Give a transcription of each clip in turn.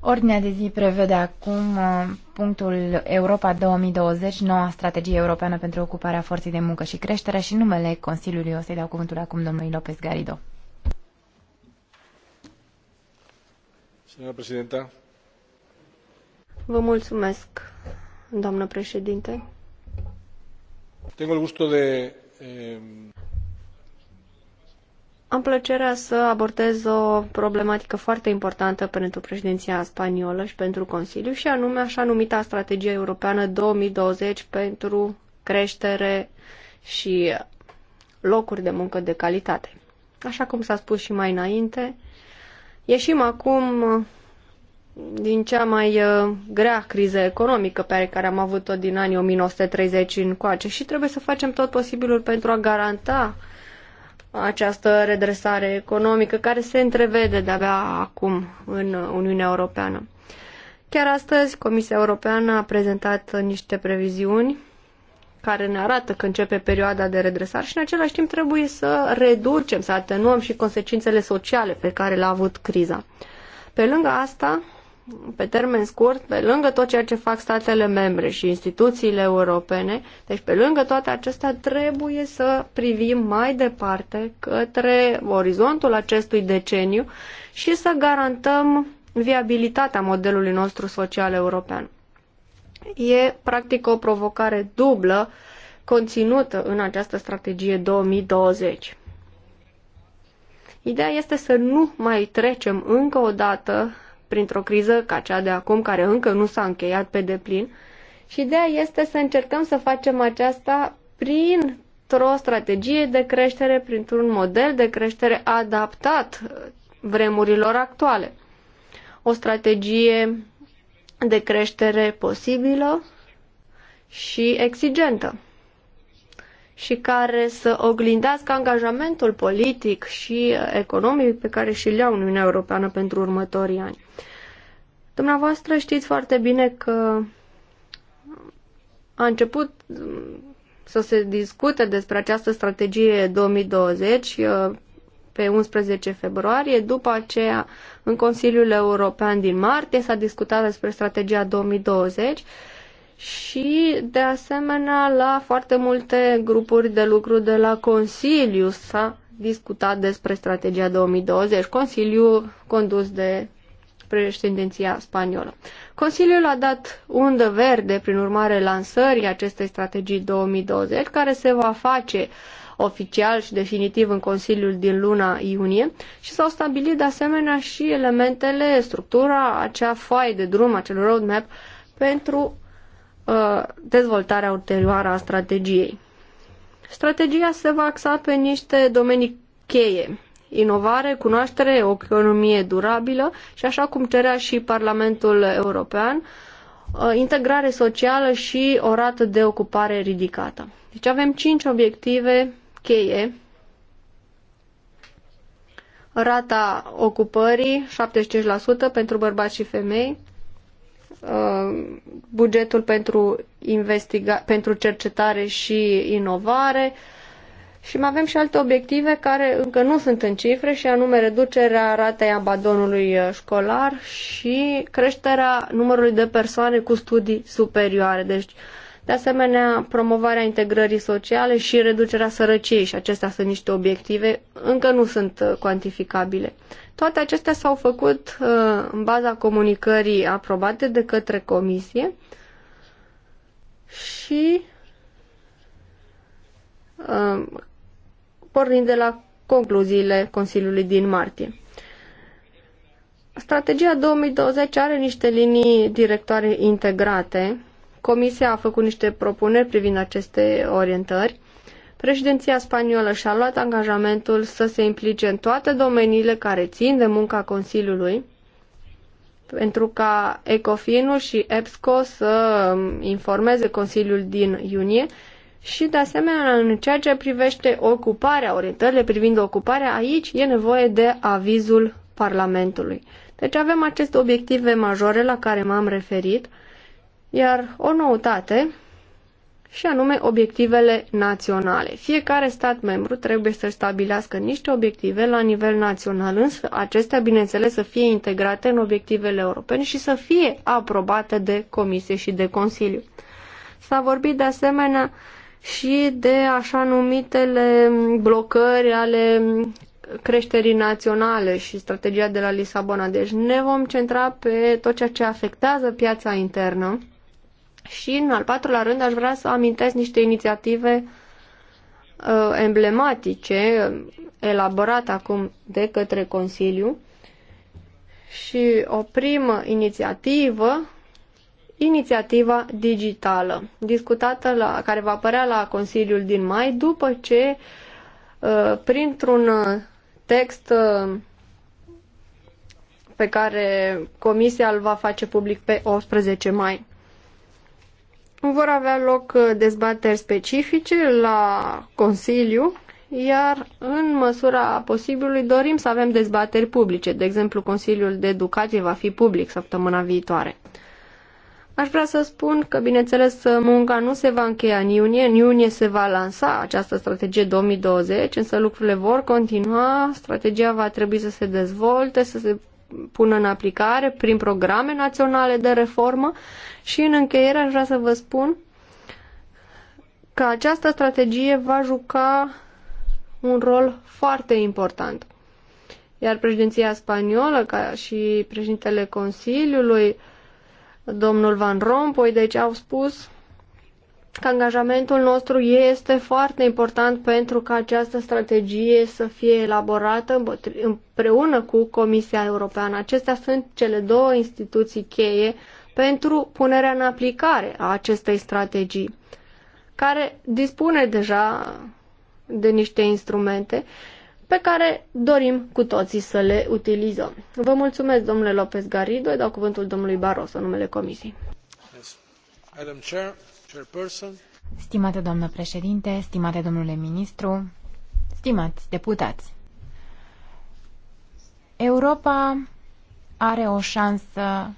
Ordinea de zi prevede acum uh, punctul Europa 2020, noua strategie europeană pentru ocuparea forței de muncă și creșterea și numele Consiliului. O să-i dau cuvântul acum domnului López garrido Vă mulțumesc, președinte. Tengo el gusto de eh, am plăcerea să abordez o problematică foarte importantă pentru președinția spaniolă și pentru Consiliu și anume așa numita strategie europeană 2020 pentru creștere și locuri de muncă de calitate. Așa cum s-a spus și mai înainte, ieșim acum din cea mai uh, grea criză economică pe care am avut-o din anii 1930 încoace și trebuie să facem tot posibilul pentru a garanta această redresare economică care se întrevede de-abia acum în Uniunea Europeană. Chiar astăzi, Comisia Europeană a prezentat niște previziuni care ne arată că începe perioada de redresare și în același timp trebuie să reducem, să atenuăm și consecințele sociale pe care le-a avut criza. Pe lângă asta, pe termen scurt, pe lângă tot ceea ce fac statele membre și instituțiile europene, deci pe lângă toate acestea trebuie să privim mai departe către orizontul acestui deceniu și să garantăm viabilitatea modelului nostru social european. E practic o provocare dublă conținută în această strategie 2020. Ideea este să nu mai trecem încă o dată printr-o criză ca cea de acum, care încă nu s-a încheiat pe deplin. Și ideea este să încercăm să facem aceasta printr-o strategie de creștere, printr-un model de creștere adaptat vremurilor actuale. O strategie de creștere posibilă și exigentă și care să oglindească angajamentul politic și economic pe care și l ia Uniunea Europeană pentru următorii ani. Dumneavoastră știți foarte bine că a început mm, să se discute despre această strategie 2020 uh, pe 11 februarie. După aceea, în Consiliul European din martie s-a discutat despre strategia 2020 și, de asemenea, la foarte multe grupuri de lucru de la Consiliu s-a discutat despre strategia 2020, Consiliu condus de președinția spaniolă. Consiliul a dat undă verde, prin urmare, lansării acestei strategii 2020, care se va face oficial și definitiv în Consiliul din luna iunie și s-au stabilit de asemenea și elementele, structura, acea foaie de drum, acel roadmap pentru uh, dezvoltarea ulterioară a strategiei. Strategia se va axa pe niște domenii cheie inovare, cunoaștere, o economie durabilă și așa cum cerea și Parlamentul European, uh, integrare socială și o rată de ocupare ridicată. Deci avem cinci obiective cheie. Rata ocupării 75% pentru bărbați și femei, uh, bugetul pentru, investiga- pentru cercetare și inovare, și mai avem și alte obiective care încă nu sunt în cifre și anume reducerea ratei abandonului uh, școlar și creșterea numărului de persoane cu studii superioare. Deci, de asemenea, promovarea integrării sociale și reducerea sărăciei și acestea sunt niște obiective, încă nu sunt uh, cuantificabile. Toate acestea s-au făcut uh, în baza comunicării aprobate de către comisie și pornind de la concluziile Consiliului din martie. Strategia 2020 are niște linii directoare integrate. Comisia a făcut niște propuneri privind aceste orientări. Președinția spaniolă și-a luat angajamentul să se implice în toate domeniile care țin de munca Consiliului pentru ca Ecofinul și EPSCO să um, informeze Consiliul din iunie și, de asemenea, în ceea ce privește ocuparea, orientările privind ocuparea, aici e nevoie de avizul Parlamentului. Deci avem aceste obiective majore la care m-am referit, iar o noutate, și anume obiectivele naționale. Fiecare stat membru trebuie să stabilească niște obiective la nivel național, însă acestea, bineînțeles, să fie integrate în obiectivele europene și să fie aprobate de Comisie și de Consiliu. S-a vorbit de asemenea și de așa numitele blocări ale creșterii naționale și strategia de la Lisabona. Deci ne vom centra pe tot ceea ce afectează piața internă și, în al patrulea rând, aș vrea să amintesc niște inițiative uh, emblematice elaborate acum de către Consiliu și o primă inițiativă inițiativa digitală, discutată la, care va apărea la Consiliul din mai, după ce uh, printr-un uh, text uh, pe care Comisia îl va face public pe 18 mai. Vor avea loc dezbateri specifice la Consiliu, iar în măsura posibilului dorim să avem dezbateri publice. De exemplu, Consiliul de Educație va fi public săptămâna viitoare. Aș vrea să spun că, bineînțeles, munca nu se va încheia în iunie. În iunie se va lansa această strategie 2020, însă lucrurile vor continua. Strategia va trebui să se dezvolte, să se pună în aplicare prin programe naționale de reformă și în încheiere aș vrea să vă spun că această strategie va juca un rol foarte important. Iar președinția spaniolă, ca și președintele Consiliului, domnul Van Rompuy, deci au spus că angajamentul nostru este foarte important pentru ca această strategie să fie elaborată împreună cu Comisia Europeană. Acestea sunt cele două instituții cheie pentru punerea în aplicare a acestei strategii, care dispune deja de niște instrumente pe care dorim cu toții să le utilizăm. Vă mulțumesc, domnule Lopez Garrido, dau cuvântul domnului Barroso, numele Comisiei. Yes. Stimate domnule președinte, stimate domnule ministru, stimați deputați, Europa are o șansă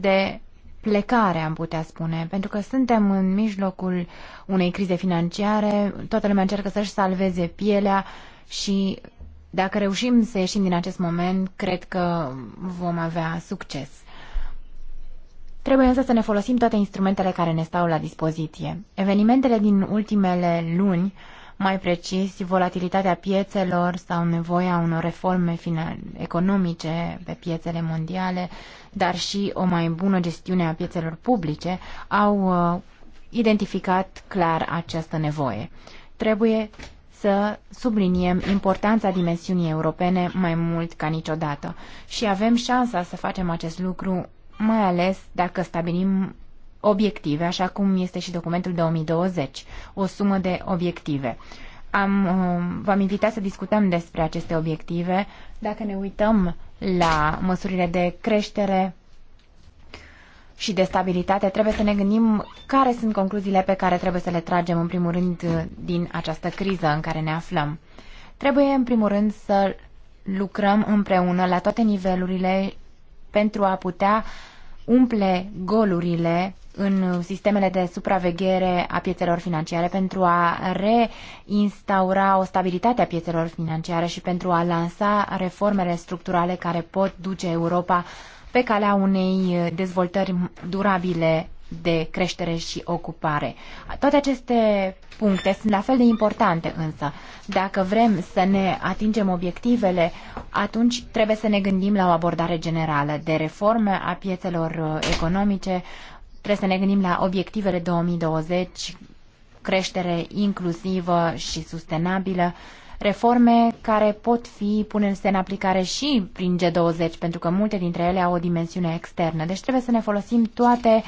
de plecare, am putea spune, pentru că suntem în mijlocul unei crize financiare, toată lumea încearcă să-și salveze pielea și dacă reușim să ieșim din acest moment, cred că vom avea succes. Trebuie însă să ne folosim toate instrumentele care ne stau la dispoziție. Evenimentele din ultimele luni, mai precis volatilitatea piețelor sau nevoia unor reforme economice pe piețele mondiale, dar și o mai bună gestiune a piețelor publice, au uh, identificat clar această nevoie. Trebuie să subliniem importanța dimensiunii europene mai mult ca niciodată. Și avem șansa să facem acest lucru, mai ales dacă stabilim obiective, așa cum este și documentul 2020, o sumă de obiective. Am, um, v-am invitat să discutăm despre aceste obiective. Dacă ne uităm la măsurile de creștere, și de stabilitate, trebuie să ne gândim care sunt concluziile pe care trebuie să le tragem, în primul rând, din această criză în care ne aflăm. Trebuie, în primul rând, să lucrăm împreună la toate nivelurile pentru a putea umple golurile în sistemele de supraveghere a piețelor financiare pentru a reinstaura o stabilitate a piețelor financiare și pentru a lansa reformele structurale care pot duce Europa pe calea unei uh, dezvoltări durabile de creștere și ocupare. Toate aceste puncte sunt la fel de importante însă. Dacă vrem să ne atingem obiectivele, atunci trebuie să ne gândim la o abordare generală de reforme a piețelor uh, economice, trebuie să ne gândim la obiectivele 2020, creștere inclusivă și sustenabilă, reforme care pot fi puse în aplicare și prin G20, pentru că multe dintre ele au o dimensiune externă. Deci trebuie să ne folosim toate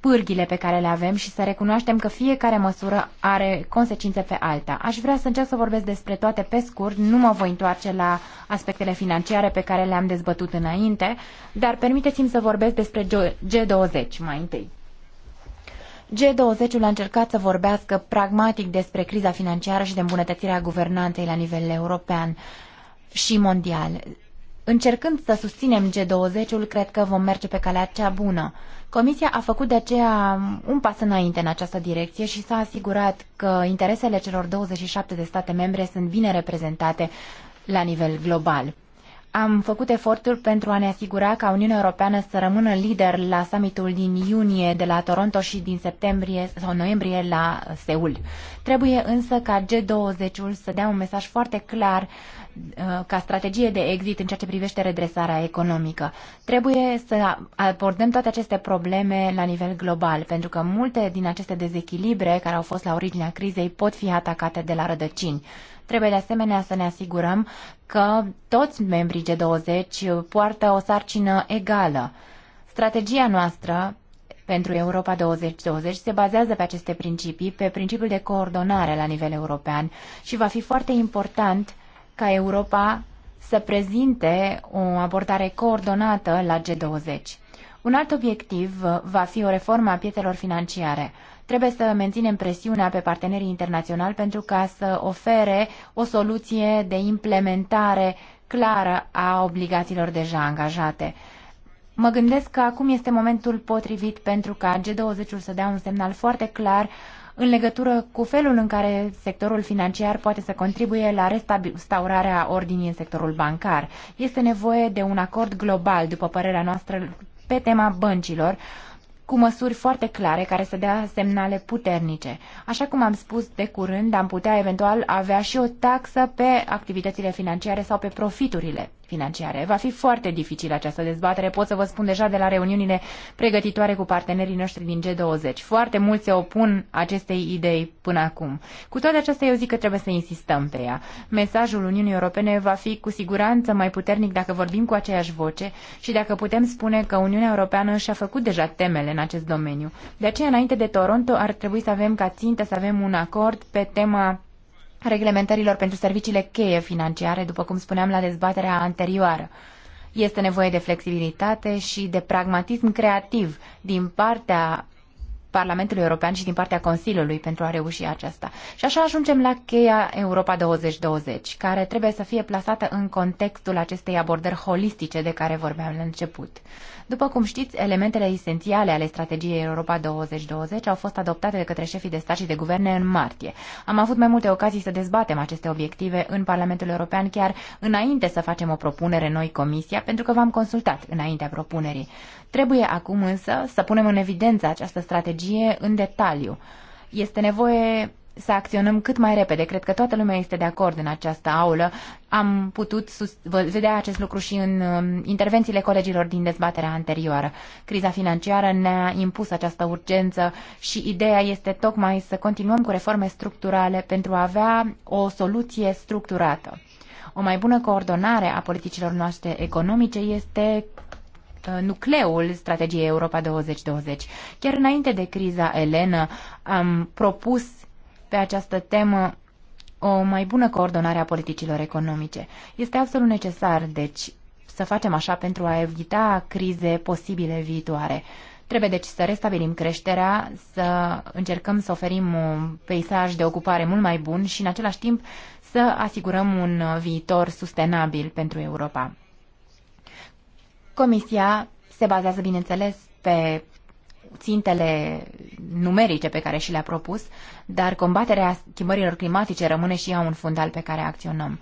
pârghile pe care le avem și să recunoaștem că fiecare măsură are consecințe pe alta. Aș vrea să încerc să vorbesc despre toate pe scurt, nu mă voi întoarce la aspectele financiare pe care le-am dezbătut înainte, dar permiteți-mi să vorbesc despre G20 mai întâi. G20-ul a încercat să vorbească pragmatic despre criza financiară și de îmbunătățirea guvernanței la nivel european și mondial. Încercând să susținem G20-ul, cred că vom merge pe calea cea bună. Comisia a făcut de aceea un pas înainte în această direcție și s-a asigurat că interesele celor 27 de state membre sunt bine reprezentate la nivel global. Am făcut eforturi pentru a ne asigura ca Uniunea Europeană să rămână lider la summitul din iunie de la Toronto și din septembrie sau noiembrie la Seul. Trebuie însă ca G20-ul să dea un mesaj foarte clar uh, ca strategie de exit în ceea ce privește redresarea economică. Trebuie să abordăm toate aceste probleme la nivel global, pentru că multe din aceste dezechilibre care au fost la originea crizei pot fi atacate de la rădăcini. Trebuie de asemenea să ne asigurăm că toți membrii G20 poartă o sarcină egală. Strategia noastră pentru Europa 2020 se bazează pe aceste principii, pe principiul de coordonare la nivel european și va fi foarte important ca Europa să prezinte o abordare coordonată la G20. Un alt obiectiv va fi o reformă a piețelor financiare. Trebuie să menținem presiunea pe partenerii internaționali pentru ca să ofere o soluție de implementare clară a obligațiilor deja angajate. Mă gândesc că acum este momentul potrivit pentru ca G20-ul să dea un semnal foarte clar în legătură cu felul în care sectorul financiar poate să contribuie la restaurarea ordinii în sectorul bancar. Este nevoie de un acord global, după părerea noastră, pe tema băncilor, cu măsuri foarte clare care să dea semnale puternice. Așa cum am spus de curând, am putea eventual avea și o taxă pe activitățile financiare sau pe profiturile financiare. Va fi foarte dificil această dezbatere, pot să vă spun deja de la reuniunile pregătitoare cu partenerii noștri din G20. Foarte mulți se opun acestei idei până acum. Cu toate acestea, eu zic că trebuie să insistăm pe ea. Mesajul Uniunii Europene va fi cu siguranță mai puternic dacă vorbim cu aceeași voce și dacă putem spune că Uniunea Europeană și-a făcut deja temele în acest domeniu. De aceea, înainte de Toronto, ar trebui să avem ca țintă să avem un acord pe tema reglementărilor pentru serviciile cheie financiare, după cum spuneam la dezbaterea anterioară. Este nevoie de flexibilitate și de pragmatism creativ din partea Parlamentului European și din partea Consiliului pentru a reuși aceasta. Și așa ajungem la cheia Europa 2020, care trebuie să fie plasată în contextul acestei abordări holistice de care vorbeam la început. După cum știți, elementele esențiale ale strategiei Europa 2020 au fost adoptate de către șefii de stat și de guverne în martie. Am avut mai multe ocazii să dezbatem aceste obiective în Parlamentul European chiar înainte să facem o propunere noi Comisia, pentru că v-am consultat înaintea propunerii. Trebuie acum însă să punem în evidență această strategie strategie în detaliu. Este nevoie să acționăm cât mai repede. Cred că toată lumea este de acord în această aulă. Am putut vedea acest lucru și în um, intervențiile colegilor din dezbaterea anterioară. Criza financiară ne-a impus această urgență și ideea este tocmai să continuăm cu reforme structurale pentru a avea o soluție structurată. O mai bună coordonare a politicilor noastre economice este Uh, nucleul strategiei Europa 2020. Chiar înainte de criza elenă am propus pe această temă o mai bună coordonare a politicilor economice. Este absolut necesar, deci, să facem așa pentru a evita crize posibile viitoare. Trebuie deci să restabilim creșterea, să încercăm să oferim un peisaj de ocupare mult mai bun și în același timp să asigurăm un viitor sustenabil pentru Europa. Comisia se bazează, bineînțeles, pe țintele numerice pe care și le-a propus, dar combaterea schimbărilor climatice rămâne și ea un fundal pe care acționăm.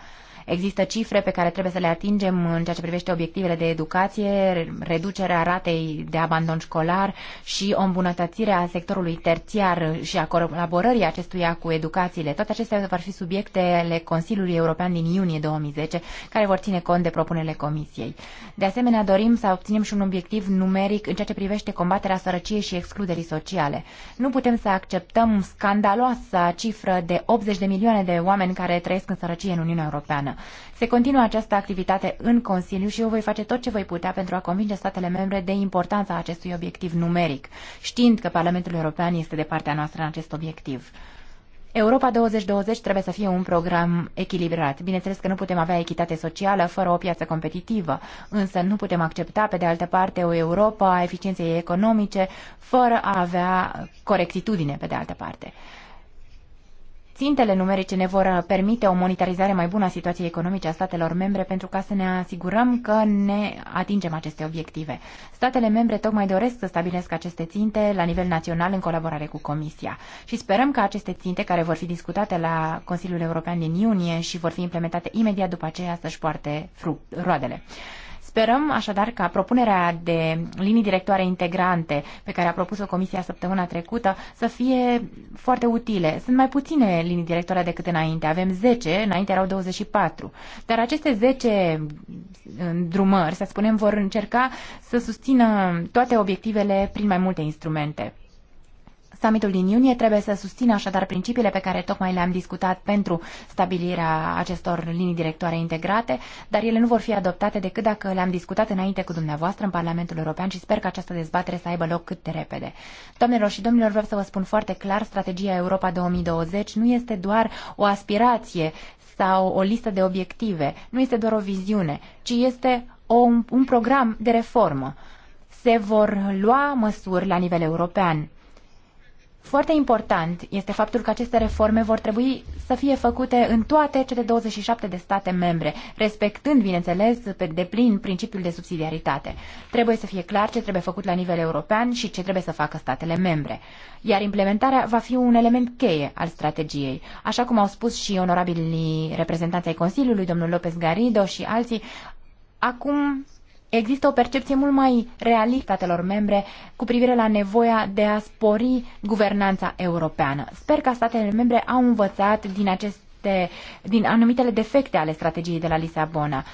Există cifre pe care trebuie să le atingem în ceea ce privește obiectivele de educație, reducerea ratei de abandon școlar și o îmbunătățire a sectorului terțiar și a colaborării acestuia cu educațiile. Toate acestea vor fi subiectele Consiliului European din iunie 2010, care vor ține cont de propunerile Comisiei. De asemenea, dorim să obținem și un obiectiv numeric în ceea ce privește combaterea sărăciei și excluderii sociale. Nu putem să acceptăm scandaloasa cifră de 80 de milioane de oameni care trăiesc în sărăcie în Uniunea Europeană. Se continuă această activitate în Consiliu și eu voi face tot ce voi putea pentru a convinge statele membre de importanța acestui obiectiv numeric, știind că Parlamentul European este de partea noastră în acest obiectiv. Europa 2020 trebuie să fie un program echilibrat. Bineînțeles că nu putem avea echitate socială fără o piață competitivă, însă nu putem accepta, pe de altă parte, o Europa a eficienței economice fără a avea corectitudine, pe de altă parte. Țintele numerice ne vor uh, permite o monitorizare mai bună a situației economice a statelor membre pentru ca să ne asigurăm că ne atingem aceste obiective. Statele membre tocmai doresc să stabilesc aceste ținte la nivel național în colaborare cu Comisia și sperăm că aceste ținte care vor fi discutate la Consiliul European din iunie și vor fi implementate imediat după aceea să-și poarte roadele. Sperăm așadar ca propunerea de linii directoare integrante pe care a propus-o Comisia săptămâna trecută să fie foarte utile. Sunt mai puține linii directoare decât înainte. Avem 10, înainte erau 24. Dar aceste 10 uh, drumări, să spunem, vor încerca să susțină toate obiectivele prin mai multe instrumente. Summitul din iunie trebuie să susțină așadar principiile pe care tocmai le-am discutat pentru stabilirea acestor linii directoare integrate, dar ele nu vor fi adoptate decât dacă le-am discutat înainte cu dumneavoastră în Parlamentul European și sper că această dezbatere să aibă loc cât de repede. Doamnelor și domnilor, vreau să vă spun foarte clar, strategia Europa 2020 nu este doar o aspirație sau o listă de obiective, nu este doar o viziune, ci este o, un program de reformă. Se vor lua măsuri la nivel european foarte important este faptul că aceste reforme vor trebui să fie făcute în toate cele 27 de state membre, respectând, bineînțeles, pe deplin principiul de subsidiaritate. Trebuie să fie clar ce trebuie făcut la nivel european și ce trebuie să facă statele membre. Iar implementarea va fi un element cheie al strategiei. Așa cum au spus și onorabilii reprezentanții Consiliului, domnul López Garrido și alții, acum Există o percepție mult mai realistă statelor membre cu privire la nevoia de a spori guvernanța europeană. Sper că statele membre au învățat din, aceste, din anumitele defecte ale strategiei de la Lisabona,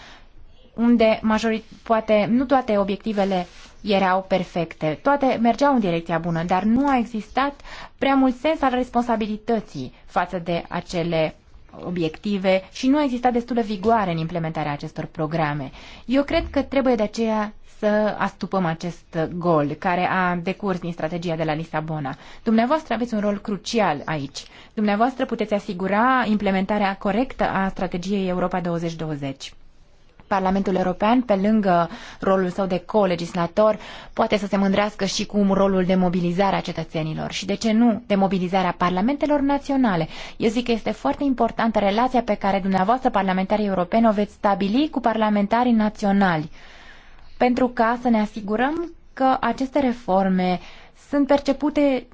unde majorit, poate nu toate obiectivele erau perfecte. Toate mergeau în direcția bună, dar nu a existat prea mult sens al responsabilității față de acele obiective și nu a existat destulă vigoare în implementarea acestor programe. Eu cred că trebuie de aceea să astupăm acest gol care a decurs din strategia de la Lisabona. Dumneavoastră aveți un rol crucial aici. Dumneavoastră puteți asigura implementarea corectă a strategiei Europa 2020. Parlamentul European, pe lângă rolul său de colegislator, poate să se mândrească și cu rolul de mobilizare a cetățenilor și, de ce nu, de mobilizarea parlamentelor naționale. Eu zic că este foarte importantă relația pe care dumneavoastră, parlamentarii europeni, o veți stabili cu parlamentarii naționali pentru ca să ne asigurăm că aceste reforme sunt percepute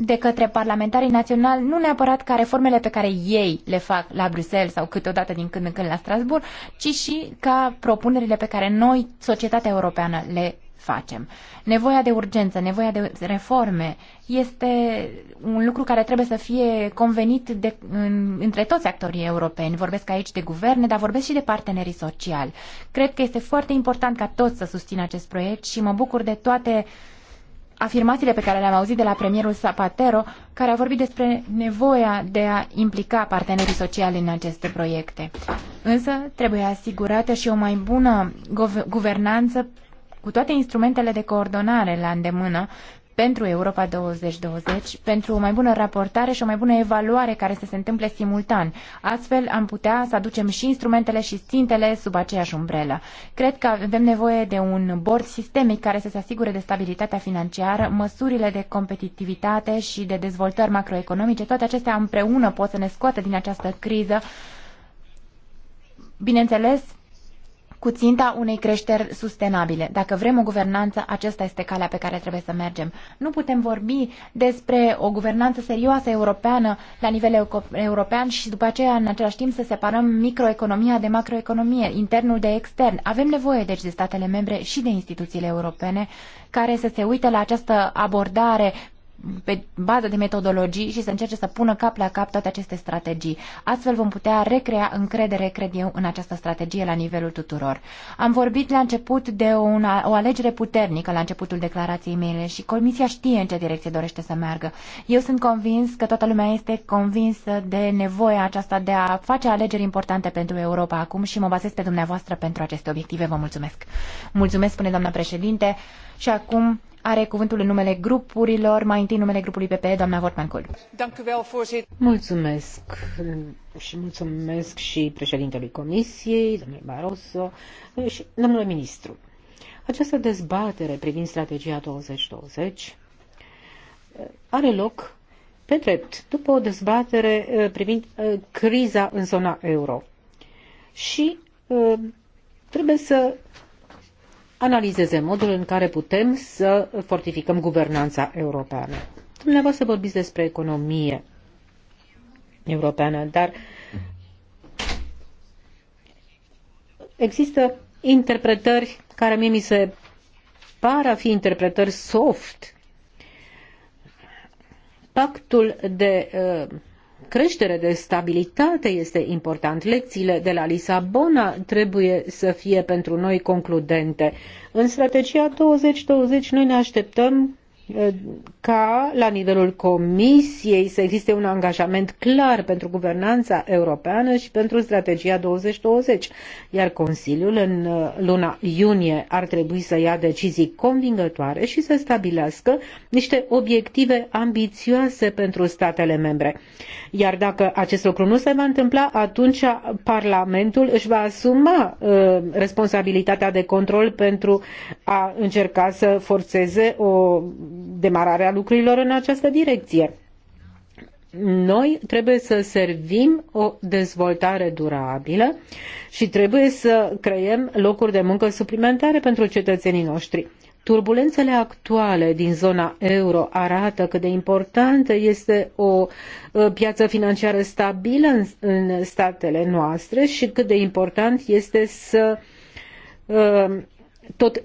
de către parlamentarii naționali, nu neapărat ca reformele pe care ei le fac la Bruxelles sau câteodată din când în când la Strasbourg, ci și ca propunerile pe care noi, societatea europeană, le facem. Nevoia de urgență, nevoia de reforme este un lucru care trebuie să fie convenit de, în, între toți actorii europeni. Vorbesc aici de guverne, dar vorbesc și de partenerii sociali. Cred că este foarte important ca toți să susțină acest proiect și mă bucur de toate uh, afirmațiile pe care le-am auzit de la premierul Zapatero, care a vorbit despre nevoia de a implica partenerii sociali în aceste proiecte. Însă trebuie asigurată și o mai bună guvernanță cu toate instrumentele de coordonare la îndemână pentru Europa 2020, pentru o mai bună raportare și o mai bună evaluare care să se întâmple simultan. Astfel am putea să aducem și instrumentele și țintele sub aceeași umbrelă. Cred că avem nevoie de un bord sistemic care să se asigure de stabilitatea financiară, măsurile de competitivitate și de dezvoltări macroeconomice. Toate acestea împreună pot să ne scoată din această criză Bineînțeles, cu ținta unei creșteri sustenabile. Dacă vrem o guvernanță, aceasta este calea pe care trebuie să mergem. Nu putem vorbi despre o guvernanță serioasă europeană la nivel european și după aceea în același timp să separăm microeconomia de macroeconomie, internul de extern. Avem nevoie deci de statele membre și de instituțiile europene care să se uite la această abordare pe bază de metodologii și să încerce să pună cap la cap toate aceste strategii. Astfel vom putea recrea încredere, cred eu, în această strategie la nivelul tuturor. Am vorbit la început de una, o alegere puternică la începutul declarației mele și Comisia știe în ce direcție dorește să meargă. Eu sunt convins că toată lumea este convinsă de nevoia aceasta de a face alegeri importante pentru Europa acum și mă bazez pe dumneavoastră pentru aceste obiective. Vă mulțumesc! Mulțumesc, spune doamna președinte și acum are cuvântul în numele grupurilor, mai întâi numele grupului PPE, doamna Vortman Col. Mulțumesc și mulțumesc și președintelui Comisiei, domnului Barroso și domnului ministru. Această dezbatere privind strategia 2020 eh, are loc pe drept, după o dezbatere eh, privind eh, criza în zona euro. Și trebuie să analizeze modul în care putem să fortificăm guvernanța europeană. Dumneavoastră vorbiți despre economie europeană, dar există interpretări care mie mi se par a fi interpretări soft. Pactul de uh, creștere, de stabilitate este important. Lecțiile de la Lisabona trebuie să fie pentru noi concludente. În strategia 2020 noi ne așteptăm Eh, ca la nivelul Comisiei să existe un angajament clar pentru guvernanța europeană și pentru strategia 2020, iar Consiliul în eh, luna iunie ar trebui să ia decizii convingătoare și să stabilească niște obiective ambițioase pentru statele membre. Iar dacă acest lucru nu se va întâmpla, atunci Parlamentul își va asuma uh, responsabilitatea de control pentru a încerca să forțeze o demararea lucrurilor în această direcție. Noi trebuie să servim o dezvoltare durabilă și trebuie să creăm locuri de muncă suplimentare pentru cetățenii noștri. Turbulențele actuale din zona euro arată cât de importantă este o piață financiară stabilă în, în statele noastre și cât de important este să ă, tot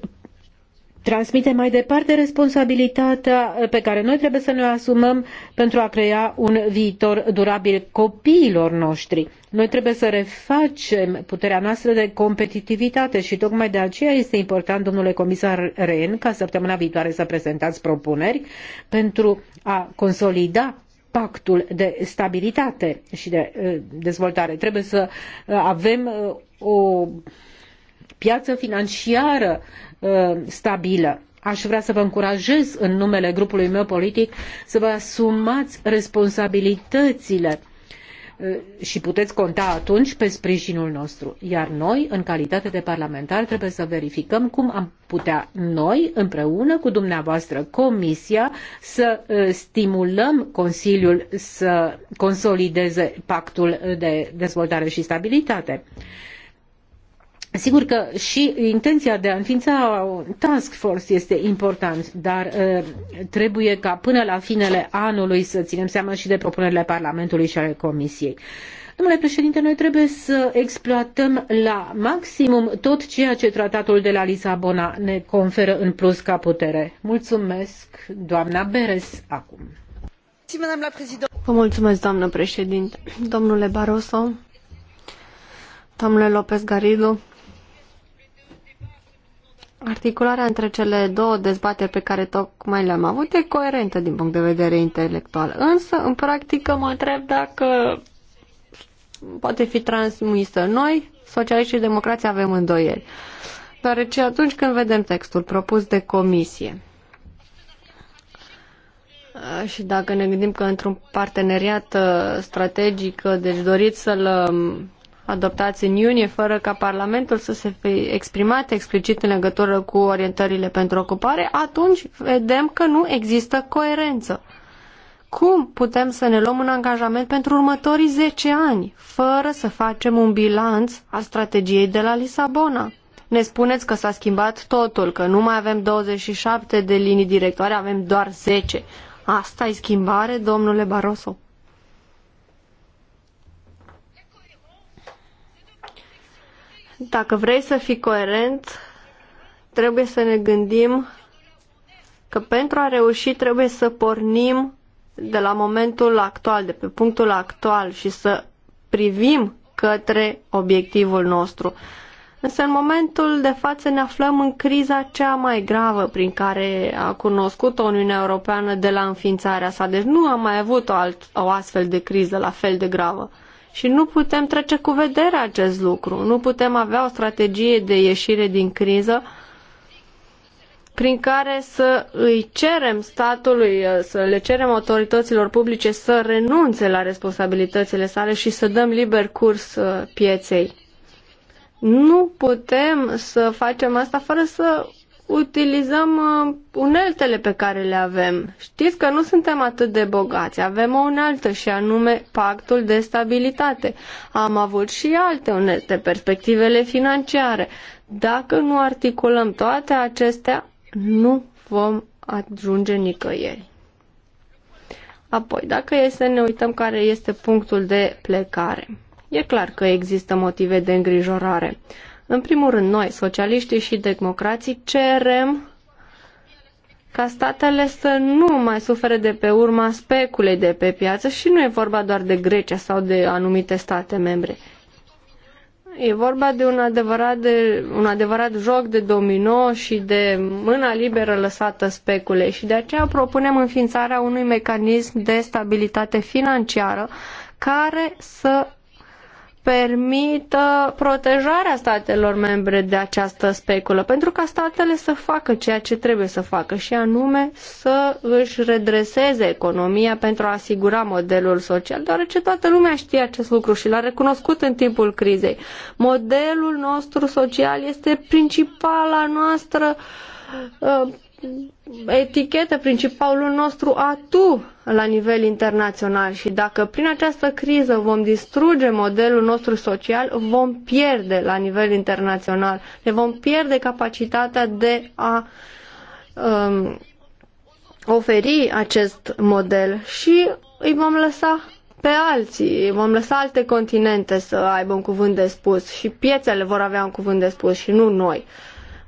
transmite mai departe responsabilitatea uh, pe care noi trebuie să ne o asumăm pentru a crea un viitor durabil copiilor noștri. Noi trebuie să refacem puterea noastră de competitivitate și tocmai de aceea este important, domnule comisar Rehn, ca săptămâna viitoare să prezentați propuneri pentru a consolida pactul de stabilitate și de uh, dezvoltare. Trebuie să uh, avem o piață financiară Uh, stabilă. Aș vrea să vă încurajez în numele grupului meu politic să vă asumați responsabilitățile uh, și puteți conta atunci pe sprijinul nostru. Iar noi, în calitate de parlamentari, trebuie să verificăm cum am putea noi, împreună cu dumneavoastră Comisia, să uh, stimulăm Consiliul să consolideze pactul de dezvoltare și stabilitate. Sigur că și intenția de a înființa un task force este important, dar uh, trebuie ca până la finele anului să ținem seama și de propunerile Parlamentului și ale Comisiei. Domnule președinte, noi trebuie să exploatăm la maximum tot ceea ce tratatul de la Lisabona ne conferă în plus ca putere. Mulțumesc, doamna Beres, acum. Vă mulțumesc, doamnă președinte. Domnule Barroso, domnule López Garrido, Articularea între cele două dezbateri pe care tocmai le-am avut e coerentă din punct de vedere intelectual. Însă, în practică, mă întreb dacă poate fi transmisă. Noi, socialiști și democrații, avem îndoieli. Deoarece atunci când vedem textul propus de comisie, uh, și dacă ne gândim că într-un parteneriat uh, strategic, uh, deci doriți să-l um, adoptați în iunie, fără ca Parlamentul să se fi exprimat explicit în legătură cu orientările pentru ocupare, atunci vedem că nu există coerență. Cum putem să ne luăm un angajament pentru următorii zece ani, fără să facem un bilanț al strategiei de la Lisabona? Ne spuneți că s-a schimbat totul, că nu mai avem 27 de linii directoare, avem doar zece. Asta e schimbare, domnule Barroso? Dacă vrei să fii coerent, trebuie să ne gândim că pentru a reuși trebuie să pornim de la momentul actual, de pe punctul actual și să privim către obiectivul nostru. Însă în momentul de față ne aflăm în criza cea mai gravă prin care a cunoscut-o Uniunea Europeană de la înființarea sa. Deci nu am mai avut o, alt, o astfel de criză la fel de gravă. Și nu putem trece cu vedere acest lucru. Nu putem avea o strategie de ieșire din criză prin care să îi cerem statului, uh, să le cerem autorităților publice să renunțe la responsabilitățile sale și să dăm liber curs uh, pieței. Nu putem să facem asta fără să utilizăm uh, uneltele pe care le avem. Știți că nu suntem atât de bogați, avem o unealtă și anume pactul de stabilitate. Am avut și alte unelte, perspectivele financiare. Dacă nu articulăm toate acestea, nu vom ajunge nicăieri. Apoi, dacă e să ne uităm care este punctul de plecare, e clar că există motive de îngrijorare. În primul rând, noi, socialiștii și democrații, cerem ca statele să nu mai sufere de pe urma speculei de pe piață și nu e vorba doar de Grecia sau de anumite state membre. E vorba de un adevărat, de, un adevărat joc de domino și de mâna liberă lăsată speculei și de aceea propunem înființarea unui mecanism de stabilitate financiară care să permită protejarea statelor membre de această speculă, pentru ca statele să facă ceea ce trebuie să facă și anume să își redreseze economia pentru a asigura modelul social, deoarece toată lumea știe acest lucru și l-a recunoscut în timpul crizei. Modelul nostru social este principala noastră uh, etichetă, principalul nostru atu la nivel internațional și dacă prin această criză vom distruge modelul nostru social, vom pierde la nivel internațional, ne vom pierde capacitatea de a um, oferi acest model și îi vom lăsa pe alții, vom lăsa alte continente să aibă un cuvânt de spus și piețele vor avea un cuvânt de spus și nu noi.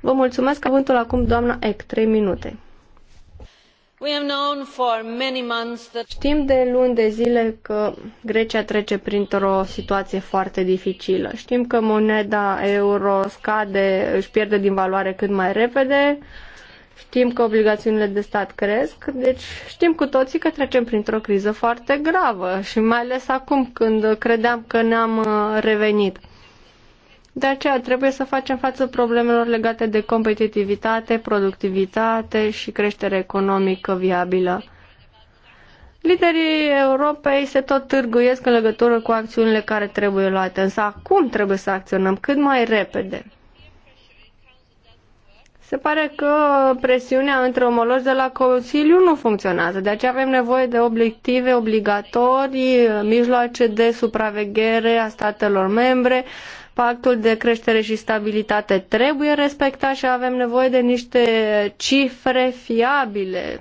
Vă mulțumesc. Cuvântul acum doamna Eck, 3 minute. Știm de luni de zile că Grecia trece printr-o situație foarte dificilă. Știm că moneda euro scade, își pierde din valoare cât mai repede, știm că obligațiunile de stat cresc, deci știm cu toții că trecem printr-o criză foarte gravă și mai ales acum când credeam că ne-am uh, revenit. De aceea trebuie să facem față problemelor legate de competitivitate, productivitate și creștere economică viabilă. Liderii Europei se tot târguiesc în legătură cu acțiunile care trebuie luate, însă acum trebuie să acționăm cât mai repede. Se pare că presiunea între omologi de la Consiliu nu funcționează, de aceea avem nevoie de obiective obligatorii, mijloace de supraveghere a statelor membre, Pactul de creștere și stabilitate trebuie respectat și avem nevoie de niște cifre fiabile.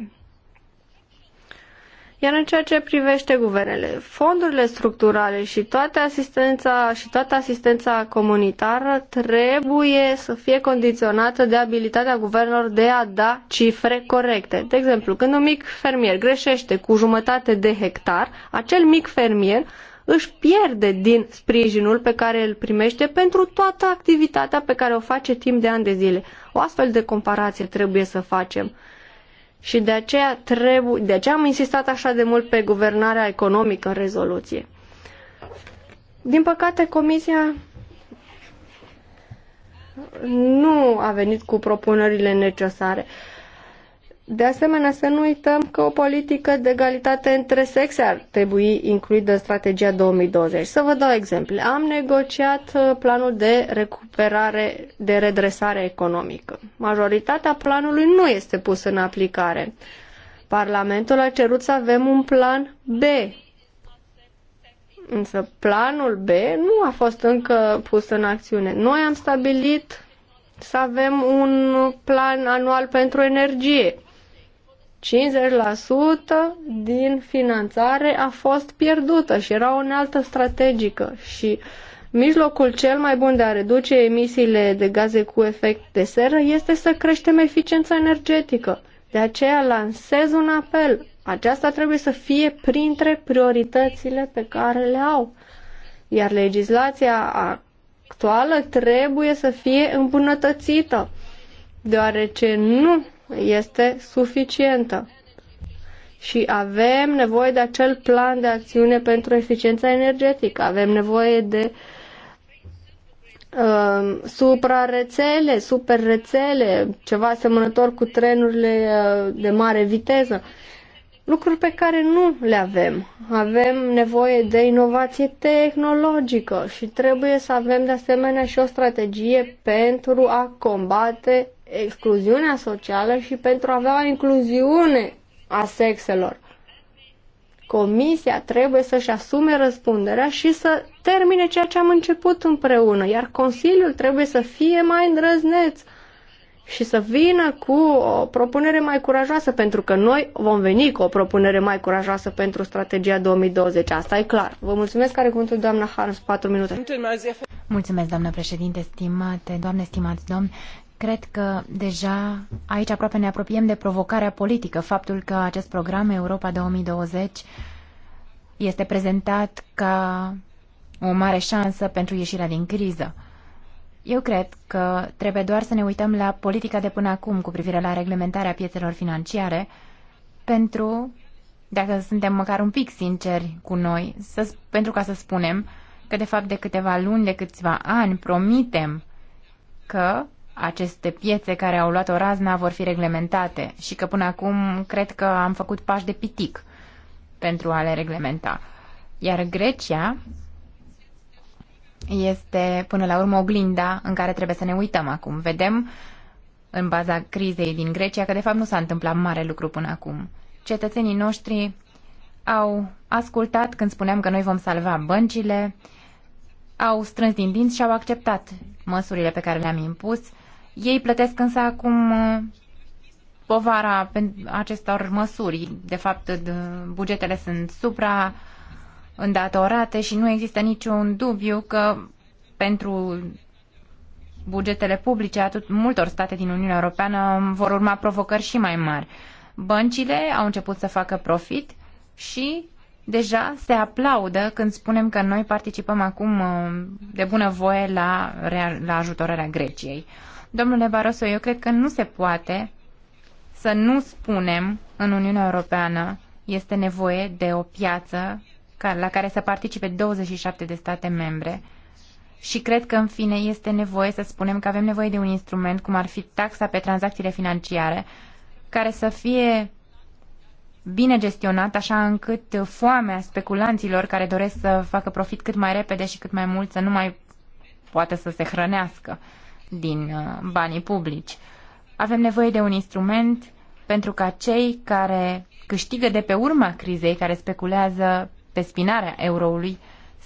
Iar în ceea ce privește guvernele, fondurile structurale și toată asistența, și toată asistența comunitară trebuie să fie condiționată de abilitatea guvernelor de a da cifre corecte. De exemplu, când un mic fermier greșește cu jumătate de hectar, acel mic fermier își pierde din sprijinul pe care îl primește pentru toată activitatea pe care o face timp de ani de zile. O astfel de comparație trebuie să facem. Și de aceea, trebuie, de aceea am insistat așa de mult pe guvernarea economică în rezoluție. Din păcate, Comisia nu a venit cu propunerile necesare. Uh, de asemenea, să nu uităm că o politică de egalitate între sexe ar trebui incluită în strategia 2020. Să vă dau exemple. Am negociat uh, planul de recuperare, de redresare economică. Majoritatea planului nu este pusă în aplicare. Parlamentul a cerut să avem un plan B. Însă planul B nu a fost încă pus în acțiune. Noi am stabilit să avem un plan anual pentru energie. 50% din finanțare a fost pierdută și era o altă strategică și mijlocul cel mai bun de a reduce emisiile de gaze cu efect de seră este să creștem eficiența energetică. De aceea lansez un apel. Aceasta trebuie să fie printre prioritățile pe care le au. Iar legislația actuală trebuie să fie îmbunătățită, deoarece nu este suficientă. Și avem nevoie de acel plan de acțiune pentru eficiența energetică. Avem nevoie de uh, suprarețele, super rețele, ceva asemănător cu trenurile uh, de mare viteză. Lucruri pe care nu le avem. Avem nevoie de inovație tehnologică și trebuie să avem de asemenea și o strategie pentru a combate excluziunea socială și pentru a avea o incluziune a sexelor. Comisia trebuie să-și asume răspunderea și să termine ceea ce am început împreună, iar Consiliul trebuie să fie mai îndrăzneț și să vină cu o propunere mai curajoasă, pentru că noi vom veni cu o propunere mai curajoasă pentru strategia 2020. Asta e clar. Vă mulțumesc, care cuvântul doamna Harms, 4 minute. Mulțumesc, doamnă președinte, stimate, doamne, stimați domn. Cred că deja aici aproape ne apropiem de provocarea politică, faptul că acest program Europa 2020 este prezentat ca o mare șansă pentru ieșirea din criză. Eu cred că trebuie doar să ne uităm la politica de până acum cu privire la reglementarea piețelor financiare pentru, dacă suntem măcar un pic sinceri cu noi, să, pentru ca să spunem că de fapt de câteva luni, de câțiva ani promitem că aceste piețe care au luat o razna vor fi reglementate și că până acum cred că am făcut pași de pitic pentru a le reglementa. Iar Grecia este până la urmă oglinda în care trebuie să ne uităm acum. Vedem în baza crizei din Grecia că de fapt nu s-a întâmplat mare lucru până acum. Cetățenii noștri au ascultat când spuneam că noi vom salva băncile, au strâns din dinți și au acceptat măsurile pe care le-am impus ei plătesc însă acum uh, povara acestor măsuri. De fapt, bugetele sunt supra îndatorate și nu există niciun dubiu că pentru bugetele publice a multor state din Uniunea Europeană vor urma provocări și mai mari. Băncile au început să facă profit și deja se aplaudă când spunem că noi participăm acum uh, de bunăvoie la, la ajutorarea Greciei. Domnule Barroso, eu cred că nu se poate să nu spunem în Uniunea Europeană este nevoie de o piață la care să participe 27 de state membre și cred că, în fine, este nevoie să spunem că avem nevoie de un instrument, cum ar fi taxa pe tranzacțiile financiare, care să fie bine gestionat, așa încât foamea speculanților care doresc să facă profit cât mai repede și cât mai mult să nu mai poată să se hrănească din uh, banii publici. Avem nevoie de un instrument pentru ca cei care câștigă de pe urma crizei, care speculează pe spinarea euroului,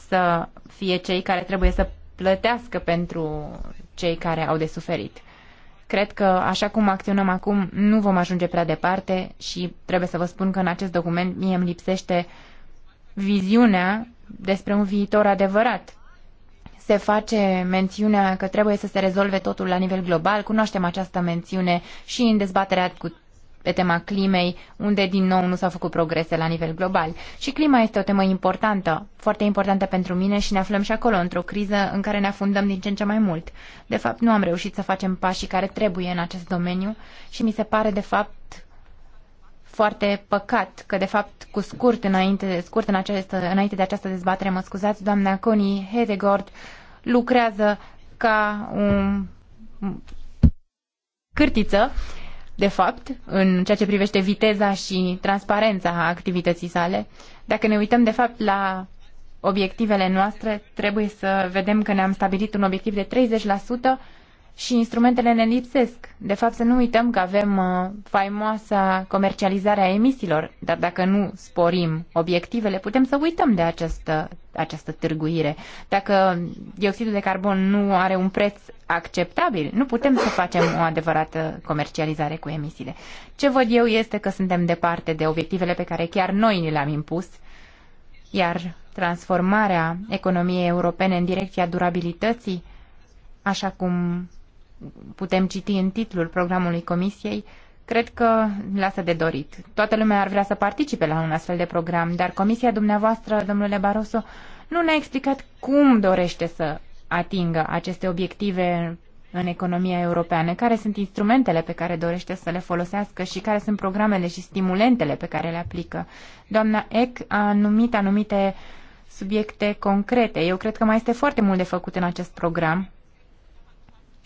să fie cei care trebuie să plătească pentru cei care au de suferit. Cred că așa cum acționăm acum nu vom ajunge prea departe și trebuie să vă spun că în acest document mie îmi lipsește viziunea despre un viitor adevărat se face mențiunea că trebuie să se rezolve totul la nivel global. Cunoaștem această mențiune și în dezbaterea cu pe tema climei, unde din nou nu s-au făcut progrese la nivel global. Și clima este o temă importantă, foarte importantă pentru mine și ne aflăm și acolo într-o criză în care ne afundăm din ce în ce mai mult. De fapt, nu am reușit să facem pașii care trebuie în acest domeniu și mi se pare, de fapt, foarte păcat că, de fapt, cu scurt înainte, scurt în această, înainte de această dezbatere, mă scuzați, doamna Connie Hedegord lucrează ca un cârtiță, de fapt, în ceea ce privește viteza și transparența activității sale. Dacă ne uităm, de fapt, la obiectivele noastre, trebuie să vedem că ne-am stabilit un obiectiv de 30% și instrumentele ne lipsesc. De fapt, să nu uităm că avem uh, faimoasa comercializare a emisiilor, dar dacă nu sporim obiectivele, putem să uităm de această, această târguire. Dacă dioxidul de carbon nu are un preț acceptabil, nu putem să facem o adevărată comercializare cu emisiile. Ce văd eu este că suntem departe de obiectivele pe care chiar noi ni le-am impus, iar transformarea economiei europene în direcția durabilității, așa cum putem citi în titlul programului Comisiei, cred că lasă de dorit. Toată lumea ar vrea să participe la un astfel de program, dar Comisia dumneavoastră, domnule Barroso, nu ne-a explicat cum dorește să atingă aceste obiective în economia europeană, care sunt instrumentele pe care dorește să le folosească și care sunt programele și stimulentele pe care le aplică. Doamna Eck a numit anumite subiecte concrete. Eu cred că mai este foarte mult de făcut în acest program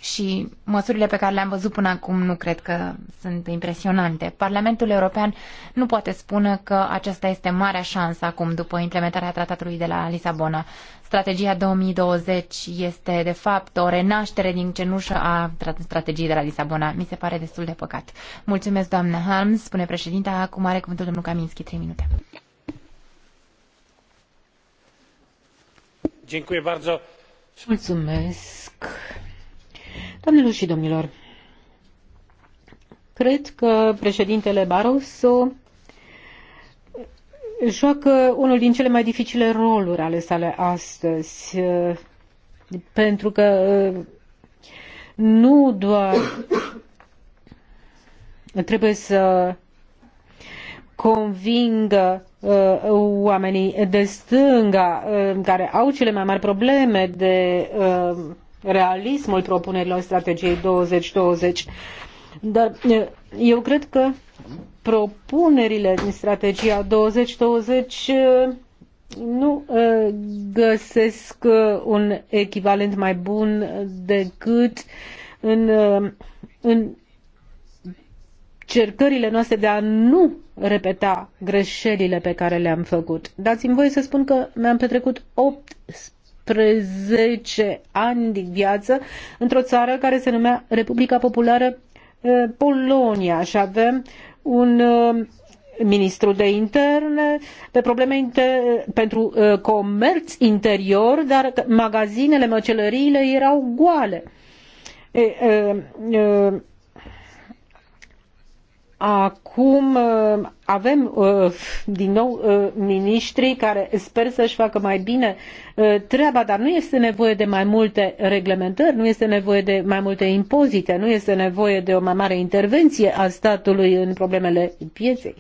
și măsurile pe care le-am văzut până acum nu cred că sunt impresionante. Parlamentul European nu poate spune că aceasta este marea șansă acum după implementarea tratatului de la Lisabona. Strategia 2020 este de fapt o renaștere din cenușă a strategiei de la Lisabona. Mi se pare destul de păcat. Mulțumesc, doamnă Harms, spune președinta. Acum are cuvântul domnul Kaminski, 3 minute. Mulțumesc. Doamnelor și domnilor, cred că președintele Barroso joacă unul din cele mai dificile roluri ale sale astăzi, pentru că nu doar trebuie să convingă uh, oamenii de stânga uh, care au cele mai mari probleme de uh, realismul propunerilor strategiei 2020. Dar eu cred că propunerile din strategia 2020 nu găsesc un echivalent mai bun decât în, în cercările noastre de a nu repeta greșelile pe care le-am făcut. Dați-mi voie să spun că mi-am petrecut 8 13 ani din viață într-o țară care se numea Republica Populară Polonia și avem un ministru de interne, pe probleme inter- pentru comerț interior, dar magazinele, măcelăriile erau goale. E, e, e, Acum uh, avem uh, din nou uh, miniștri care sper să-și facă mai bine treaba, dar nu este nevoie de mai multe reglementări, nu este nevoie de mai multe impozite, nu este nevoie de o mai mare intervenție a statului în problemele pieței.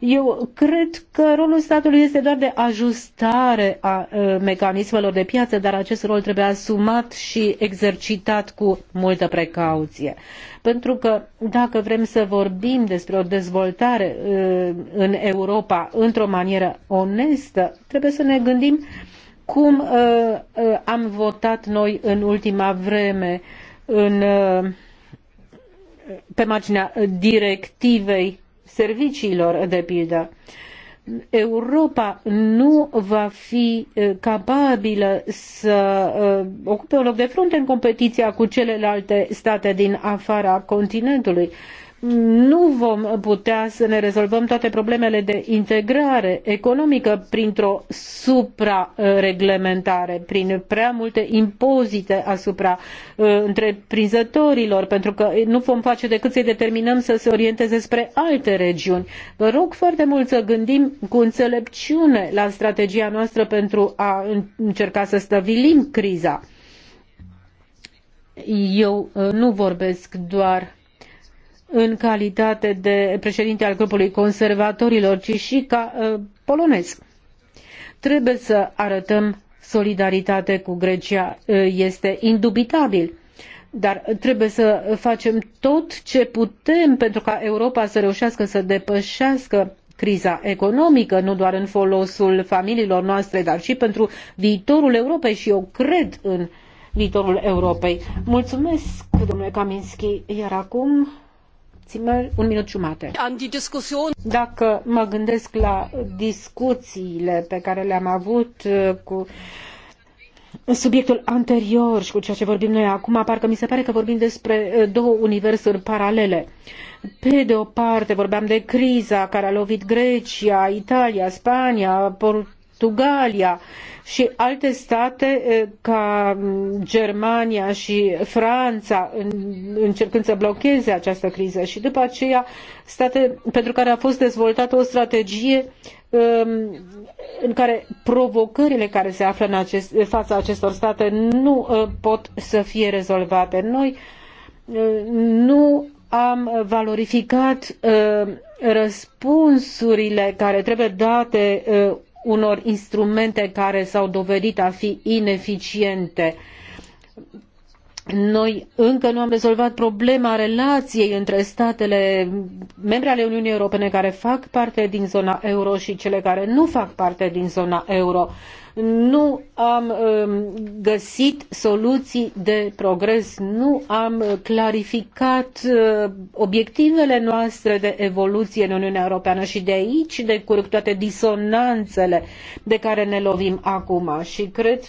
Eu cred că rolul statului este doar de ajustare a mecanismelor de piață, dar acest rol trebuie asumat și exercitat cu multă precauție. Pentru că dacă vrem să vorbim despre o dezvoltare în Europa într-o manieră onestă, trebuie să ne gândim cum am votat noi în ultima vreme în, pe marginea directivei serviciilor, de pildă. Europa nu va fi capabilă să ocupe un loc de frunte în competiția cu celelalte state din afara continentului nu vom putea să ne rezolvăm toate problemele de integrare economică printr-o suprareglementare, prin prea multe impozite asupra uh, întreprinzătorilor, pentru că nu vom face decât să-i determinăm să se orienteze spre alte regiuni. Vă rog foarte mult să gândim cu înțelepciune la strategia noastră pentru a încerca să stăvilim criza. Eu uh, nu vorbesc doar în calitate de președinte al grupului conservatorilor, ci și ca uh, polonez. Trebuie să arătăm solidaritate cu Grecia, uh, este indubitabil dar trebuie să facem tot ce putem pentru ca Europa să reușească să depășească criza economică, nu doar în folosul familiilor noastre, dar și pentru viitorul Europei și eu cred în viitorul Europei. Mulțumesc, domnule Kaminski, iar acum Zimmer, un minut jumate. Dacă mă gândesc la discuțiile pe care le-am avut uh, cu subiectul anterior și cu ceea ce vorbim noi acum, parcă mi se pare că vorbim despre uh, două universuri paralele. Pe de o parte vorbeam de criza care a lovit Grecia, Italia, Spania, Portugalia, Portugalia și alte state ca Germania și Franța încercând să blocheze această criză și după aceea state pentru care a fost dezvoltată o strategie în care provocările care se află în acest, în fața acestor state nu pot să fie rezolvate. Noi nu am valorificat răspunsurile care trebuie date unor instrumente care s-au dovedit a fi ineficiente noi încă nu am rezolvat problema relației între statele membre ale Uniunii Europene care fac parte din zona euro și cele care nu fac parte din zona euro. Nu am um, găsit soluții de progres, nu am clarificat uh, obiectivele noastre de evoluție în Uniunea Europeană și de aici decurg toate disonanțele de care ne lovim acum și cred uh,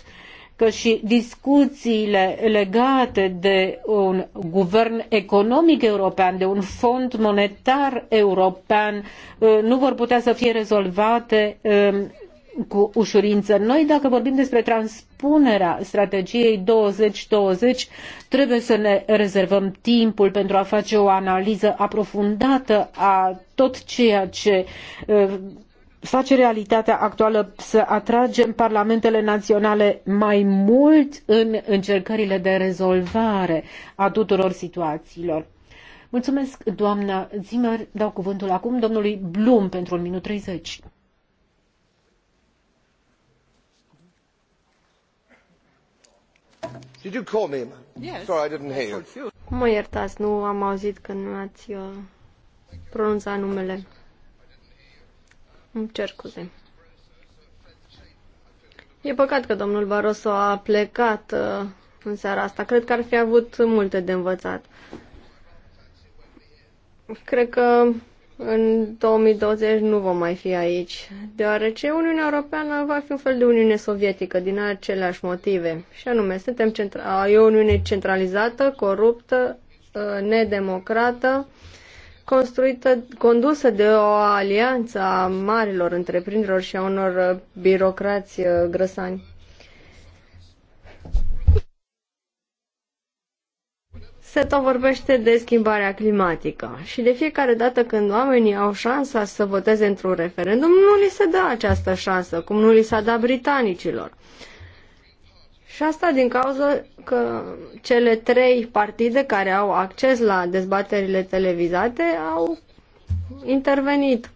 că și discuțiile legate de un guvern economic european, de un fond monetar european, uh, nu vor putea să fie rezolvate um, cu ușurință. Noi, dacă vorbim despre transpunerea strategiei 2020, trebuie să ne rezervăm timpul pentru a face o analiză aprofundată a tot ceea ce uh, face realitatea actuală să atragem parlamentele naționale mai mult în încercările de rezolvare a tuturor situațiilor. Mulțumesc, doamna Zimmer. Dau cuvântul acum domnului Blum pentru un minut 30. Did you call me? Yes. Sorry, I didn't hear you. Mă iertați, nu am auzit că nu ați pronunțat numele. Îmi cer scuze. E păcat că domnul Barroso a plecat uh, în seara asta. Cred că ar fi avut multe de învățat. Cred că în 2020 nu vom mai fi aici, deoarece Uniunea Europeană va fi un fel de Uniune Sovietică din aceleași motive. Și anume, suntem centra- e o Uniune centralizată, coruptă, uh, nedemocrată, construită, condusă de o alianță a marilor întreprinderilor și a unor uh, birocrați uh, grăsani. Se tot vorbește de schimbarea climatică și de fiecare dată când oamenii au șansa să voteze într-un referendum, nu li se dă această șansă, cum nu li s-a dat britanicilor. Și asta din cauza că cele trei partide care au acces la dezbaterile televizate au intervenit.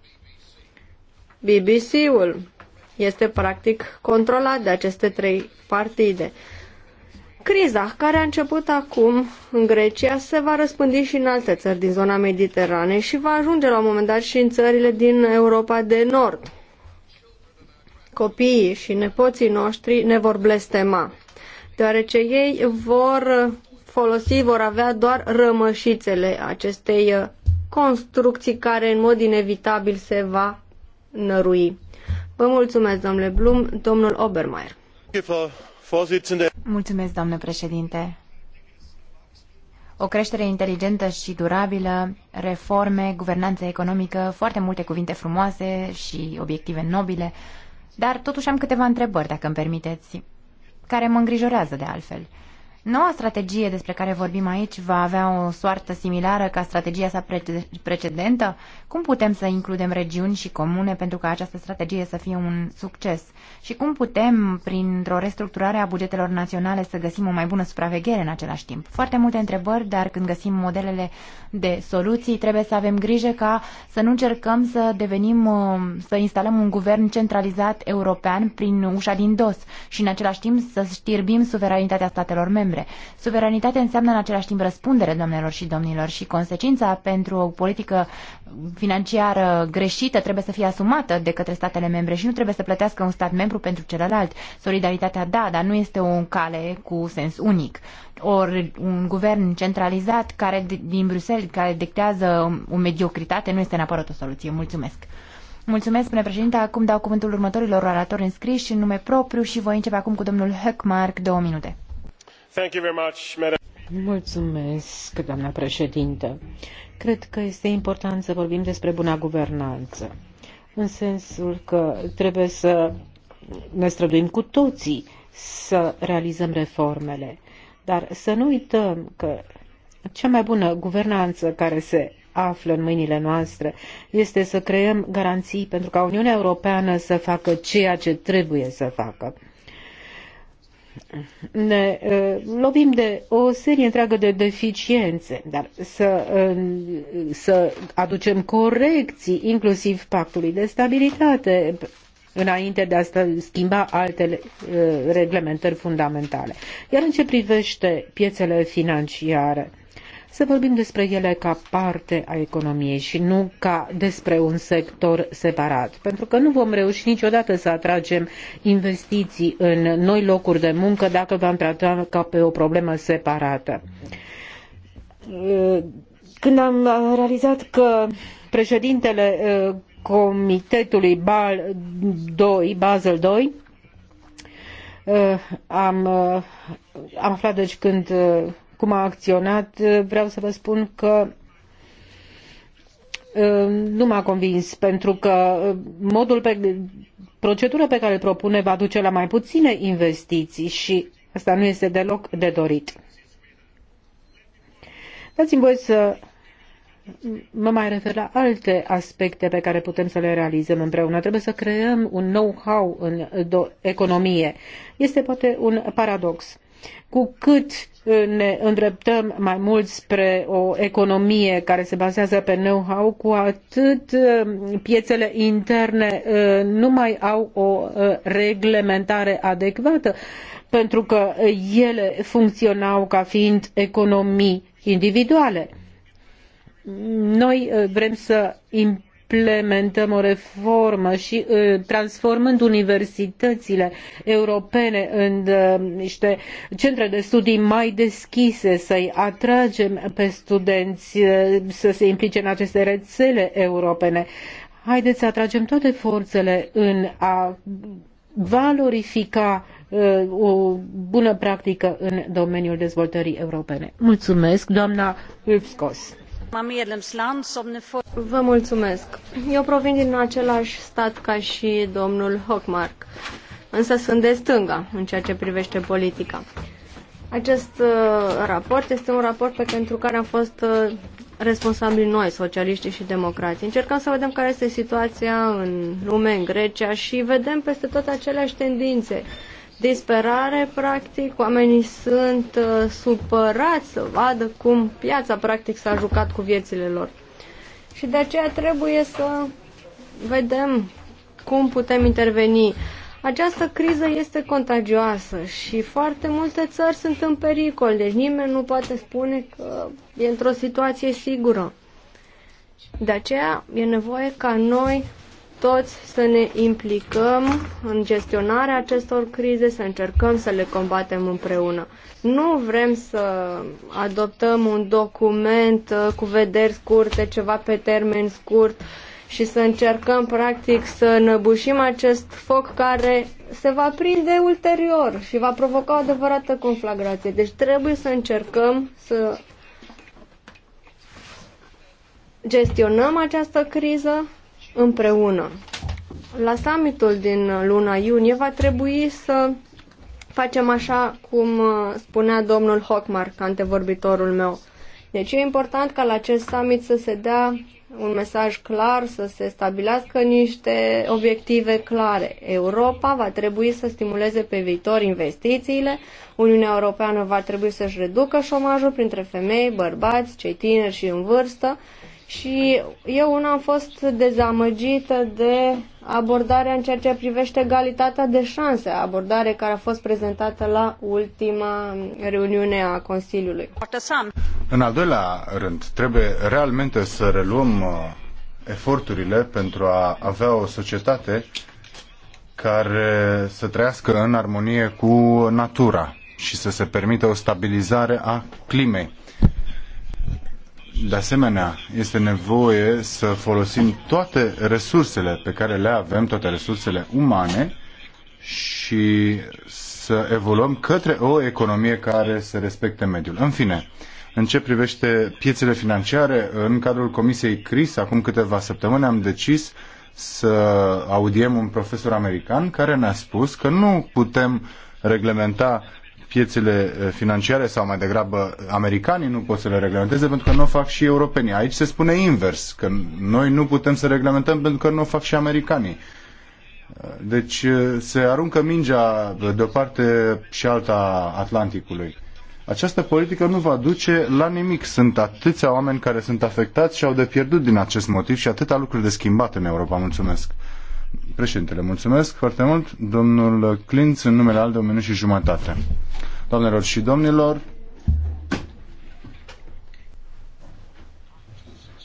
BBC-ul este practic controlat de aceste trei partide. Criza care a început acum în Grecia se va răspândi și în alte țări din zona Mediterane și va ajunge la un moment dat și în țările din Europa de Nord copiii și nepoții noștri ne vor blestema, deoarece ei vor folosi, vor avea doar rămășițele acestei uh, construcții care în mod inevitabil se va nărui. Vă mulțumesc, domnule Blum, domnul Obermeier. Mulțumesc, domnule președinte. O creștere inteligentă și durabilă, reforme, guvernanță economică, foarte multe cuvinte frumoase și obiective nobile, dar totuși am câteva întrebări, dacă îmi permiteți, care mă îngrijorează de altfel. Noua strategie despre care vorbim aici va avea o soartă similară ca strategia sa precedentă? Cum putem să includem regiuni și comune pentru ca această strategie să fie un succes? Și cum putem, printr-o restructurare a bugetelor naționale, să găsim o mai bună supraveghere în același timp? Foarte multe întrebări, dar când găsim modelele de soluții, trebuie să avem grijă ca să nu încercăm să devenim, uh, să instalăm un guvern centralizat european prin ușa din dos și în același timp să știrbim suveranitatea statelor membre membre. Suveranitate înseamnă în același timp răspundere, domnilor și domnilor, și consecința pentru o politică financiară greșită trebuie să fie asumată de către statele membre și nu trebuie să plătească un stat membru pentru celălalt. Solidaritatea, da, dar nu este o cale cu sens unic. Ori un guvern centralizat care din Bruxelles, care dictează o mediocritate, nu este neapărat o soluție. Mulțumesc! Mulțumesc, spune președinte. Acum dau cuvântul următorilor oratori înscriși în nume propriu și voi începe acum cu domnul Höckmark, două minute. Mulțumesc, președintă. Cred că este important să vorbim despre buna guvernană în sensul că trebuie să ne străduim cu toții să realizăm reformele, dar să nu uităm că cea mai bună guvernanță care se află în mâinile noastre este să creăm garanții pentru ca Uniunea Europeană să facă ceea ce trebuie să facă ne lovim de o serie întreagă de deficiențe, dar să, să aducem corecții, inclusiv pactului de stabilitate, înainte de a schimba alte reglementări fundamentale. Iar în ce privește piețele financiare, să vorbim despre ele ca parte a economiei și nu ca despre un sector separat, pentru că nu vom reuși niciodată să atragem investiții în noi locuri de muncă dacă vom trata ca pe o problemă separată. Când am realizat că președintele uh, Comitetului BAL 2, Basel 2, uh, am, uh, am aflat deci când cum a acționat, vreau să vă spun că uh, nu m-a convins pentru că uh, modul pe, procedura pe care îl propune va duce la mai puține investiții și asta nu este deloc de dorit. Dați-mi voi să mă mai refer la alte aspecte pe care putem să le realizăm împreună. Trebuie să creăm un know-how în economie. Este poate un paradox cu cât uh, ne îndreptăm mai mult spre o economie care se bazează pe know-how, cu atât uh, piețele interne uh, nu mai au o reglementare adecvată, pentru că ele funcționau ca fiind economii individuale. Noi vrem să implementăm o reformă și uh, transformând universitățile europene în uh, niște centre de studii mai deschise, să-i atragem pe studenți uh, să se implice în aceste rețele europene. Haideți să atragem toate forțele în a valorifica o bună practică în domeniul dezvoltării europene. Mulțumesc, doamna Ulfskos. Vă mulțumesc. Eu provin din același stat ca și domnul Hockmark, însă sunt de stânga în ceea ce privește politica. Acest uh, raport este un raport pentru care am fost uh, responsabili noi, socialiștii și democrații. Încercăm să vedem care este situația în lume, în Grecia și vedem peste tot aceleași tendințe. Uh, disperare, practic, oamenii sunt uh, supărați să vadă cum piața, practic, s-a jucat cu viețile lor. Și de aceea trebuie să vedem cum putem interveni. Această criză este contagioasă și foarte multe țări sunt în pericol, deci nimeni nu poate spune că e într-o situație sigură. De aceea e nevoie ca noi toți să ne implicăm în gestionarea acestor crize, să încercăm să le combatem împreună. Nu vrem să adoptăm un document uh, cu vederi scurte, ceva pe termen scurt și să încercăm practic să năbușim acest foc care se va prinde ulterior și va provoca o adevărată conflagrație. Deci trebuie să încercăm să gestionăm această criză, împreună. La summitul din luna iunie va trebui să facem așa cum uh, spunea domnul Hockmar, antevorbitorul meu. Deci e important ca la acest summit să se dea un mesaj clar, să se stabilească niște obiective clare. Europa va trebui să stimuleze pe viitor investițiile, Uniunea Europeană va trebui să-și reducă șomajul printre femei, bărbați, cei tineri și în vârstă, și eu una am fost dezamăgită de abordarea în ceea ce privește egalitatea de șanse, abordare care a fost prezentată la ultima reuniune a Consiliului. În al doilea rând, trebuie realmente să reluăm uh, eforturile pentru a avea o societate care să trăiască în armonie cu natura și să se permită o stabilizare a climei de asemenea, este nevoie să folosim toate resursele pe care le avem, toate resursele umane și să evoluăm către o economie care să respecte mediul. În fine, în ce privește piețele financiare, în cadrul Comisiei CRIS, acum câteva săptămâni am decis să audiem un profesor american care ne-a spus că nu putem reglementa piețele eh, financiare sau mai degrabă americanii nu pot să le reglementeze pentru că nu o fac și europenii. Aici se spune invers, că noi nu putem să reglementăm pentru că nu o fac și americanii. Eh, deci eh, se aruncă mingea de o parte și alta Atlanticului. Această politică nu va duce la nimic. Sunt atâția oameni care sunt afectați și au de pierdut din acest motiv și atâtea lucruri de schimbat în Europa. Mulțumesc! Președintele, mulțumesc foarte mult. Domnul Clinț, în numele al de un minut și jumătate. Doamnelor și domnilor,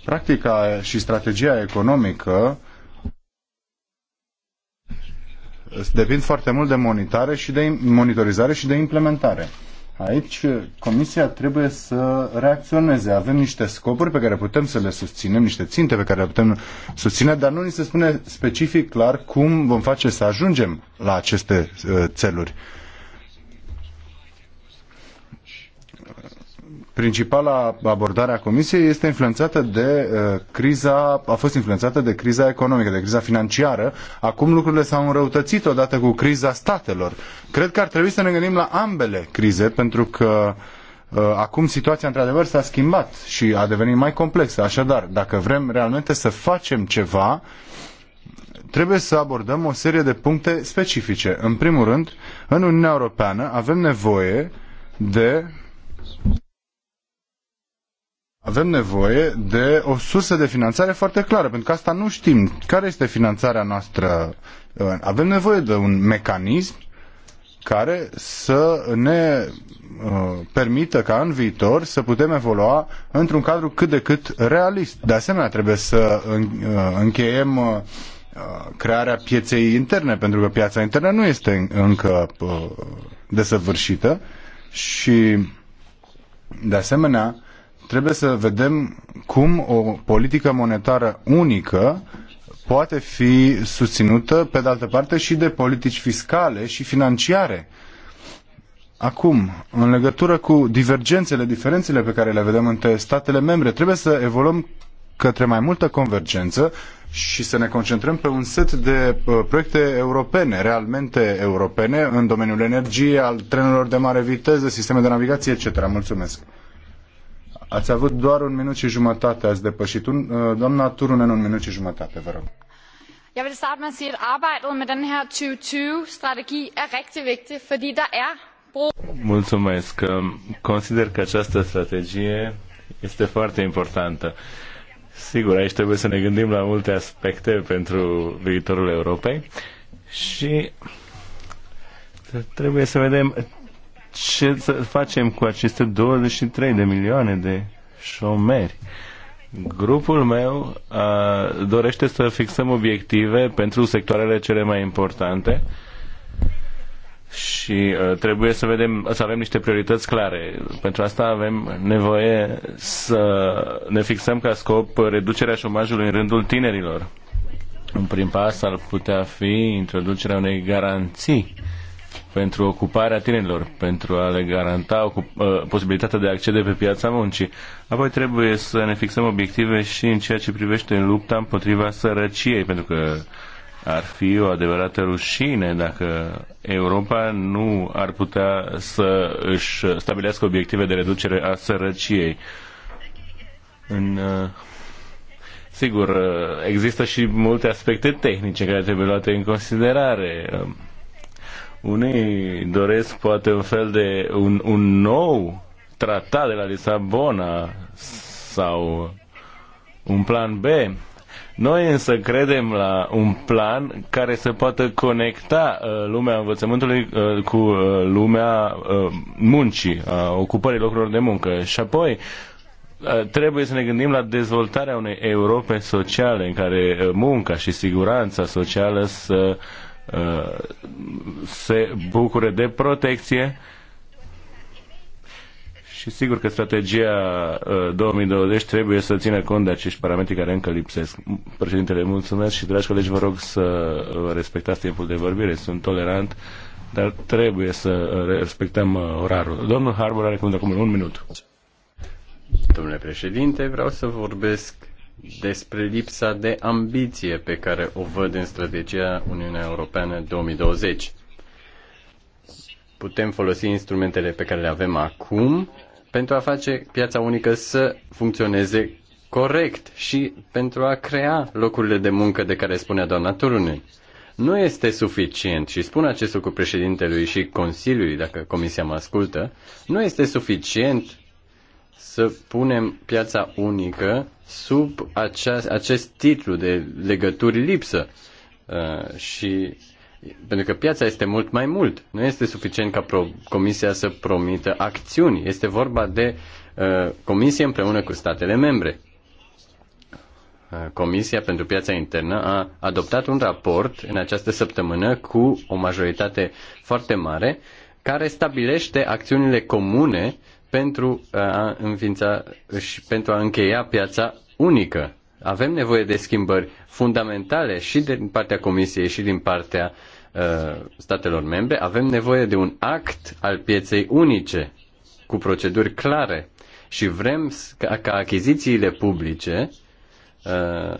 practica și strategia economică depind foarte mult de monitorizare și de implementare. Aici Comisia trebuie să reacționeze. Avem niște scopuri pe care putem să le susținem, niște ținte pe care le putem susține, dar nu ni se spune specific clar cum vom face să ajungem la aceste uh, țeluri principala abordare a Comisiei este influențată de uh, criza, a fost influențată de criza economică, de criza financiară. Acum lucrurile s-au înrăutățit odată cu criza statelor. Cred că ar trebui să ne gândim la ambele crize, pentru că uh, acum situația într-adevăr s-a schimbat și a devenit mai complexă. Așadar, dacă vrem realmente să facem ceva, trebuie să abordăm o serie de puncte specifice. În primul rând, în Uniunea Europeană avem nevoie de avem nevoie de o sursă de finanțare foarte clară, pentru că asta nu știm. Care este finanțarea noastră? Uh, avem nevoie de un mecanism care să ne uh, permită ca în viitor să putem evolua într-un cadru cât de cât realist. De asemenea, trebuie să uh, încheiem uh, crearea pieței interne, pentru că piața internă nu este încă uh, desăvârșită și de asemenea trebuie să vedem cum o politică monetară unică poate fi susținută, pe de altă parte, și de politici fiscale și financiare. Acum, în legătură cu divergențele, diferențele pe care le vedem între statele membre, trebuie să evoluăm către mai multă convergență și să ne concentrăm pe un set de uh, proiecte europene, realmente europene, în domeniul energiei, al trenurilor de mare viteză, sisteme de navigație, etc. Mulțumesc! Ați avut doar un minut și jumătate, ați depășit. Un, uh, doamna Turunen, un minut și jumătate, vă rog. Jeg vil starte med at sige, at arbejdet med den her 2020-strategi er rigtig vigtigt, fordi der er brug... Mulțumesc. Consider că această strategie este foarte importantă. Sigur, aici trebuie să ne gândim la multe aspecte pentru viitorul Europei și trebuie să vedem ce să facem cu aceste 23 de milioane de șomeri? Grupul meu a, dorește să fixăm obiective pentru sectoarele cele mai importante și a, trebuie să vedem, să avem niște priorități clare. Pentru asta avem nevoie să ne fixăm ca scop reducerea șomajului în rândul tinerilor. Un prim pas ar putea fi introducerea unei garanții pentru ocuparea tinerilor, pentru a le garanta uh, posibilitatea de a accede pe piața muncii. Apoi trebuie să ne fixăm obiective și în ceea ce privește lupta împotriva sărăciei, pentru că ar fi o adevărată rușine dacă Europa nu ar putea să își stabilească obiective de reducere a sărăciei. În, uh, sigur, uh, există și multe aspecte tehnice care trebuie luate în considerare um, unii doresc poate un fel de un, un nou tratat de la Lisabona sau un plan B. Noi însă credem la un plan care să poate conecta uh, lumea învățământului uh, cu uh, lumea uh, muncii, a ocupării locurilor de muncă. Și apoi uh, trebuie să ne gândim la dezvoltarea unei Europe sociale în care uh, munca și siguranța socială să uh, Uh, se bucure de protecție și sigur că strategia 2020 uh, trebuie să țină cont de acești parametri care încă lipsesc. Președintele, mulțumesc și, dragi colegi, vă rog să uh, respectați timpul de vorbire. Sunt tolerant, dar trebuie să respectăm orarul. Domnul Harbour are de acum un minut. Domnule președinte, vreau să vorbesc despre lipsa de ambiție pe care o văd în strategia Uniunea Europeană 2020. Putem folosi instrumentele pe care le avem acum pentru a face piața unică să funcționeze corect și pentru a crea locurile de muncă de care spunea doamna Turunen. Nu este suficient, și spun acest lucru președintelui și Consiliului, dacă Comisia mă ascultă, nu este suficient să punem piața unică sub acea, acest titlu de legături lipsă. Uh, și pentru că piața este mult mai mult. Nu este suficient ca pro- Comisia să promită acțiuni. Este vorba de uh, Comisie împreună cu statele membre. Uh, comisia pentru Piața Internă a adoptat un raport în această săptămână cu o majoritate foarte mare care stabilește acțiunile comune uh, pentru a înființa și pentru a încheia piața unică. Avem nevoie de schimbări fundamentale și din partea Comisiei și din partea uh, statelor membre. Avem nevoie de un act al pieței unice cu proceduri clare și vrem ca, ca achizițiile publice uh,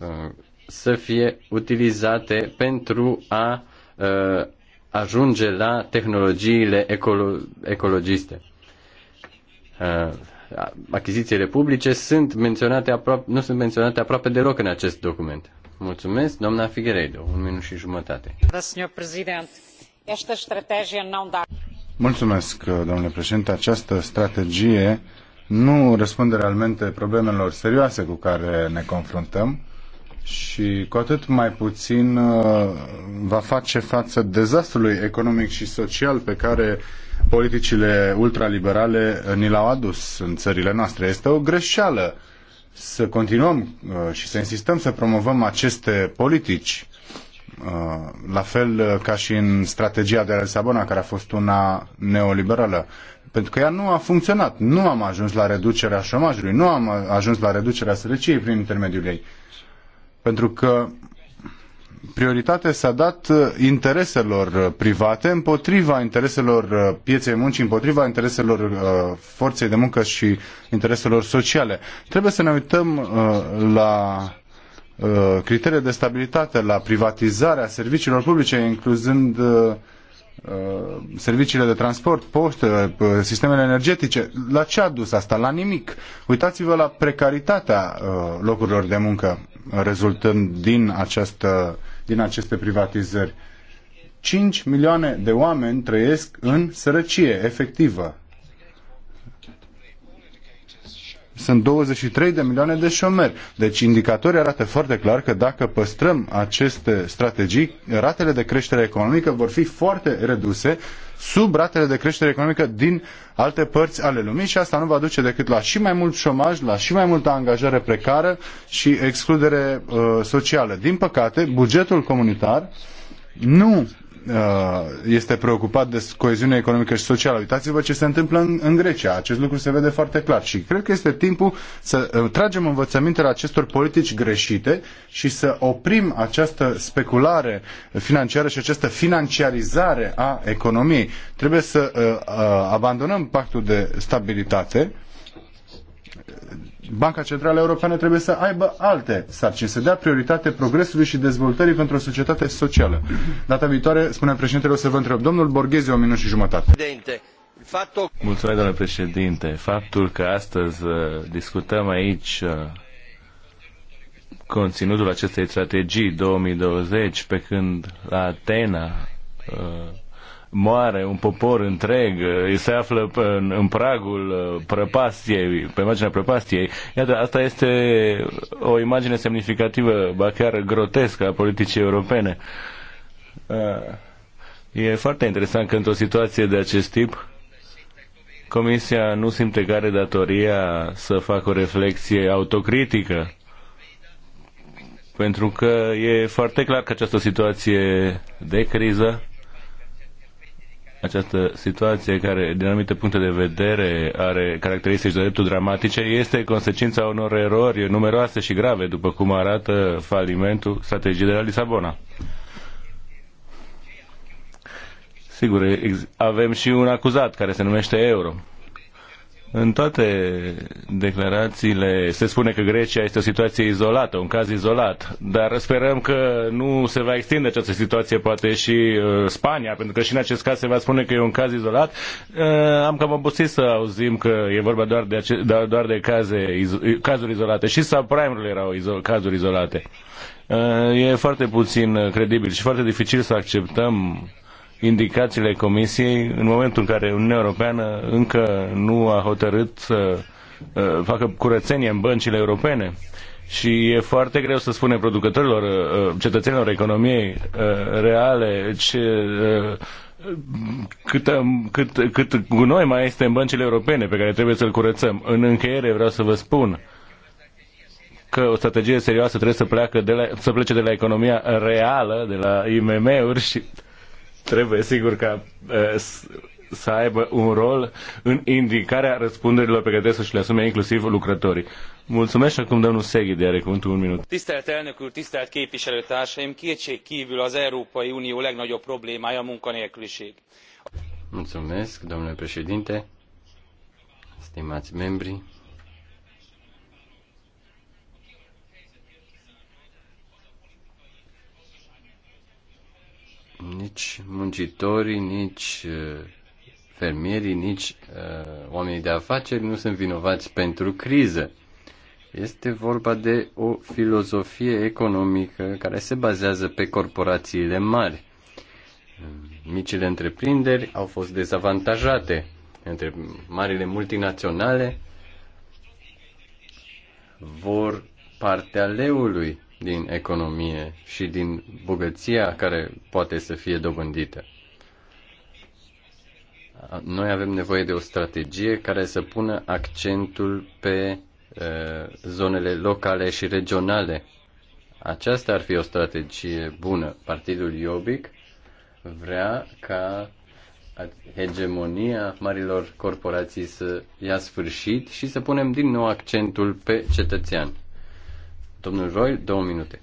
uh, să fie utilizate pentru a uh, ajunge la tehnologiile ecolo- ecologiste. Uh, achizițiile publice sunt menționate aproape, nu sunt menționate aproape deloc în acest document. Mulțumesc, doamna Figueiredo, un minut și jumătate. Da, Mulțumesc, domnule președinte. Această strategie nu răspunde realmente problemelor serioase cu care ne confruntăm și cu atât mai puțin uh, va face față dezastrului economic și social pe care politicile ultraliberale ni l-au adus în țările noastre. Este o greșeală să continuăm uh, și să insistăm să promovăm aceste politici, uh, la fel uh, ca și în strategia de la Lisabona, care a fost una neoliberală. Pentru că ea nu a funcționat. Nu am ajuns la reducerea șomajului, nu am ajuns la reducerea sărăciei prin intermediul ei. Pentru că prioritate s-a dat uh, intereselor uh, private împotriva intereselor uh, pieței muncii, împotriva intereselor forței de muncă și intereselor sociale. Trebuie să ne uităm la criteriile de stabilitate, la privatizarea serviciilor publice, incluzând serviciile de transport, poștă, sistemele energetice. La ce a dus asta? La nimic. Uitați-vă la precaritatea locurilor de muncă rezultând din această din aceste privatizări. 5 milioane de oameni trăiesc în sărăcie efectivă. Sunt 23 de milioane de șomeri. Deci indicatorii arată foarte clar că dacă păstrăm aceste strategii, ratele de creștere economică vor fi foarte reduse sub ratele de creștere economică din alte părți ale lumii și asta nu va duce decât la și mai mult șomaj, la și mai multă angajare precară și excludere uh, socială. Din păcate, bugetul comunitar nu Uh, este preocupat de coeziunea economică și socială. Uitați-vă ce se întâmplă în, în Grecia. Acest lucru se vede foarte clar și cred că este timpul să uh, tragem învățămintele acestor politici greșite și să oprim această speculare financiară și această financiarizare a economiei. Trebuie să uh, abandonăm pactul de stabilitate Banca Centrală Europeană trebuie să aibă alte sarcini, să dea prioritate progresului și dezvoltării pentru o societate socială. Data viitoare, spune președintele, o să vă întreb. Domnul Borghezi, o minut și jumătate. Mulțumesc, domnule președinte. Faptul că astăzi uh, discutăm aici uh, conținutul acestei strategii 2020, pe când la Atena uh, moare un popor întreg, îi se află în, în pragul uh, prăpastiei, pe imaginea prăpastiei. Iată, asta este o imagine semnificativă, ba chiar grotescă a politicii europene. Uh, e foarte interesant că într-o situație de acest tip, Comisia nu simte care datoria să facă o reflexie autocritică, pentru că e foarte clar că această situație de criză această situație care, din anumite puncte de vedere, are caracteristici de dreptul dramatice, este consecința unor erori numeroase și grave, după cum arată falimentul strategiei de la Lisabona. Sigur, avem și un acuzat care se numește Euro. În toate declarațiile se spune că Grecia este o situație izolată, un caz izolat, dar sperăm că nu se va extinde această situație poate și uh, Spania, pentru că și în acest caz se va spune că e un caz izolat. Uh, am cam obosit să auzim că e vorba doar de, ace- doar, doar de caze, izo- cazuri izolate. Și subprime-urile erau izo- cazuri izolate. Uh, e foarte puțin credibil și foarte dificil să acceptăm uh, indicațiile Comisiei în momentul în care Uniunea Europeană încă nu a hotărât să uh, facă curățenie în băncile europene. Și e foarte greu să spune producătorilor, uh, cetățenilor economiei uh, reale ce, cât, cât, cât gunoi mai este în băncile europene pe care trebuie să-l curățăm. În încheiere vreau să vă spun că o strategie serioasă trebuie să, pleacă de la, să plece de la economia reală, de la IMM-uri și trebuie sigur ca să aibă un rol în indicarea răspunderilor pe care trebuie să-și le asume inclusiv lucrătorii. Mulțumesc și acum domnul de are cuvântul un minut. Tisztelt elnök úr, tisztelt képviselőtársaim, kétség kívül az Európai Unió legnagyobb problémája a munkanélküliség. Mulțumesc, domnule președinte, stimați membri, nici muncitorii, nici uh, fermierii, nici uh, oamenii de afaceri nu sunt vinovați pentru criză. Este vorba de o filozofie economică care se bazează pe corporațiile mari. Micile întreprinderi au fost dezavantajate între marile multinaționale vor partea leului din economie și din bogăția care poate să fie dobândită. Noi avem nevoie de o strategie care să pună accentul pe zonele locale și regionale. Aceasta ar fi o strategie bună. Partidul Iobic vrea ca hegemonia marilor corporații să ia sfârșit și să punem din nou accentul pe cetățean. Domnul Roy, două minute.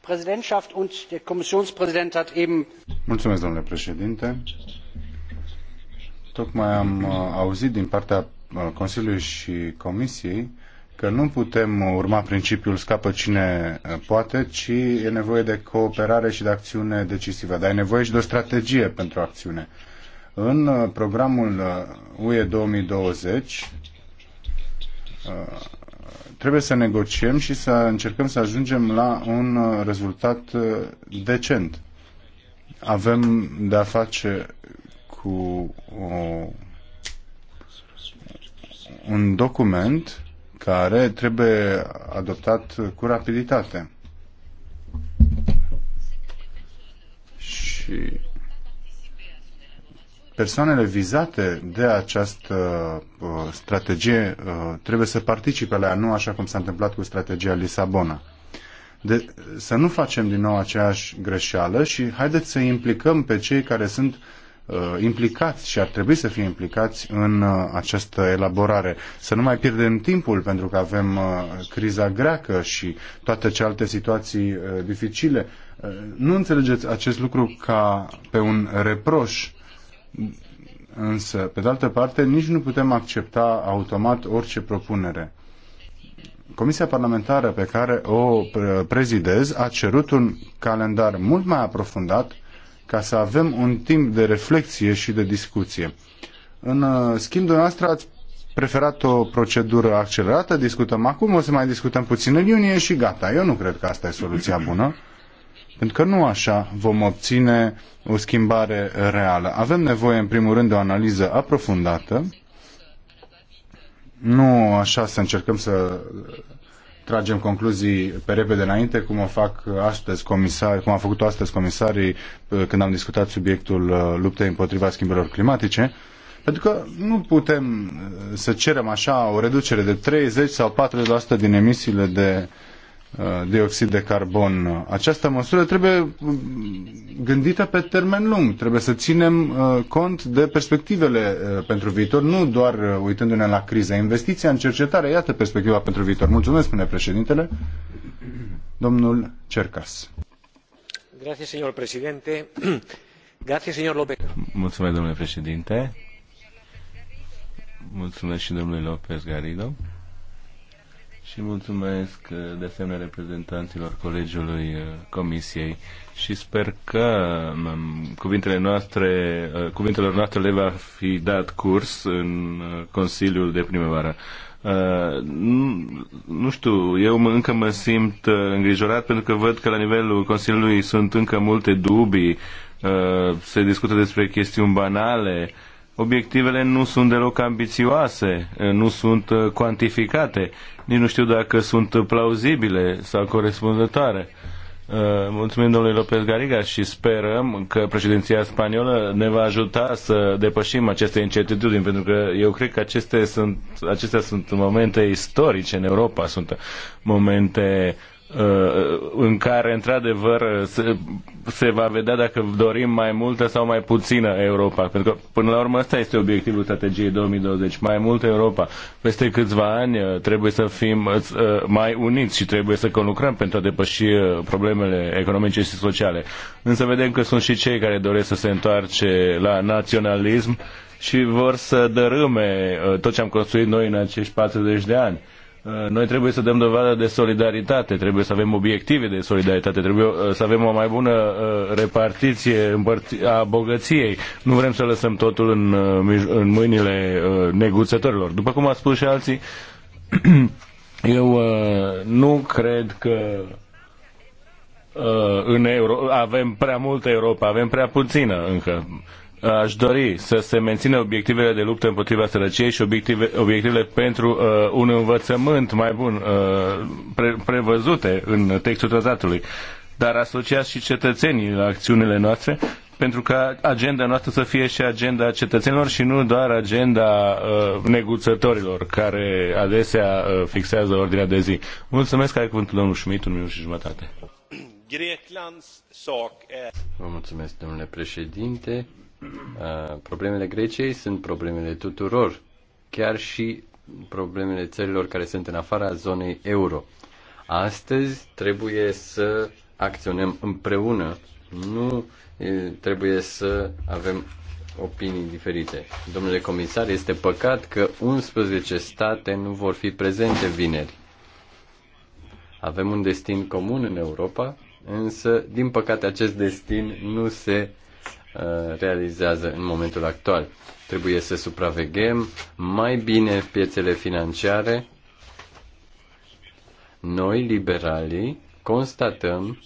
Präsidentschaft und der Kommissionspräsident hat eben Mulțumesc, domnule președinte. Tocmai am uh, auzit din partea uh, Consiliului și Comisiei că nu putem urma principiul scapă cine uh, poate, ci e nevoie de cooperare și de acțiune decisivă, dar e nevoie și de o strategie pentru acțiune. În programul UE 2020 trebuie să negociem și să încercăm să ajungem la un uh, rezultat uh, decent. Avem de-a face cu o, un document care trebuie adoptat cu rapiditate. Și persoanele vizate de această uh, strategie uh, trebuie să participe la ea, nu așa cum s-a întâmplat cu strategia Lisabona. De, să nu facem din nou aceeași greșeală și haideți să implicăm pe cei care sunt uh, implicați și ar trebui să fie implicați în uh, această elaborare. Să nu mai pierdem timpul pentru că avem uh, criza greacă și toate celelalte situații uh, dificile. Uh, nu înțelegeți acest lucru ca pe un reproș Însă, pe de altă parte, nici nu putem accepta automat orice propunere. Comisia parlamentară pe care o prezidez a cerut un calendar mult mai aprofundat ca să avem un timp de reflexie și de discuție. În uh, schimb, dumneavoastră ați preferat o procedură accelerată, discutăm acum, o să mai discutăm puțin în iunie și gata. Eu nu cred că asta e soluția bună. Pentru că nu așa vom obține o schimbare reală. Avem nevoie, în primul rând, de o analiză aprofundată. Nu așa să încercăm să tragem concluzii pe repede înainte, cum o fac astăzi comisari, cum a făcut astăzi comisarii uh, când am discutat subiectul uh, luptei împotriva schimbărilor climatice. Pentru că nu putem uh, să cerem așa o reducere de 30 sau 40% din emisiile de Uh, dioxid de carbon. Această măsură trebuie mm, gândită pe termen lung. Trebuie să ținem uh, cont de perspectivele uh, pentru viitor, nu doar uitându-ne la criză. Investiția în cercetare, iată perspectiva pentru viitor. Mulțumesc, spune președintele. Domnul Cercas. Grazie, señor presidente. Grazie, señor López. Mulțumesc, domnule președinte. Mulțumesc și domnului López Garrido și mulțumesc uh, de asemenea reprezentanților colegiului uh, Comisiei și sper că um, cuvintele noastre, uh, cuvintelor noastre le va fi dat curs în Consiliul de primăvară. Uh, nu, nu știu, eu mă, încă mă simt uh, îngrijorat pentru că văd că la nivelul Consiliului sunt încă multe dubii, uh, se discută despre chestiuni banale, uh, obiectivele nu sunt deloc ambițioase, nu sunt uh, cuantificate, nici nu știu dacă sunt plauzibile sau corespunzătoare. Uh, mulțumim domnului Lopez Gariga și sperăm că președinția spaniolă ne va ajuta să depășim aceste incertitudini, pentru că eu cred că aceste sunt, acestea sunt momente istorice în Europa, sunt momente Uh, în care, într-adevăr, uh, se, se va vedea dacă dorim mai multă sau mai puțină Europa. Pentru că, până la urmă, ăsta este obiectivul strategiei 2020. Mai multă Europa. Peste câțiva ani uh, trebuie să fim mai uniți și trebuie să conlucrăm pentru a depăși problemele economice și sociale. Însă vedem că sunt și cei care doresc să se întoarce la naționalism și vor să dărâme tot ce am construit noi în acești 40 de ani Eh, noi trebuie să dăm dovadă de solidaritate, trebuie să avem obiective de solidaritate, trebuie eh, să avem o mai bună eh, repartiție a bogăției. Nu vrem să lăsăm totul în, în mâinile neguțătorilor. După cum a spus și alții, eu nu cred că în Euro- avem prea multă Europa, avem prea puțină încă. Aș dori să se mențină obiectivele de luptă împotriva sărăciei și obiective, obiectivele pentru uh, un învățământ mai bun uh, pre, prevăzute în textul tratatului, dar asociați și cetățenii la acțiunile noastre pentru ca agenda noastră să fie și agenda cetățenilor și nu doar agenda uh, neguțătorilor care adesea uh, fixează ordinea de zi. Mulțumesc, că ai cuvântul domnul Schmidt, un minut și jumătate. Vă mulțumesc, domnule președinte. Uh, problemele Greciei sunt problemele tuturor, chiar și problemele țărilor care sunt în afara zonei euro. Astăzi trebuie să acționăm împreună, nu trebuie să avem opinii diferite. Domnule comisar, este păcat că 11 state nu vor fi prezente vineri. Avem un destin comun în Europa, însă, din păcate, acest destin nu se Uh, realizează în momentul actual. Trebuie să supraveghem mai bine piețele financiare. Noi, liberalii, constatăm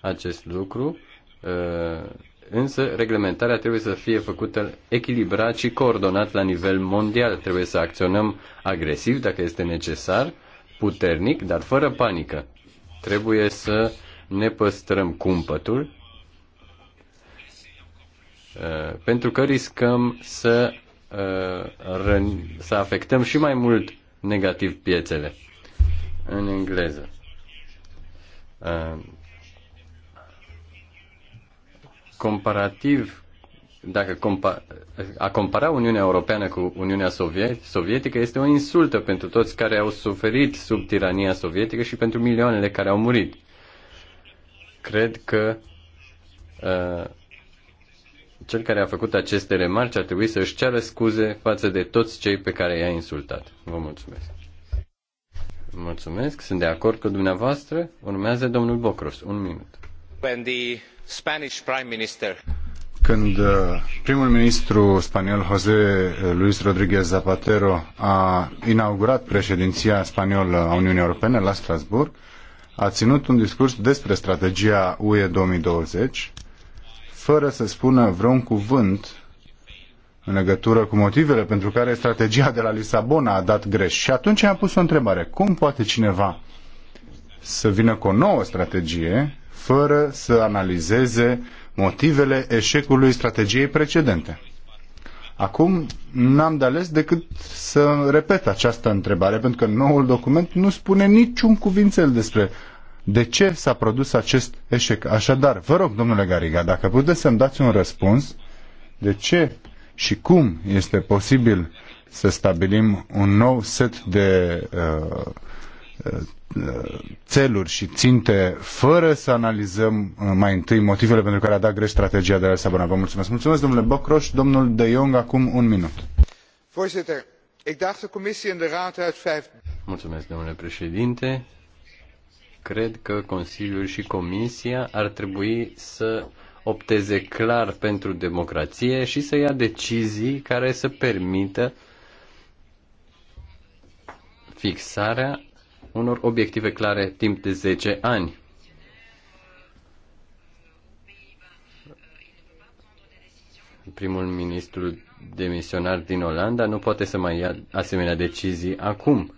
acest lucru, uh, însă reglementarea trebuie să fie făcută echilibrat și coordonat la nivel mondial. Trebuie să acționăm agresiv dacă este necesar, puternic, dar fără panică. Trebuie să ne păstrăm cumpătul Uh, pentru că riscăm să, uh, să afectăm și mai mult negativ piețele în engleză. Uh, comparativ, dacă compa- a compara Uniunea Europeană cu Uniunea Soviet- Sovietică este o insultă pentru toți care au suferit sub tirania sovietică și pentru milioanele care au murit. Cred că uh, cel care a făcut aceste remarci ar trebui să și ceară scuze față de toți cei pe care i-a insultat. Vă mulțumesc. Mulțumesc, sunt de acord cu dumneavoastră. Urmează domnul Bocros. Un minut. When the Spanish Prime Minister când uh, primul ministru spaniol José uh, Luis Rodríguez Zapatero a inaugurat președinția spaniolă a Uniunii Europene la Strasbourg, a ținut un discurs despre strategia UE 2020 fără să spună vreun cuvânt în legătură cu motivele pentru care strategia de la Lisabona a dat greș. Și atunci am pus o întrebare. Cum poate cineva să vină cu o nouă strategie fără să analizeze motivele eșecului strategiei precedente? Acum n-am de ales decât să repet această întrebare, pentru că noul document nu spune niciun cuvințel despre de ce s-a produs acest eșec. Așadar, vă rog, domnule Gariga, dacă puteți să-mi dați un răspuns, de ce și cum este posibil să stabilim un nou set de uh, uh, țeluri și ținte fără să analizăm uh, mai întâi motivele pentru care a dat greș strategia de la Sabona. Vă mulțumesc. Mulțumesc, domnule Bocroș. Domnul De Jong, acum un minut. Mulțumesc, domnule președinte cred că Consiliul și Comisia ar trebui să opteze clar pentru democrație și să ia decizii care să permită fixarea unor obiective clare timp de 10 ani. Primul ministru demisionar din Olanda nu poate să mai ia asemenea decizii acum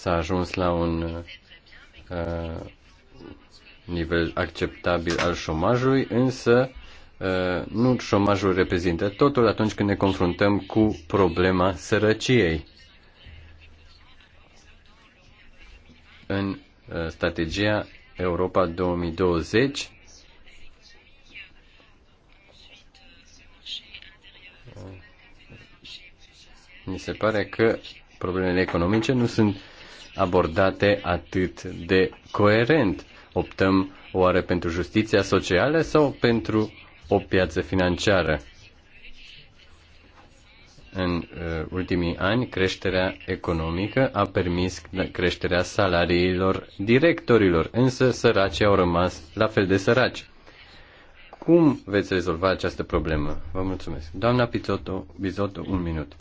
s-a ajuns la un uh, nivel acceptabil al șomajului, însă uh, nu șomajul reprezintă totul atunci când ne confruntăm cu problema sărăciei. În uh, strategia Europa 2020 mi uh, se pare că problemele economice nu sunt abordate atât de coerent. Optăm oare pentru justiția socială sau pentru o piață financiară? În uh, ultimii ani, creșterea economică a permis creșterea salariilor directorilor, însă săracii au rămas la fel de săraci. Cum veți rezolva această problemă? Vă mulțumesc. Doamna Pizotto, Bizotto, un minut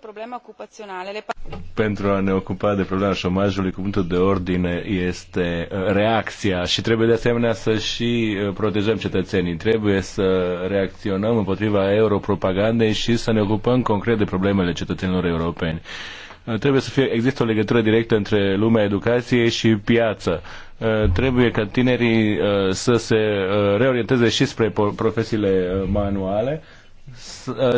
problema le pentru a ne ocupa de problema șomajului, cuvântul de ordine este uh, reacția și trebuie de asemenea să și uh, protejăm cetățenii. Trebuie să reacționăm împotriva europropagandei și să ne ocupăm concret de problemele cetățenilor europeni. Uh, trebuie să fie, există o legătură directă între lumea educației și piață. Trebuie ca tinerii să se reorienteze și spre profesiile manuale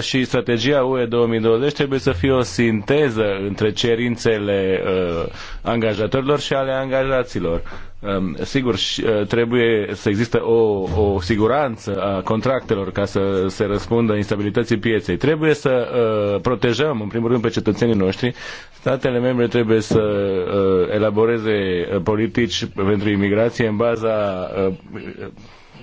și strategia UE 2020 trebuie să fie o sinteză între cerințele uh, angajatorilor și ale angajaților. Um, sigur, și, uh, trebuie să există o, o siguranță a contractelor ca să se răspundă instabilității pieței. Trebuie să uh, protejăm, în primul rând, pe cetățenii noștri. Statele membre trebuie să uh, elaboreze uh, politici pentru imigrație în baza uh,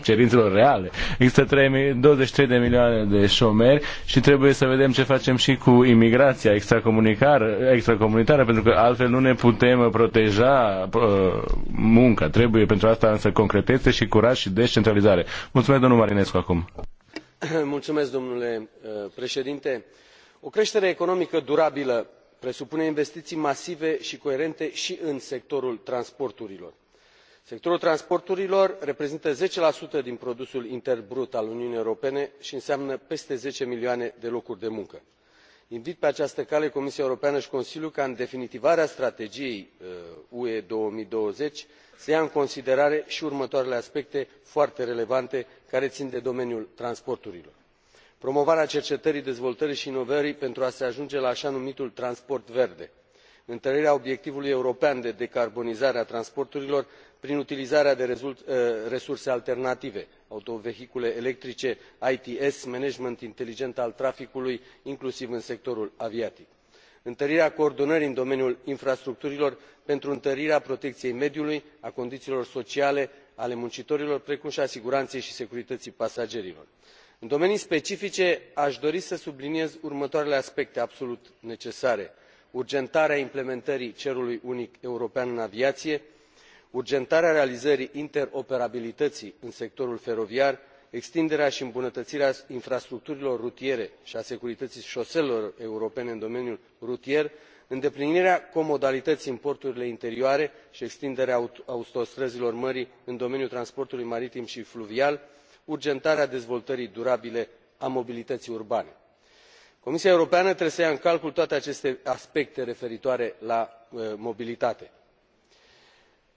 cerințelor reale. Există 3, 23 de milioane de șomeri și trebuie să vedem ce facem și cu imigrația extracomunitară, extracomunitară pentru că altfel nu ne putem proteja uh, munca. Trebuie pentru asta însă concretețe și curaj și descentralizare. Mulțumesc, domnul Marinescu, acum. Mulțumesc, domnule uh, președinte. O creștere economică durabilă presupune investiții masive și coerente și în sectorul transporturilor sectorul transporturilor reprezintă zece din produsul intern brut al uniunii europene și înseamnă peste zece milioane de locuri de muncă. invit pe această cale comisia europeană și consiliul ca în definitivarea strategiei uh, ue două mii douăzeci să ia în considerare și următoarele aspecte foarte relevante care țin de domeniul transporturilor promovarea cercetării dezvoltării și inovării pentru a se ajunge la așa numitul transport verde întărirea obiectivului european de decarbonizare a transporturilor prin utilizarea de uh, resurse alternative autovehicule electrice its management inteligent al traficului inclusiv în sectorul aviatic întărirea coordonării în domeniul infrastructurilor pentru întărirea protecției mediului a condițiilor sociale ale muncitorilor precum și a siguranței și securității pasagerilor. în domenii specifice aș dori să subliniez următoarele aspecte absolut necesare urgentarea implementării cerului unic european în aviație urgentarea realizării interoperabilității în sectorul feroviar extinderea și îmbunătățirea infrastructurilor rutiere și a securității șoselelor europene în domeniul rutier îndeplinirea comodalității în porturile interioare și extinderea autostrăzilor mării în domeniul transportului maritim și fluvial urgentarea dezvoltării durabile a mobilității urbane. comisia europeană trebuie să ia în calcul toate aceste aspecte referitoare la uh, mobilitate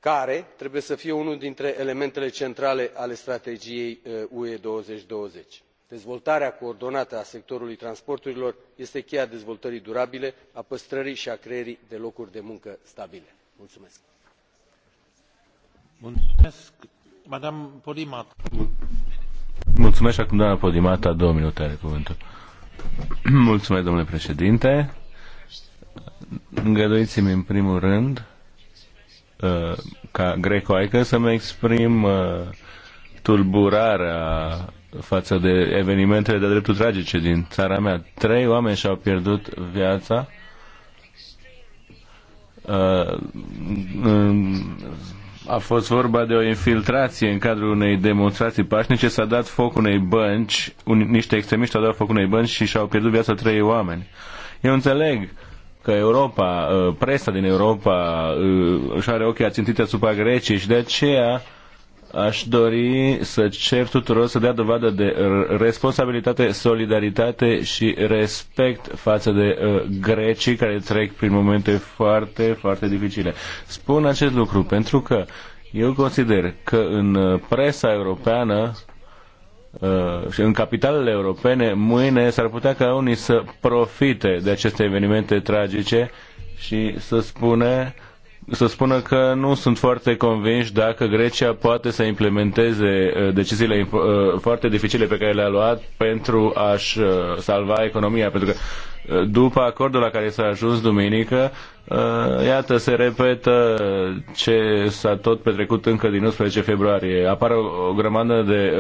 care trebuie să fie unul dintre elementele centrale ale strategiei ue. Uh, două mii douăzeci dezvoltarea coordonată a sectorului transporturilor este cheia dezvoltării durabile a păstrării i a creării de locuri de muncă stabile. Mulțumesc. Mulțumesc Podimata, două minute Mulțumesc, domnule președinte. Îngăduiți-mi în primul rând Uh, ca greco că să-mi exprim uh, tulburarea față de evenimentele de dreptul tragice din țara mea. Trei oameni și-au pierdut viața uh, a fost vorba de o infiltrație în cadrul unei demonstrații pașnice, s-a dat foc unei bănci, un, niște extremiști au dat foc unei bănci și și-au pierdut viața trei oameni. Eu înțeleg că Europa, uh, presa din Europa uh, își are ochii ațintite asupra Greciei și de aceea aș dori să cer tuturor să dea dovadă de responsabilitate, solidaritate și respect față de uh, grecii care trec prin momente foarte, foarte dificile. Spun acest lucru pentru că eu consider că în presa europeană Uh, și în capitalele europene, mâine s-ar putea ca unii să profite de aceste evenimente tragice și să spune să spună că nu sunt foarte convinși dacă Grecia poate să implementeze uh, deciziile uh, foarte dificile pe care le-a luat pentru a-și uh, salva economia, pentru că după acordul la care s-a ajuns duminică, iată, se repetă ce s-a tot petrecut încă din 11 februarie. Apare o, o grămadă de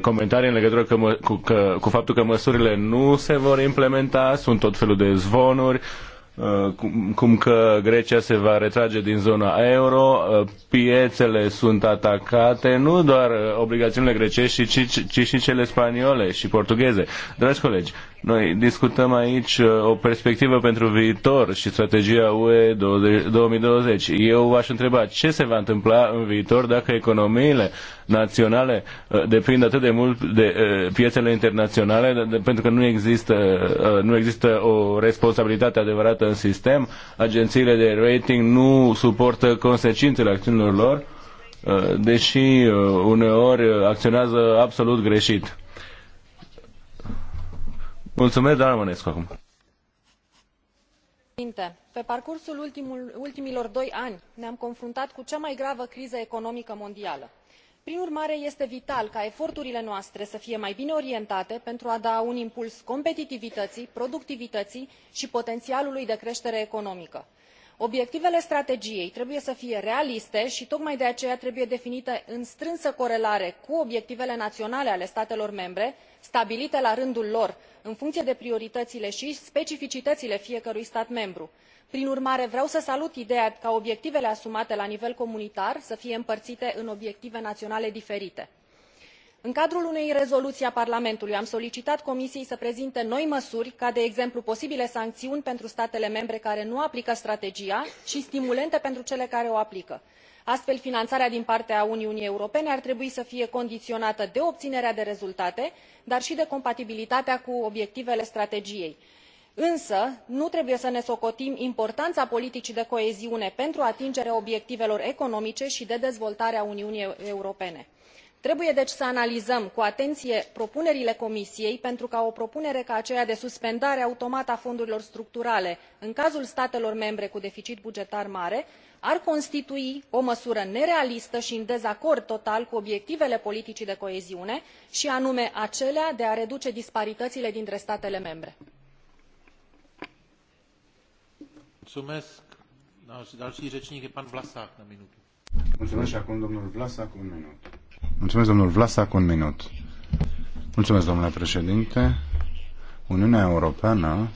comentarii în legătură că, cu, că, cu faptul că măsurile nu se vor implementa, sunt tot felul de zvonuri, Uh, cum, că Grecia se va retrage din zona euro, uh, piețele sunt atacate, nu doar uh, obligațiunile grecești, ci, ci, ci și cele spaniole și portugheze. Dragi colegi, noi discutăm aici o perspectivă pentru viitor și strategia UE 2020. Eu v-aș întreba ce se va întâmpla în viitor dacă economiile naționale uh, depind atât de mult de uh, piețele internaționale, pentru că nu există, uh, nu există o responsabilitate adevărată în sistem. Agențiile de rating nu suportă consecințele acțiunilor lor, deși uneori acționează absolut greșit. Mulțumesc, doamna Mănescu, acum pe parcursul ultimilor doi ani ne am confruntat cu cea mai gravă criză economică mondială prin urmare este vital ca eforturile noastre să fie mai bine orientate pentru a da un impuls competitivităii productivităii i potenialului de cretere economică. obiectivele strategiei trebuie să fie realiste i tocmai de aceea trebuie definite în strânsă corelare cu obiectivele naionale ale statelor membre stabilite la rândul lor în funcie de priorităile i specificităile fiecărui stat membru prin urmare vreau să salut ideea ca obiectivele asumate la nivel comunitar să fie împărite în obiective naionale diferite. în cadrul unei rezoluii a parlamentului am solicitat comisiei să prezinte noi măsuri ca de exemplu posibile sanciuni pentru statele membre care nu aplică strategia i stimulente pentru cele care o aplică. astfel finanarea din partea uniunii europene ar trebui să fie condiionată de obinerea de rezultate dar i de compatibilitatea cu obiectivele strategiei însă nu trebuie să ne socotim importana politicii de coeziune pentru atingerea obiectivelor economice i de dezvoltare a uniunii europene. trebuie deci să analizăm cu atenie propunerile comisiei pentru ca o propunere ca aceea de suspendare automată a fondurilor structurale în cazul statelor membre cu deficit bugetar mare ar constitui o măsură nerealistă i în dezacord total cu obiectivele politicii de coeziune i anume acelea de a reduce disparităile dintre statele membre. Mulțumesc. domnul un minut. Mulțumesc domnule președinte. Uniunea Europeană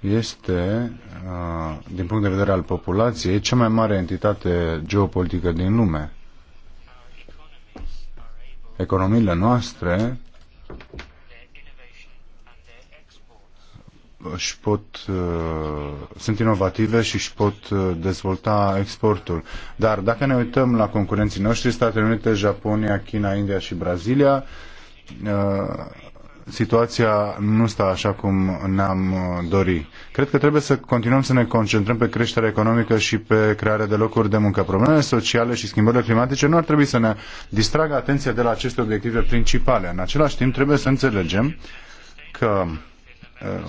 este, uh, din punct de vedere al populației, cea mai mare entitate geopolitică din lume. Economiile noastre își pot, uh, sunt inovative și își pot uh, dezvolta exportul. Dar dacă ne uităm la concurenții noștri, Statele Unite, Japonia, China, India și Brazilia, uh, situația nu stă așa cum ne-am dori. Cred că trebuie să continuăm să ne concentrăm pe creșterea economică și pe crearea de locuri de muncă. Problemele sociale și schimbările climatice nu ar trebui să ne distragă atenția de la aceste obiective principale. În același timp, trebuie să înțelegem că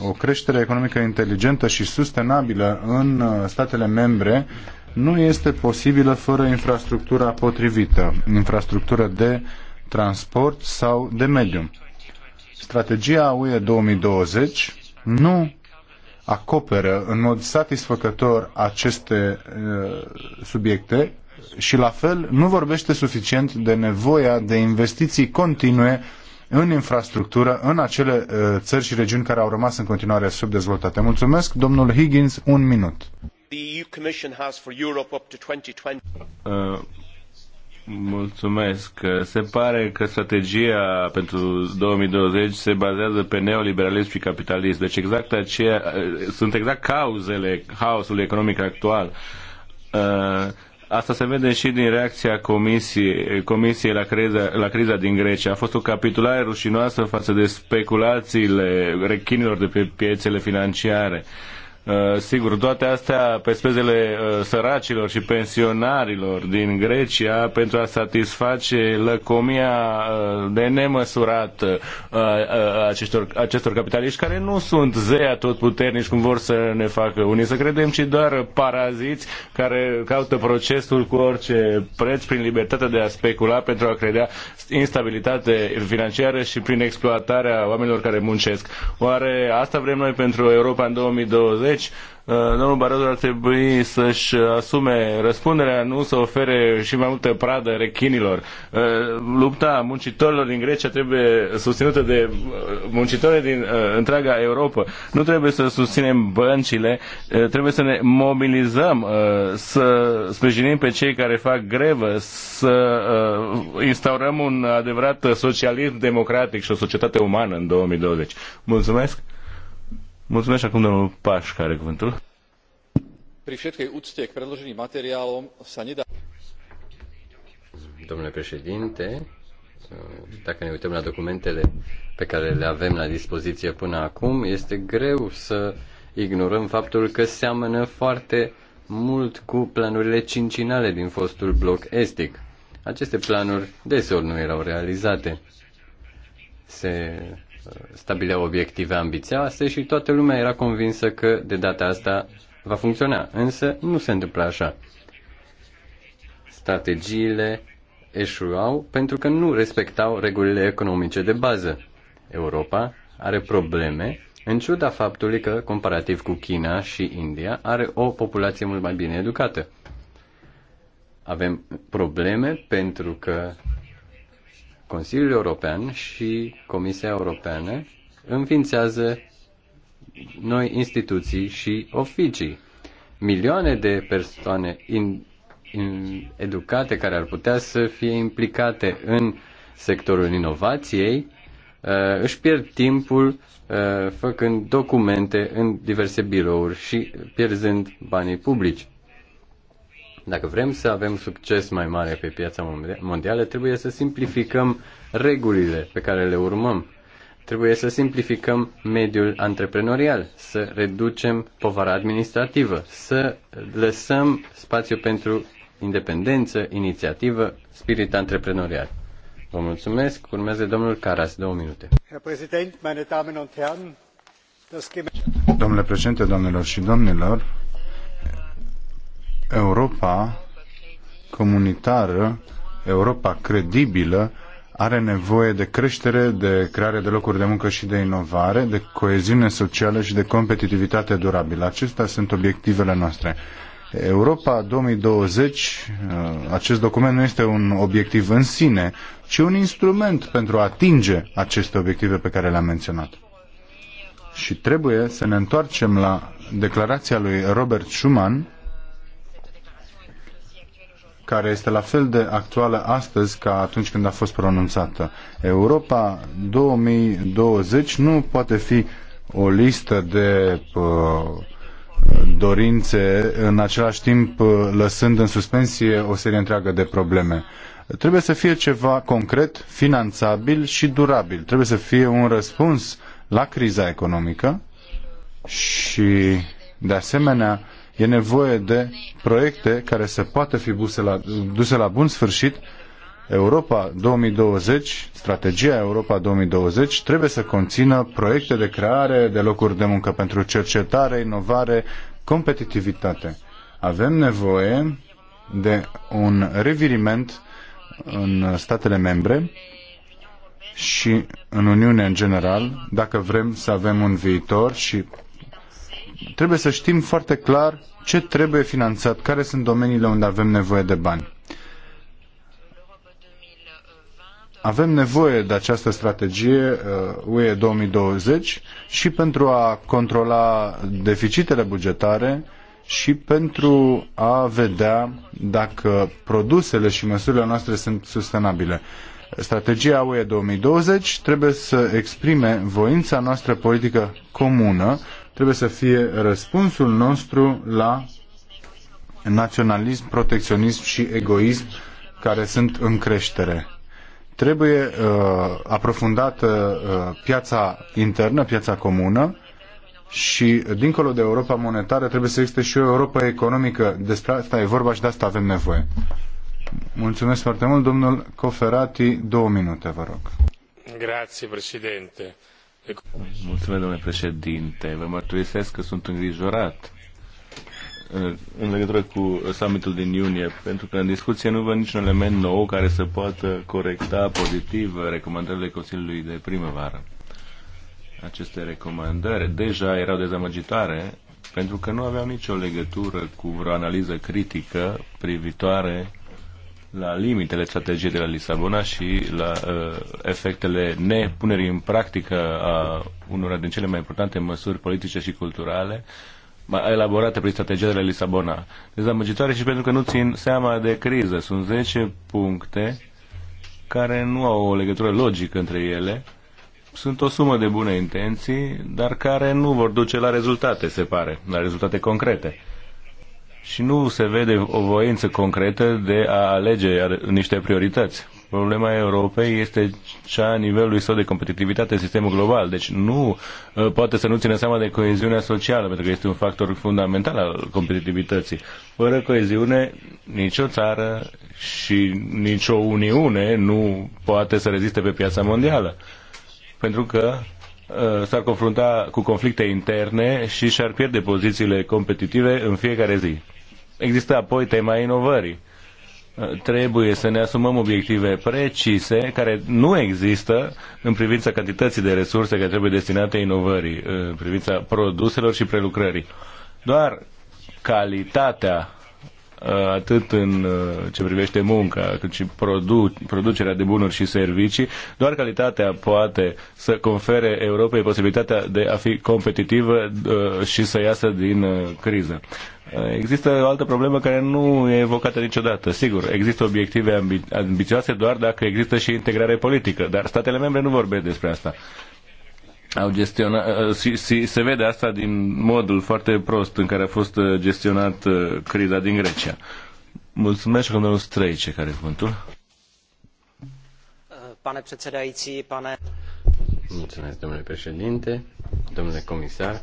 o creștere economică inteligentă și sustenabilă în uh, statele membre nu este posibilă fără infrastructura potrivită, infrastructură de transport sau de mediu. Strategia UE 2020 nu acoperă în mod satisfăcător aceste uh, subiecte și la fel nu vorbește suficient de nevoia de investiții continue în infrastructură în acele uh, țări și regiuni care au rămas în continuare subdezvoltate. Mulțumesc, domnul Higgins, un minut. Uh, mulțumesc. Se pare că strategia pentru 2020 se bazează pe neoliberalism și capitalism. Deci exact aceea, uh, sunt exact cauzele haosului economic actual. Uh, Asta se vede și din reacția comisiei, comisiei la, criza, la criza din Grecia. A fost o capitulare rușinoasă față de speculațiile rechinilor de pe piețele financiare. Uh, Uh, sigur, toate astea pe spezele uh, săracilor și pensionarilor din Grecia pentru a satisface lăcomia uh, de nemăsurată a acestor, acestor capitaliști care nu sunt zei tot puternici cum vor să ne facă unii să credem, ci doar paraziți care caută procesul cu orice preț prin libertatea de a specula pentru a credea instabilitate financiară și prin exploatarea oamenilor care muncesc. Oare asta vrem noi pentru Europa în 2020? Deci, uh, domnul Barroso ar trebui să-și asume răspunderea, nu să ofere și mai multă pradă rechinilor. Uh, lupta muncitorilor din Grecia trebuie susținută de uh, muncitorii din întreaga Europa. Nu trebuie să susținem băncile, trebuie să ne mobilizăm, să sprijinim pe cei care fac grevă, să instaurăm un adevărat socialism democratic și o societate umană în 2020. Mulțumesc! Mulțumesc acum domnul Paș, care cuvântul. Pri všetkej úcte k predloženým materiálom sa nedá... Domnule președinte, dacă ne uităm la documentele pe care le avem la dispoziție până acum, este greu să ignorăm faptul că seamănă foarte mult cu planurile cincinale din fostul bloc estic. Aceste planuri deseori nu erau realizate. Se stabilea obiective ambițioase și toată lumea era convinsă că de data asta va funcționa. Însă nu se întâmplă așa. Strategiile eșuau pentru că nu respectau regulile economice de bază. Europa are probleme în ciuda faptului că, comparativ cu China și India, are o populație mult mai bine educată. Avem probleme pentru că Consiliul European și Comisia Europeană înființează noi instituții și oficii. Milioane de persoane in, in, educate care ar putea să fie implicate în sectorul inovației uh, își pierd timpul uh, făcând documente în diverse birouri și pierzând banii publici. Dacă vrem să avem succes mai mare pe piața mondială, trebuie să simplificăm regulile pe care le urmăm. Trebuie să simplificăm mediul antreprenorial, să reducem povara administrativă, să lăsăm spațiu pentru independență, inițiativă, spirit antreprenorial. Vă mulțumesc. Urmează domnul Caras, două minute. Domnule președinte, domnilor și domnilor, Europa comunitară, Europa credibilă, are nevoie de creștere, de creare de locuri de muncă și de inovare, de coeziune socială și de competitivitate durabilă. Acestea sunt obiectivele noastre. Europa 2020, uh, acest document nu este un obiectiv în sine, ci un instrument pentru a atinge aceste obiective pe care le-am menționat. Și trebuie să ne întoarcem la declarația lui Robert Schuman care este la fel de actuală astăzi ca atunci când a fost pronunțată. Europa 2020 nu poate fi o listă de uh, dorințe, în același timp uh, lăsând în suspensie o serie întreagă de probleme. Trebuie să fie ceva concret, finanțabil și durabil. Trebuie să fie un răspuns la criza economică și, de asemenea, E nevoie de proiecte care să poată fi buse la, duse la bun sfârșit. Europa 2020, strategia Europa 2020, trebuie să conțină proiecte de creare de locuri de muncă pentru cercetare, inovare, competitivitate. Avem nevoie de un reviriment în statele membre și în Uniune în general, dacă vrem să avem un viitor și trebuie să știm foarte clar ce trebuie finanțat, care sunt domeniile unde avem nevoie de bani. Avem nevoie de această strategie uh, UE 2020 și pentru a controla deficitele bugetare și pentru a vedea dacă produsele și măsurile noastre sunt sustenabile. Strategia UE 2020 trebuie să exprime voința noastră politică comună trebuie să fie răspunsul nostru la naționalism, protecționism și egoism care sunt în creștere. Trebuie uh, aprofundată uh, piața internă, piața comună și, dincolo de Europa monetară, trebuie să existe și o Europa economică. Despre asta e vorba și de asta avem nevoie. Mulțumesc foarte mult, domnul Coferati. Două minute, vă rog. Grazie, președinte. Mulțumesc, domnule președinte. Vă mărturisesc că sunt îngrijorat uh, în legătură cu summitul din iunie, pentru că în discuție nu văd niciun element nou care să poată corecta pozitiv recomandările Consiliului de primăvară. Aceste recomandări deja erau dezamăgitoare pentru că nu aveau nicio legătură cu vreo analiză critică privitoare la limitele strategiei de la Lisabona și la uh, efectele nepunerii în practică a unora din cele mai importante măsuri politice și culturale elaborate prin strategia de la Lisabona. Dezamăgitoare și pentru că nu țin seama de criză. Sunt 10 puncte care nu au o legătură logică între ele. Sunt o sumă de bune intenții, dar care nu vor duce la rezultate, se pare, la rezultate concrete și nu se vede o voință concretă de a alege niște priorități. Problema Europei este cea a nivelului său de competitivitate în sistemul global. Deci nu ă, poate să nu țină seama de coeziunea socială, pentru că este un factor fundamental al competitivității. Fără coeziune, nicio țară și nicio Uniune nu poate să reziste pe piața mondială. Pentru că ă, s-ar confrunta cu conflicte interne și și-ar pierde pozițiile competitive în fiecare zi. Există apoi tema inovării. Trebuie să ne asumăm obiective precise care nu există în privința cantității de resurse care trebuie destinate inovării, în privința produselor și prelucrării. Doar calitatea atât în uh, ce privește munca, cât și produ- producerea de bunuri și servicii. Doar calitatea poate să confere Europei posibilitatea de a fi competitivă uh, și să iasă din uh, criză. Există o altă problemă care nu e evocată niciodată. Sigur, există obiective ambi- ambițioase doar dacă există și integrare politică, dar statele membre nu vorbesc despre asta au gestionat, ă, ă, se vede asta din modul foarte prost în care a fost ă, gestionat criza din Grecia. Mulțumesc, domnul Străice, care cuvântul. Pane předsedající, pane... Mulțumesc, domnule președinte, domnule comisar.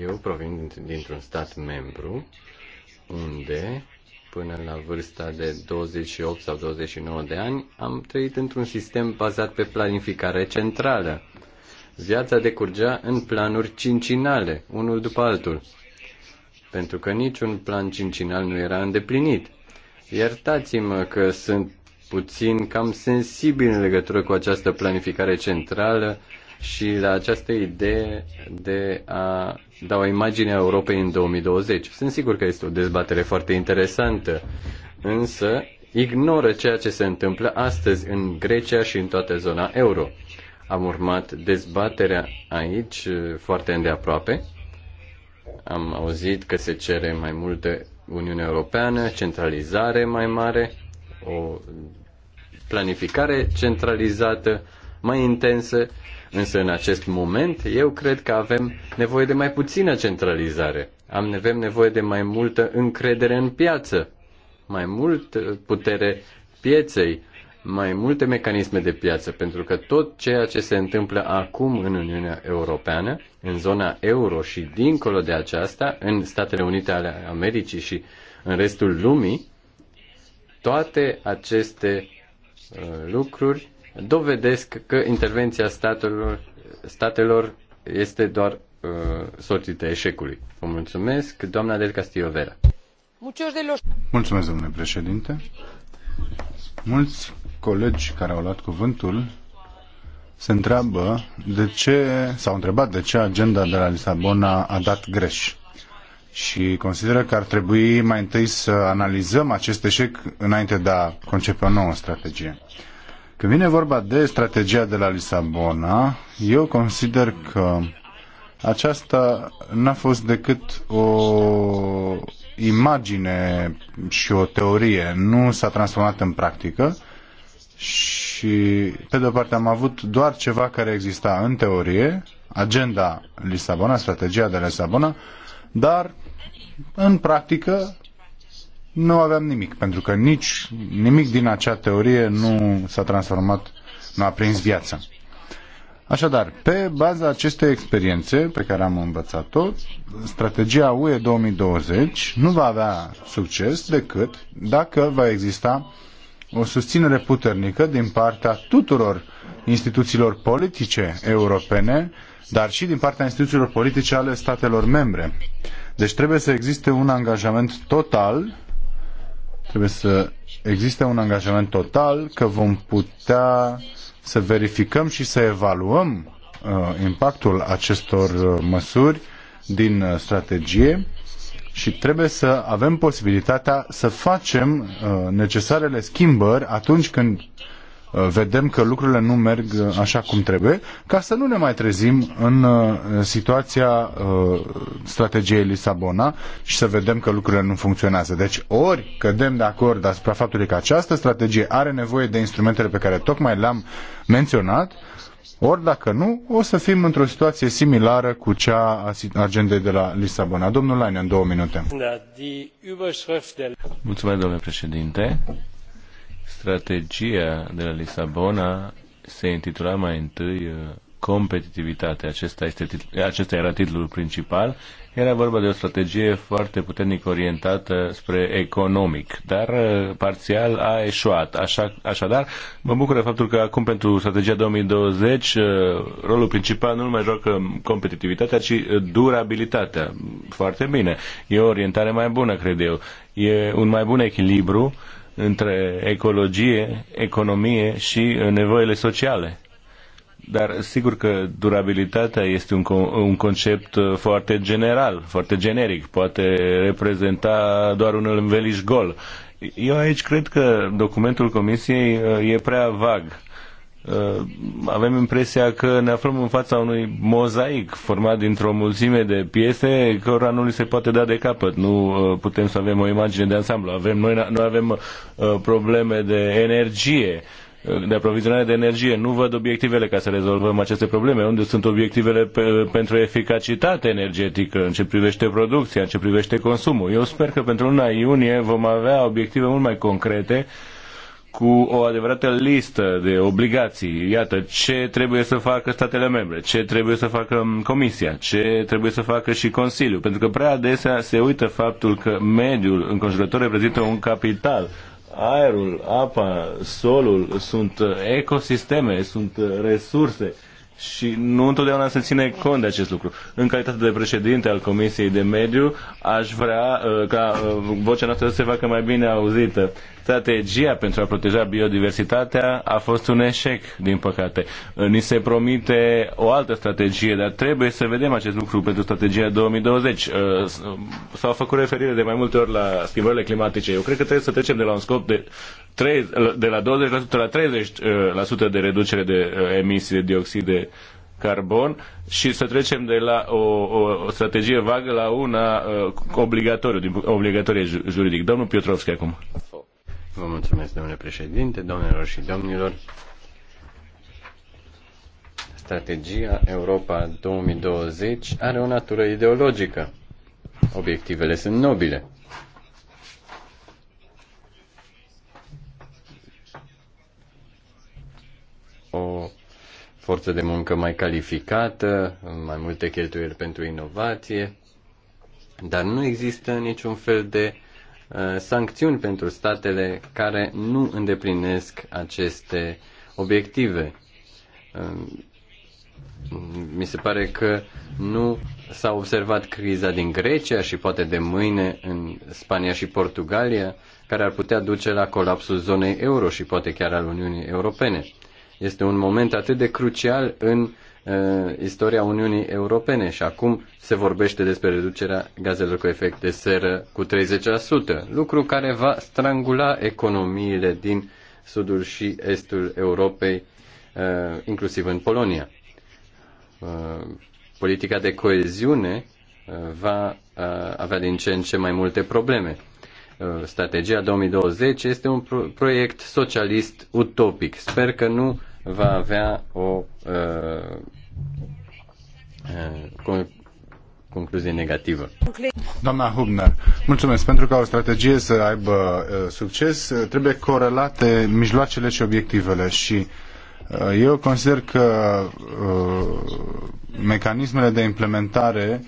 Eu provin dintr-un stat membru unde până la vârsta de 28 sau 29 de ani, am trăit într-un sistem bazat pe planificare centrală. Viața decurgea în planuri cincinale, unul după altul, pentru că niciun plan cincinal nu era îndeplinit. Iertați-mă că sunt puțin cam sensibil în legătură cu această planificare centrală și la această idee de a da o imagine a Europei în 2020. Sunt sigur că este o dezbatere foarte interesantă, însă ignoră ceea ce se întâmplă astăzi în Grecia și în toată zona euro. Am urmat dezbaterea aici uh, foarte îndeaproape. Am auzit că se cere mai multă Uniune Europeană, centralizare mai mare, o planificare centralizată mai intensă Însă în acest moment eu cred că avem nevoie de mai puțină centralizare. Am avem nevoie de mai multă încredere în piață, mai mult uh, putere pieței, mai multe mecanisme de piață, pentru că tot ceea ce se întâmplă acum în Uniunea Europeană, în zona euro și dincolo de aceasta, în Statele Unite ale Americii și în restul lumii, toate aceste uh, lucruri dovedesc că intervenția statelor, statelor este doar uh, sortită eșecului. Vă mulțumesc, doamna Del Castillo Vera. Mulțumesc, domnule președinte. Mulți colegi care au luat cuvântul se întreabă de ce, s-au întrebat de ce agenda de la Lisabona a dat greș și consideră că ar trebui mai întâi să analizăm acest eșec înainte de a concepe o nouă strategie. Când vine vorba de strategia de la Lisabona, eu consider că aceasta n-a fost decât o imagine și o teorie, nu s-a transformat în practică și, pe de-o parte, am avut doar ceva care exista în teorie, agenda Lisabona, strategia de Lisabona, dar, în practică, nu aveam nimic, pentru că nici nimic din acea teorie nu s-a transformat, nu a prins viața. Așadar, pe baza acestei experiențe pe care am învățat-o, strategia UE 2020 nu va avea succes decât dacă va exista o susținere puternică din partea tuturor instituțiilor politice europene, dar și din partea instituțiilor politice ale statelor membre. Deci trebuie să existe un angajament total Trebuie să existe un angajament total că vom putea să verificăm și să evaluăm uh, impactul acestor uh, măsuri din uh, strategie și trebuie să avem posibilitatea să facem uh, necesarele schimbări atunci când vedem că lucrurile nu merg așa cum trebuie, ca să nu ne mai trezim în situația strategiei Lisabona și să vedem că lucrurile nu funcționează. Deci ori cădem de acord asupra faptului că această strategie are nevoie de instrumentele pe care tocmai le-am menționat, ori dacă nu, o să fim într-o situație similară cu cea a agendei de la Lisabona. Domnul Laine, în două minute. Mulțumesc, domnule președinte. Strategia de la Lisabona se intitula mai întâi uh, competitivitate. Acesta, este titl- acesta era titlul principal. Era vorba de o strategie foarte puternic orientată spre economic, dar uh, parțial a eșuat. Așa, așadar, mă bucură faptul că acum pentru strategia 2020 uh, rolul principal nu mai joacă competitivitatea, ci durabilitatea. Foarte bine. E o orientare mai bună, cred eu. E un mai bun echilibru uh, între ecologie, economie și uh, nevoile sociale. Dar sigur că durabilitatea este un, un concept uh, foarte general, foarte generic, poate reprezenta doar un înveliș gol. Eu aici cred că documentul Comisiei uh, e prea vag Uh, avem impresia că ne aflăm în fața unui mozaic format dintr-o mulțime de piese cărora nu li se poate da de capăt. Nu uh, putem să avem o imagine de ansamblu. Avem, noi, noi avem uh, probleme de energie, de aprovizionare de energie. Nu văd obiectivele ca să rezolvăm aceste probleme. Unde sunt obiectivele pe, pentru eficacitate energetică în ce privește producția, în ce privește consumul? Eu sper că pentru luna iunie vom avea obiective mult mai concrete uh, cu o adevărată listă de obligații. Iată, ce trebuie să facă statele membre, ce trebuie să facă Comisia, ce trebuie să facă și Consiliul. Pentru că prea adesea se uită faptul că mediul înconjurător reprezintă un capital. Aerul, apa, solul sunt ecosisteme, sunt resurse și nu întotdeauna se ține cont de acest lucru. În calitate de președinte al Comisiei de Mediu, aș vrea uh, ca uh, vocea noastră să se facă mai bine auzită. Strategia pentru a proteja biodiversitatea a fost un eșec, din păcate. Uh, ni se promite o altă strategie, dar trebuie să vedem acest lucru pentru strategia 2020. Uh, S-au făcut referire de mai multe ori la schimbările climatice. Eu cred că trebuie să trecem de la un scop de de la 20% la 30% uh, de reducere de uh, emisii de dioxid de carbon și să trecem de la o, o, o strategie vagă la una uh, obligatorie, obligatorie juridic. Domnul Piotrovski acum. Vă mulțumesc, domnule președinte, domnilor și domnilor. Strategia Europa 2020 are o natură ideologică. Obiectivele sunt nobile. o forță de muncă mai calificată, mai multe cheltuieli pentru inovație, dar nu există niciun fel de uh, sancțiuni pentru statele care nu îndeplinesc aceste obiective. Um, mi se pare că nu s-a observat criza din Grecia și poate de mâine în Spania și Portugalia, care ar putea duce la colapsul zonei euro și poate chiar al Uniunii Europene. Este un moment atât de crucial în uh, istoria Uniunii Europene și acum se vorbește despre reducerea gazelor cu efect de seră cu 30%, lucru care va strangula economiile din sudul și estul Europei, uh, inclusiv în Polonia. Uh, politica de coeziune uh, va uh, avea din ce în ce mai multe probleme. Uh, strategia 2020 este un proiect socialist utopic. Sper că nu va avea o uh, uh, concluzie negativă. Doamna Hubner, mulțumesc. Pentru ca o strategie să aibă uh, succes, uh, trebuie corelate mijloacele și obiectivele și uh, eu consider că uh, mecanismele de implementare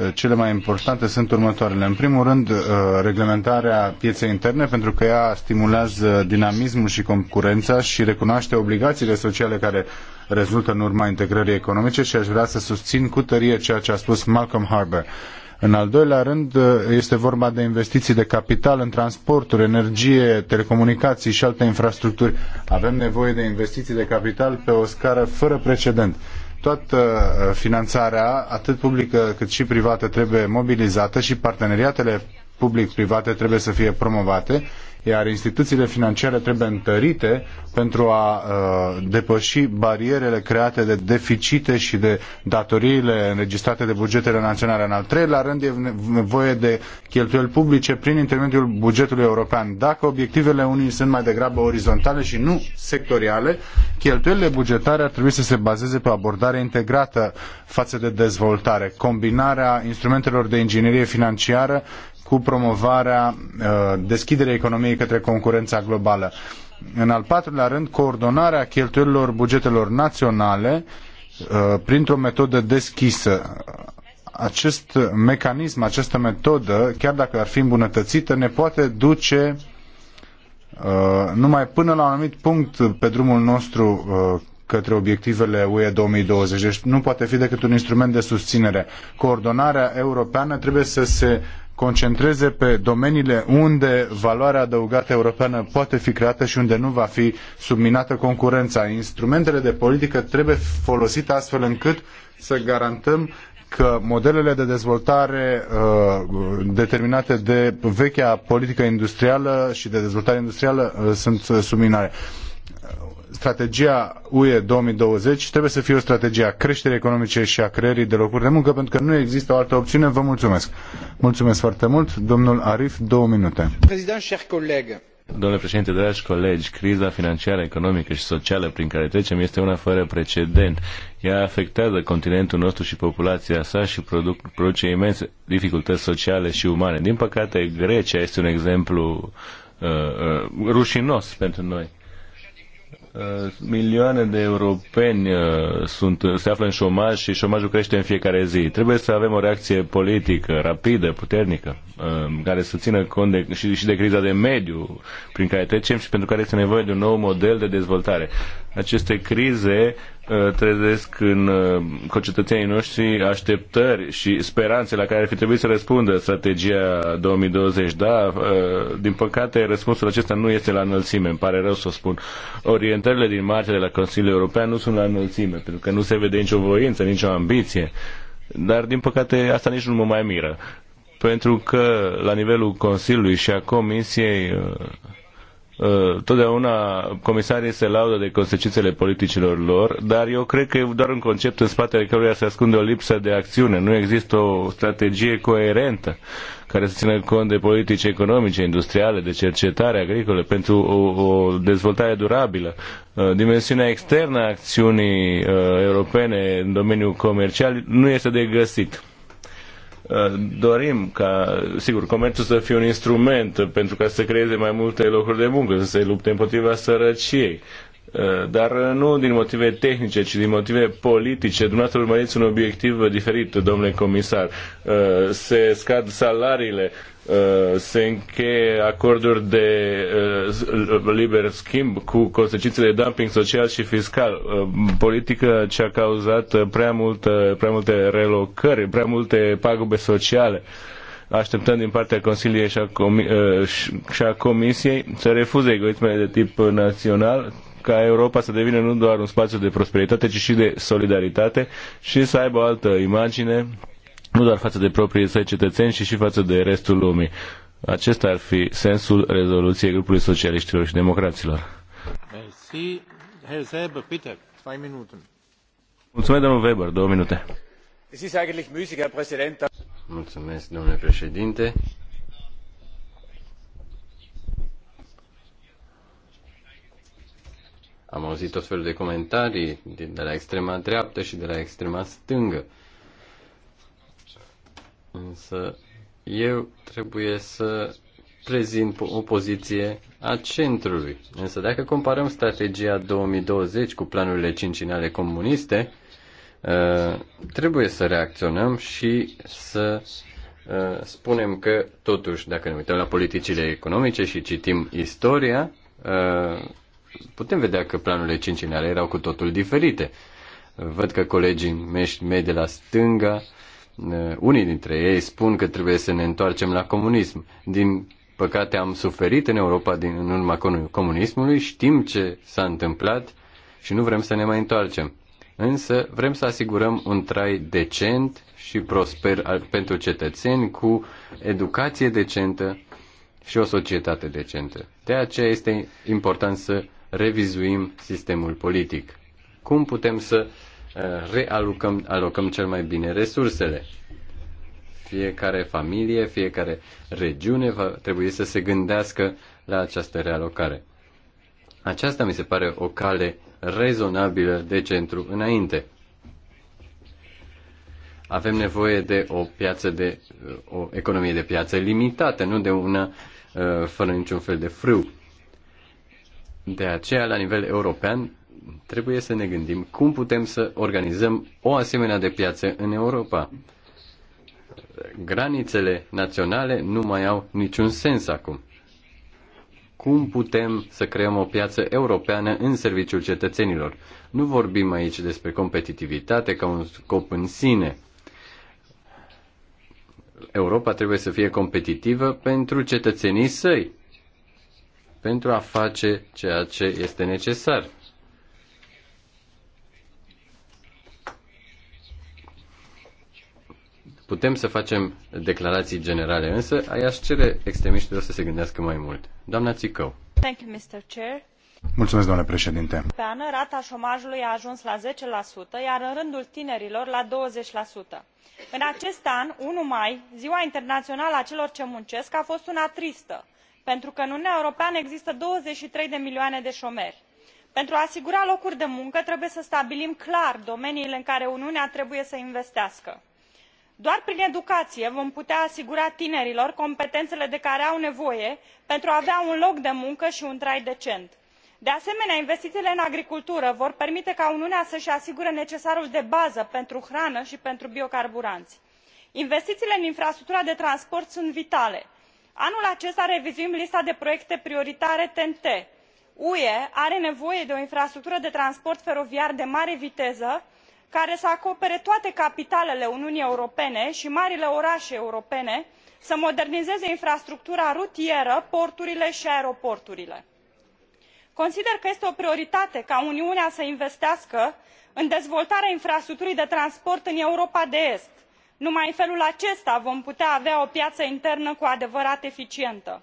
Eh, cele mai importante sunt următoarele. În primul rând, eh, reglementarea pieței interne, pentru că ea stimulează dinamismul și concurența și recunoaște obligațiile sociale care rezultă în urma integrării economice și aș vrea să susțin cu tărie ceea ce a spus Malcolm Harbour. În al doilea rând, eh, este vorba de investiții de capital în transporturi, energie, telecomunicații și alte infrastructuri. Avem nevoie de investiții de capital pe o scară fără precedent toată uh, finanțarea, atât publică cât și privată, trebuie mobilizată și parteneriatele public-private trebuie să fie promovate, iar instituțiile financiare trebuie întărite pentru a uh, depăși barierele create de deficite și de datoriile înregistrate de bugetele naționale. În al treilea rând e nevoie de cheltuieli publice prin intermediul bugetului european. Dacă obiectivele unii sunt mai degrabă orizontale și nu sectoriale, cheltuielile bugetare ar trebui să se bazeze pe o abordare integrată față de dezvoltare, combinarea instrumentelor de inginerie financiară cu promovarea uh, deschiderii economiei către concurența globală. În al patrulea rând, coordonarea cheltuielilor bugetelor naționale uh, printr-o metodă deschisă. Acest mecanism, această metodă, chiar dacă ar fi îmbunătățită, ne poate duce uh, numai până la un anumit punct pe drumul nostru către obiectivele UE 2020. Deci nu poate fi decât un instrument de susținere. Coordonarea europeană trebuie să se concentreze pe domeniile unde valoarea adăugată europeană poate fi creată și unde nu va fi subminată concurența. Instrumentele de politică trebuie folosite astfel încât să garantăm că modelele de dezvoltare uh, determinate de vechea politică industrială și de dezvoltare industrială uh, sunt subminare. Uh, strategia UE 2020 trebuie să fie o strategie a creșterii economice și a creării de locuri de muncă, pentru că nu există o altă opțiune. Vă mulțumesc. Mulțumesc foarte mult. Domnul Arif, două minute. Domnule președinte, dragi colegi, criza financiară, economică și socială prin care trecem este una fără precedent. Ea afectează continentul nostru și populația sa și produc, produce imense dificultăți sociale și umane. Din păcate, Grecia este un exemplu uh, uh, rușinos pentru noi. Uh, Uh, milioane de europeni uh, sunt, se află în șomaj și șomajul crește în fiecare zi. Trebuie să avem o reacție politică, rapidă, puternică, uh, care să țină cont de, și, și de criza de mediu prin care trecem și pentru care este nevoie de un nou model de dezvoltare. Aceste crize Uh, trezesc în uh, concetățenii noștri așteptări și speranțe la care ar fi trebuit să răspundă strategia 2020. Da, uh, din păcate, răspunsul acesta nu este la înălțime, îmi pare rău să o spun. Orientările din martie de la Consiliul European nu sunt la înălțime, pentru că nu se vede nicio voință, nicio ambiție. Dar, din păcate, asta nici nu mă mai miră. Pentru că, la nivelul Consiliului și a Comisiei, Uh, totdeauna comisarii se laudă de consecințele politicilor lor, dar eu cred că e doar un concept în spatele căruia se ascunde o lipsă de acțiune. Nu există o strategie coerentă care să țină cont de politici economice, industriale, de cercetare agricole, pentru o, o dezvoltare durabilă. Uh, dimensiunea externă a acțiunii uh, europene în domeniul comercial nu este de găsit. Eh, dorim ca, sigur, comerțul să fie un instrument pentru ca să creeze mai multe locuri de muncă, să se lupte împotriva sărăciei. Eh, dar nu din motive tehnice, ci din motive politice. Dumneavoastră urmăriți un obiectiv diferit, domnule comisar. Eh, se scad salariile, Uh, se încheie acorduri de uh, liber schimb cu consecințele de dumping social și fiscal. Uh, Politică ce a cauzat prea, mult, prea multe relocări, prea multe pagube sociale. Așteptăm din partea Consiliei și a, comi- și a Comisiei să refuze egoismele de tip național, ca Europa să devină nu doar un spațiu de prosperitate, ci și de solidaritate și să aibă o altă imagine nu doar față de proprii săi cetățeni, ci și față de restul lumii. Acesta ar fi sensul rezoluției grupului socialiștilor și democraților. Merci. Herr zwei Minuten. Mulțumesc, domnul Weber, două minute. Mulțumesc, domnule președinte. Am auzit tot felul de comentarii de la extrema dreaptă și de la extrema stângă. Însă eu trebuie să prezint o poziție a centrului. Însă dacă comparăm strategia 2020 cu planurile cincinale comuniste, uh, trebuie să reacționăm și să uh, spunem că, totuși, dacă ne uităm la politicile economice și citim istoria, uh, putem vedea că planurile cincinale erau cu totul diferite. Văd că colegii mei de la stânga Eh, unii dintre ei spun că trebuie să ne întoarcem la comunism. Din păcate am suferit în Europa din, în urma comunismului, știm ce s-a întâmplat și nu vrem să ne mai întoarcem. Însă vrem să asigurăm un trai decent și prosper pentru cetățeni cu educație decentă și o societate decentă. De aceea este important să revizuim sistemul politic. Cum putem să uh, Eh, realocăm alocăm cel mai bine resursele. Fiecare familie, fiecare regiune va trebui să se gândească la această realocare. Aceasta mi se pare o cale rezonabilă de centru înainte. Avem nevoie de o piață de o economie de piață limitată, nu de una eh, fără niciun fel de frâu. De aceea, la nivel european, trebuie să ne gândim cum putem să organizăm o asemenea de piață în Europa. Granițele naționale nu mai au niciun sens acum. Cum putem să creăm o piață europeană în serviciul cetățenilor? Nu vorbim aici despre competitivitate ca un scop în sine. Europa trebuie să fie competitivă pentru cetățenii săi, pentru a face ceea ce este necesar. Putem să facem declarații generale, însă aș cere extremiștilor să se gândească mai mult. Doamna Țicău. Thank you, Mr. Chair. Mulțumesc, doamne președinte. Pe an, rata șomajului a ajuns la 10%, iar în rândul tinerilor la 20%. În acest an, 1 mai, Ziua Internațională a celor ce muncesc a fost una tristă, pentru că în Uniunea Europeană există 23 de milioane de șomeri pentru a asigura locuri de muncă trebuie să stabilim clar domeniile în care uniunea trebuie să investească doar prin educaie vom putea asigura tinerilor competenele de care au nevoie pentru a avea un loc de muncă i un trai decent. de asemenea investiiile în agricultură vor permite ca uniunea să îi asigure necesarul de bază pentru hrană i pentru biocarburani. investiiile în infrastructura de transport sunt vitale. anul acesta revizuim lista de proiecte prioritare ten t. ue are nevoie de o infrastructură de transport feroviar de mare viteză care să acopere toate capitalele uniunii europene i marile orae europene să modernizeze infrastructura rutieră porturile i aeroporturile. consider că este o prioritate ca uniunea să investească în dezvoltarea infrastructurii de transport în europa de est numai în felul acesta vom putea avea o piaă internă cu adevărat eficientă.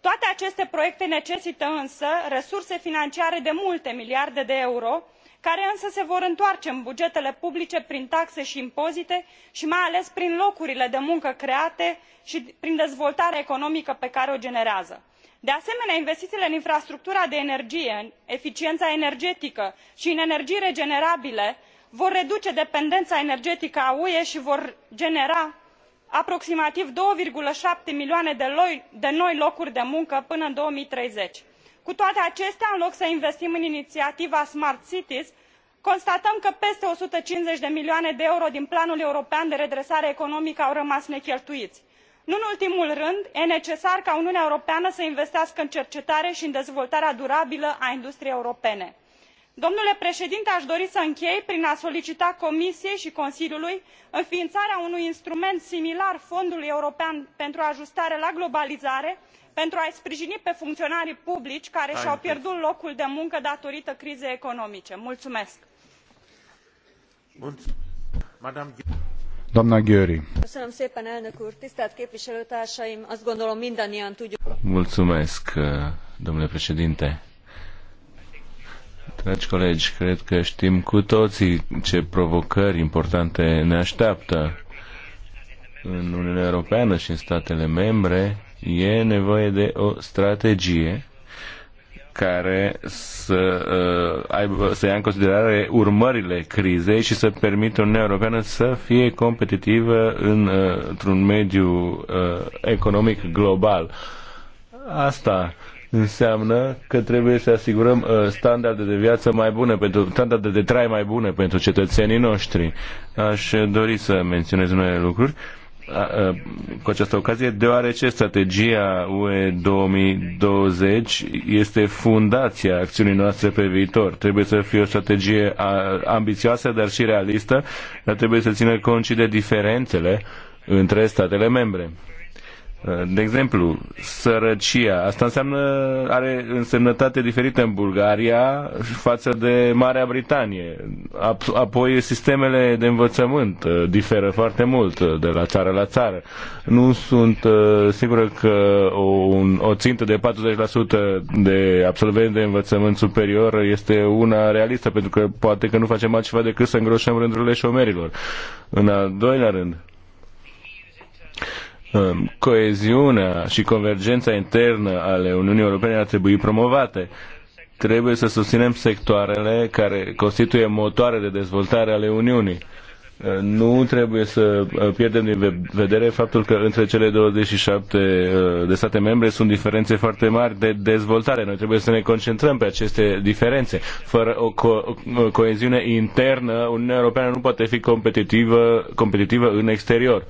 toate aceste proiecte necesită însă resurse financiare de multe miliarde de euro care însă se vor întoarce în bugetele publice prin taxe i impozite i mai ales prin locurile de muncă create i prin dezvoltarea economică pe care o generează. de asemenea investiiile în infrastructura de energie în eficiena energetică i în energii regenerabile vor reduce dependena energetică a ue i vor genera aproximativ doi șapte milioane de noi locuri de muncă până în două mii treizeci cu toate acestea în loc să investim în iniiativa smart cities constatăm că peste o sută cincizeci de milioane de euro din planul european de redresare economică au rămas necheltuii. nu în ultimul rând e necesar ca uniunea europeană să investească în cercetare i în dezvoltarea durabilă a industriei europene. domnule preedinte a dori să închei prin a solicita comisiei i consiliului înfiinarea unui instrument similar fondului european pentru ajustare la globalizare care pentru a i sprijini pe funcionarii publici care i au pierdut locul de muncă datorită crizei economice. Mulțumesc. Mulțumesc, eh, domnule președinte. Dragi colegi, cred că știm cu toții ce provocări importante ne așteaptă în Uniunea Europeană și în statele membre E nevoie de o strategie care să, uh, aibă, să ia în considerare urmările crizei și să permită Uniunea Europeană să fie competitivă în, uh, într-un mediu uh, economic global. Asta înseamnă că trebuie să asigurăm uh, standarde de viață mai bune, pentru, standarde de trai mai bune pentru cetățenii noștri. Aș dori să menționez unele lucruri. Uh, cu această ocazie, deoarece strategia UE 2020 este fundația acțiunii noastre pe viitor. Trebuie să fie o strategie ambițioasă, dar și realistă, dar trebuie să țină cont și de diferențele între statele membre. De exemplu, sărăcia. Asta înseamnă, are însemnătate diferită în Bulgaria față de Marea Britanie. Apoi sistemele de învățământ uh, diferă foarte mult uh, de la țară la țară. Nu sunt uh, sigur că o, o țintă de 40% de absolvenți de învățământ superior este una realistă, pentru că poate că nu facem altceva decât să îngroșăm rândurile șomerilor. În al doilea rând, Um, coeziunea și convergența internă ale Uniunii Europene ar trebui promovate. Trebuie să susținem sectoarele care constituie motoare de dezvoltare ale Uniunii. Uh, nu trebuie să uh, pierdem din vedere faptul că între cele 27 uh, de state membre sunt diferențe foarte mari de dezvoltare. Noi trebuie să ne concentrăm pe aceste diferențe. Fără o, co- o coeziune internă, Uniunea Europeană nu poate fi competitivă, competitivă în exterior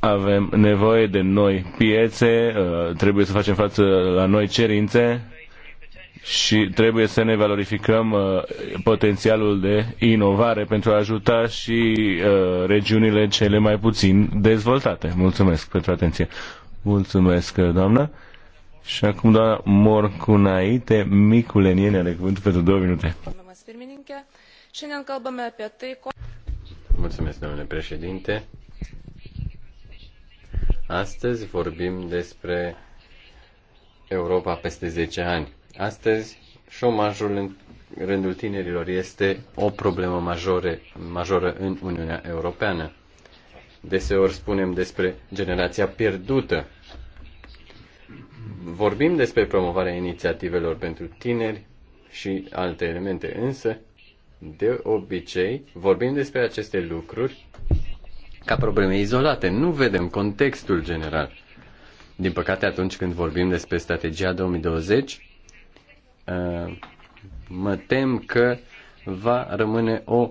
avem nevoie de noi piețe, uh, trebuie să facem față la noi cerințe și trebuie să ne valorificăm uh, potențialul de inovare pentru a ajuta și uh, regiunile cele mai puțin dezvoltate. Mulțumesc pentru atenție. Mulțumesc, doamnă. Și acum doamna Morcunaite, micul enien, are cuvântul pentru două minute. Mulțumesc, domnule președinte. Astăzi vorbim despre Europa peste 10 ani. Astăzi, șomajul în rândul tinerilor este o problemă majore, majoră în Uniunea Europeană. Deseori spunem despre generația pierdută. Vorbim despre promovarea inițiativelor pentru tineri și alte elemente, însă, de obicei, vorbim despre aceste lucruri ca probleme izolate. Nu vedem contextul general. Din păcate, atunci când vorbim despre strategia 2020, uh, mă tem că va rămâne o,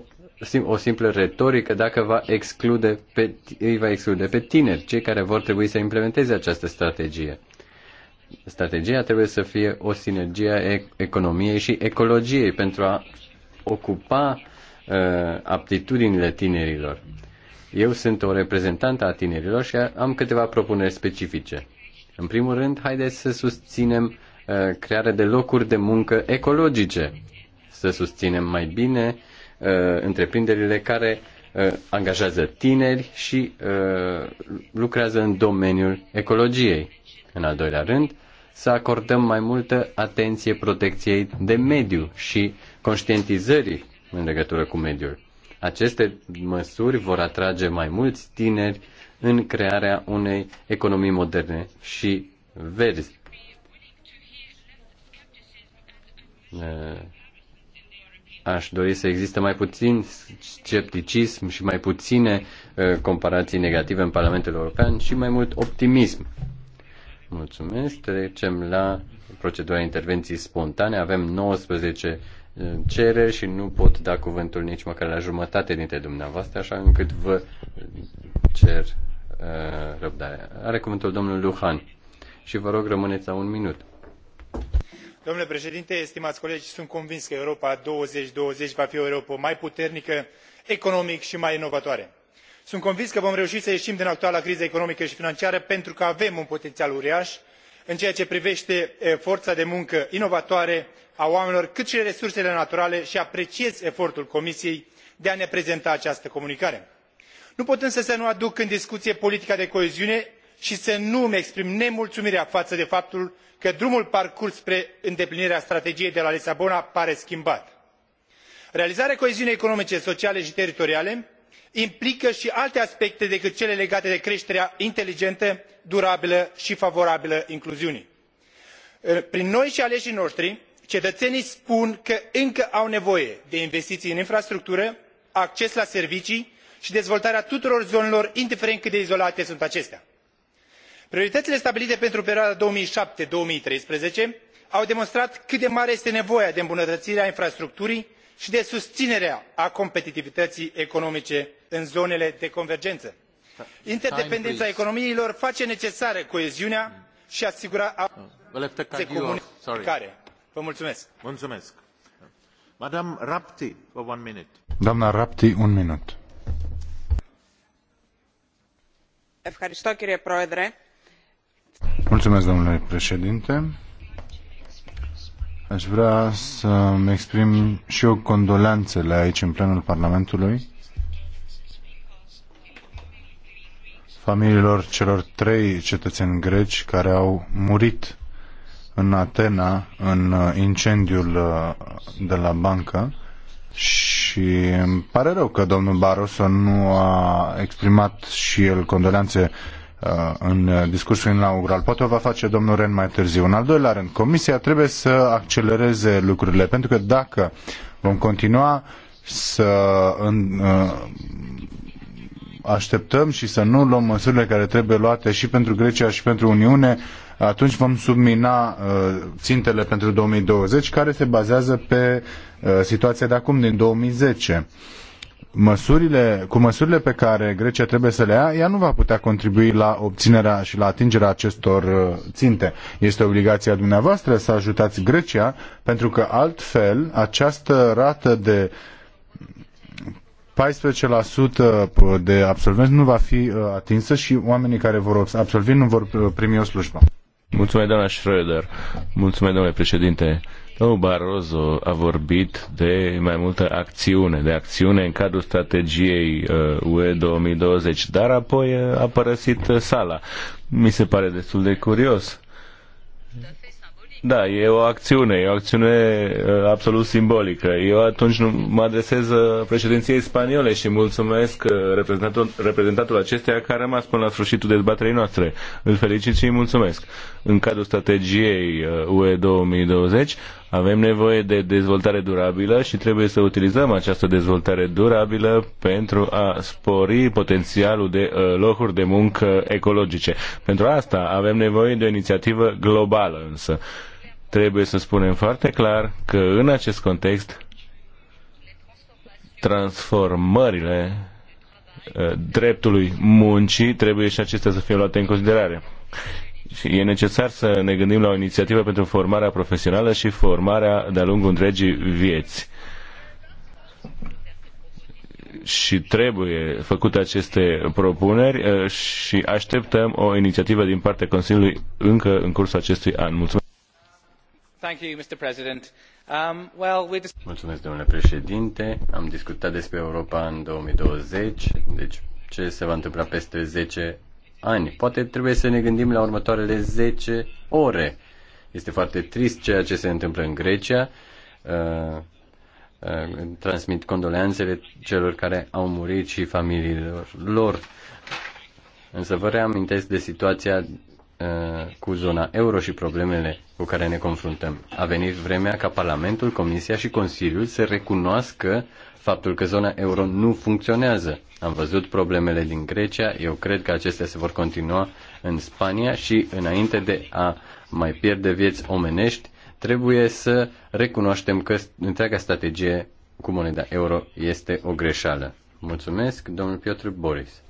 o simplă retorică dacă va exclude pe, îi va exclude pe tineri, cei care vor trebui să implementeze această strategie. Strategia trebuie să fie o sinergie a economiei și ecologiei pentru a ocupa uh, aptitudinile tinerilor. Uh, eu sunt o reprezentantă a tinerilor și am câteva propuneri specifice. În primul rând, haideți să susținem uh, crearea de locuri de muncă ecologice, să susținem mai bine uh, întreprinderile care uh, angajează tineri și lucrează în domeniul ecologiei. În al doilea rând, să acordăm mai multă atenție protecției de mediu și conștientizării în legătură cu mediul. Aceste măsuri vor atrage mai mulți tineri în crearea unei economii moderne și verzi. Eh, aș dori să existe mai puțin scepticism și mai puține eh, comparații negative în Parlamentul European și mai mult optimism. Mulțumesc. Trecem la procedura intervenției spontane. Avem 19 Cere și nu pot da cuvântul nici măcar la jumătate dintre dumneavoastră, așa încât vă cer uh, răbdare. Are cuvântul domnul Luhan și vă rog rămâneți la un minut. Domnule președinte, estimați colegi, sunt convins că Europa 2020 va fi o Europa mai puternică, economic și mai inovatoare. Sunt convins că vom reuși să ieșim din actuala criză economică și financiară pentru că avem un potențial uriaș în ceea ce privește eh, forța de muncă inovatoare, a oamenilor cât i resursele naturale i apreciez efortul comisiei de a ne prezenta această comunicare. nu pot însă să nu aduc în discuie politica de coeziune i să nu îmi exprim nemulumirea faă de faptul că drumul parcurs spre îndeplinirea strategiei de la lisabona pare schimbat. realizarea coeziunii economice sociale i teritoriale implică i alte aspecte decât cele legate de creterea inteligentă durabilă i favorabilă incluziunii. prin noi i aleii notri cetăenii spun că încă au nevoie de investiții în infrastructură acces la servicii și dezvoltarea tuturor zonelor indiferent cât de izolate sunt acestea. prioritățile stabilite pentru perioada două mii șapte două mii treisprezece au demonstrat cât de mare este nevoia de îmbunătăire a infrastructurii și de susinere a competitivității economice în zonele de convergență. interdependența economiilor face necesară coeziunea și asigurarea. Oh. comune mulțumesc. Mulțumesc. Madame Rapti, for one minute. Rapti, un minut. Mulțumesc, domnule președinte. Aș vrea să-mi exprim și eu condoleanțele aici, în plenul Parlamentului, familiilor celor trei cetățeni greci care au murit în Atena, în uh, incendiul uh, de la bancă și îmi pare rău că domnul Barroso nu a exprimat și el condoleanțe uh, în discursul inaugural. Poate o va face domnul Ren mai târziu. În al doilea rând, Comisia trebuie să accelereze lucrurile, pentru că dacă vom continua să în, așteptăm și să nu luăm măsurile care trebuie luate și pentru Grecia și pentru Uniune, atunci vom submina uh, țintele pentru 2020 care se bazează pe uh, situația de acum din 2010 măsurile, cu măsurile pe care Grecia trebuie să le ia, ea nu va putea contribui la obținerea și la atingerea acestor uh, ținte. Este obligația dumneavoastră să ajutați Grecia, pentru că altfel această rată de 14% de absolvenți nu va fi atinsă și oamenii care vor absolvi nu vor primi o slujbă. Mulțumesc, doamna Schröder. Mulțumesc, domnule președinte. Domnul Barroso a vorbit de mai multă acțiune, de acțiune în cadrul strategiei uh, UE 2020, dar apoi uh, a părăsit uh, sala. Mi se pare destul de curios da, e o acțiune, e o acțiune uh, absolut simbolică. Eu atunci nu mă adresez uh, președinției spaniole și mulțumesc uh, reprezentantul, reprezentantul acesteia care a rămas până la sfârșitul dezbaterii noastre. Îl felicit și îi mulțumesc. În cadrul strategiei uh, UE 2020 avem nevoie de dezvoltare durabilă și trebuie să utilizăm această dezvoltare durabilă pentru a spori potențialul de uh, locuri de muncă ecologice. Pentru asta avem nevoie de o inițiativă globală însă trebuie să spunem foarte clar că în acest context transformările ă, dreptului muncii trebuie și acestea să fie luate în considerare. Și e necesar să ne gândim la o inițiativă pentru formarea profesională și formarea de-a lungul întregii vieți. Și trebuie făcute aceste propuneri ă, și așteptăm o inițiativă din partea Consiliului încă în cursul acestui an. Mulțumesc! Um, Mulțumesc, domnule președinte. Am discutat despre Europa în 2020, deci ce se va întâmpla peste 10 ani. Poate trebuie să ne gândim la următoarele 10 ore. Este foarte trist ceea ce se întâmplă în Grecia. Uh, uh, transmit condoleanțele celor care au murit și familiilor lor. Însă vă reamintesc de situația uh, cu zona euro și problemele cu care ne confruntăm. A venit vremea ca Parlamentul, Comisia și Consiliul să recunoască faptul că zona euro nu funcționează. Am văzut problemele din Grecia, eu cred că acestea se vor continua în Spania și înainte de a mai pierde vieți omenești, trebuie să recunoaștem că întreaga strategie cu moneda euro este o greșeală. Mulțumesc, domnul Piotr Boris.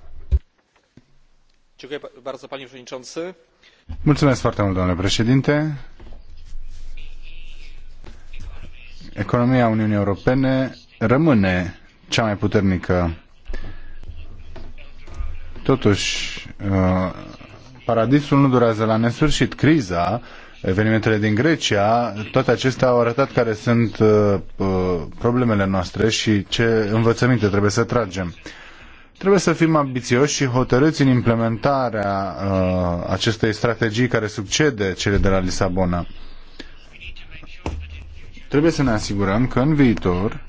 Mulțumesc foarte mult, domnule președinte. economia Uniunii Europene rămâne cea mai puternică. Totuși, uh, paradisul nu durează la nesfârșit. Criza, evenimentele din Grecia, toate acestea au arătat care sunt uh, uh, problemele noastre și ce învățăminte trebuie să tragem. Trebuie să fim ambițioși și hotărâți în implementarea uh, acestei strategii care succede cele de la Lisabona. Trebuie să ne asigurăm că în viitor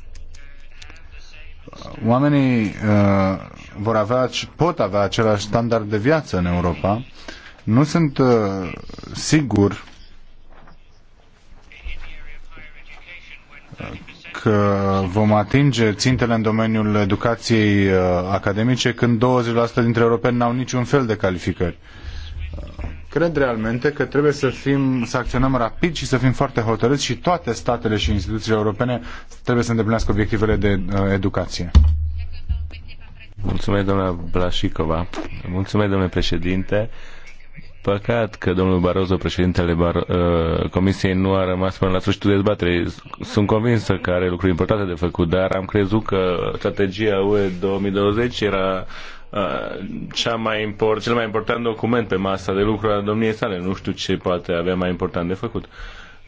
oamenii uh, vor avea, pot avea același standard de viață în Europa. Nu sunt uh, sigur că vom atinge țintele în domeniul educației uh, academice când 20% dintre europeni n-au niciun fel de calificări. Cred realmente că trebuie să, fim, să acționăm rapid și să fim foarte hotărâți și toate statele și instituțiile europene trebuie să îndeplinească obiectivele de uh, educație. Mulțumesc, doamna Blașicova. Mulțumesc, domnule președinte. Păcat că domnul Barroso, președintele Bar- uh, Comisiei, nu a rămas până la sfârșitul dezbaterii. Sunt convinsă că are lucruri importante de făcut, dar am crezut că strategia UE 2020 era Uh, cea mai import, cel mai important document pe masa de lucru al domniei sale. Nu știu ce poate avea mai important de făcut.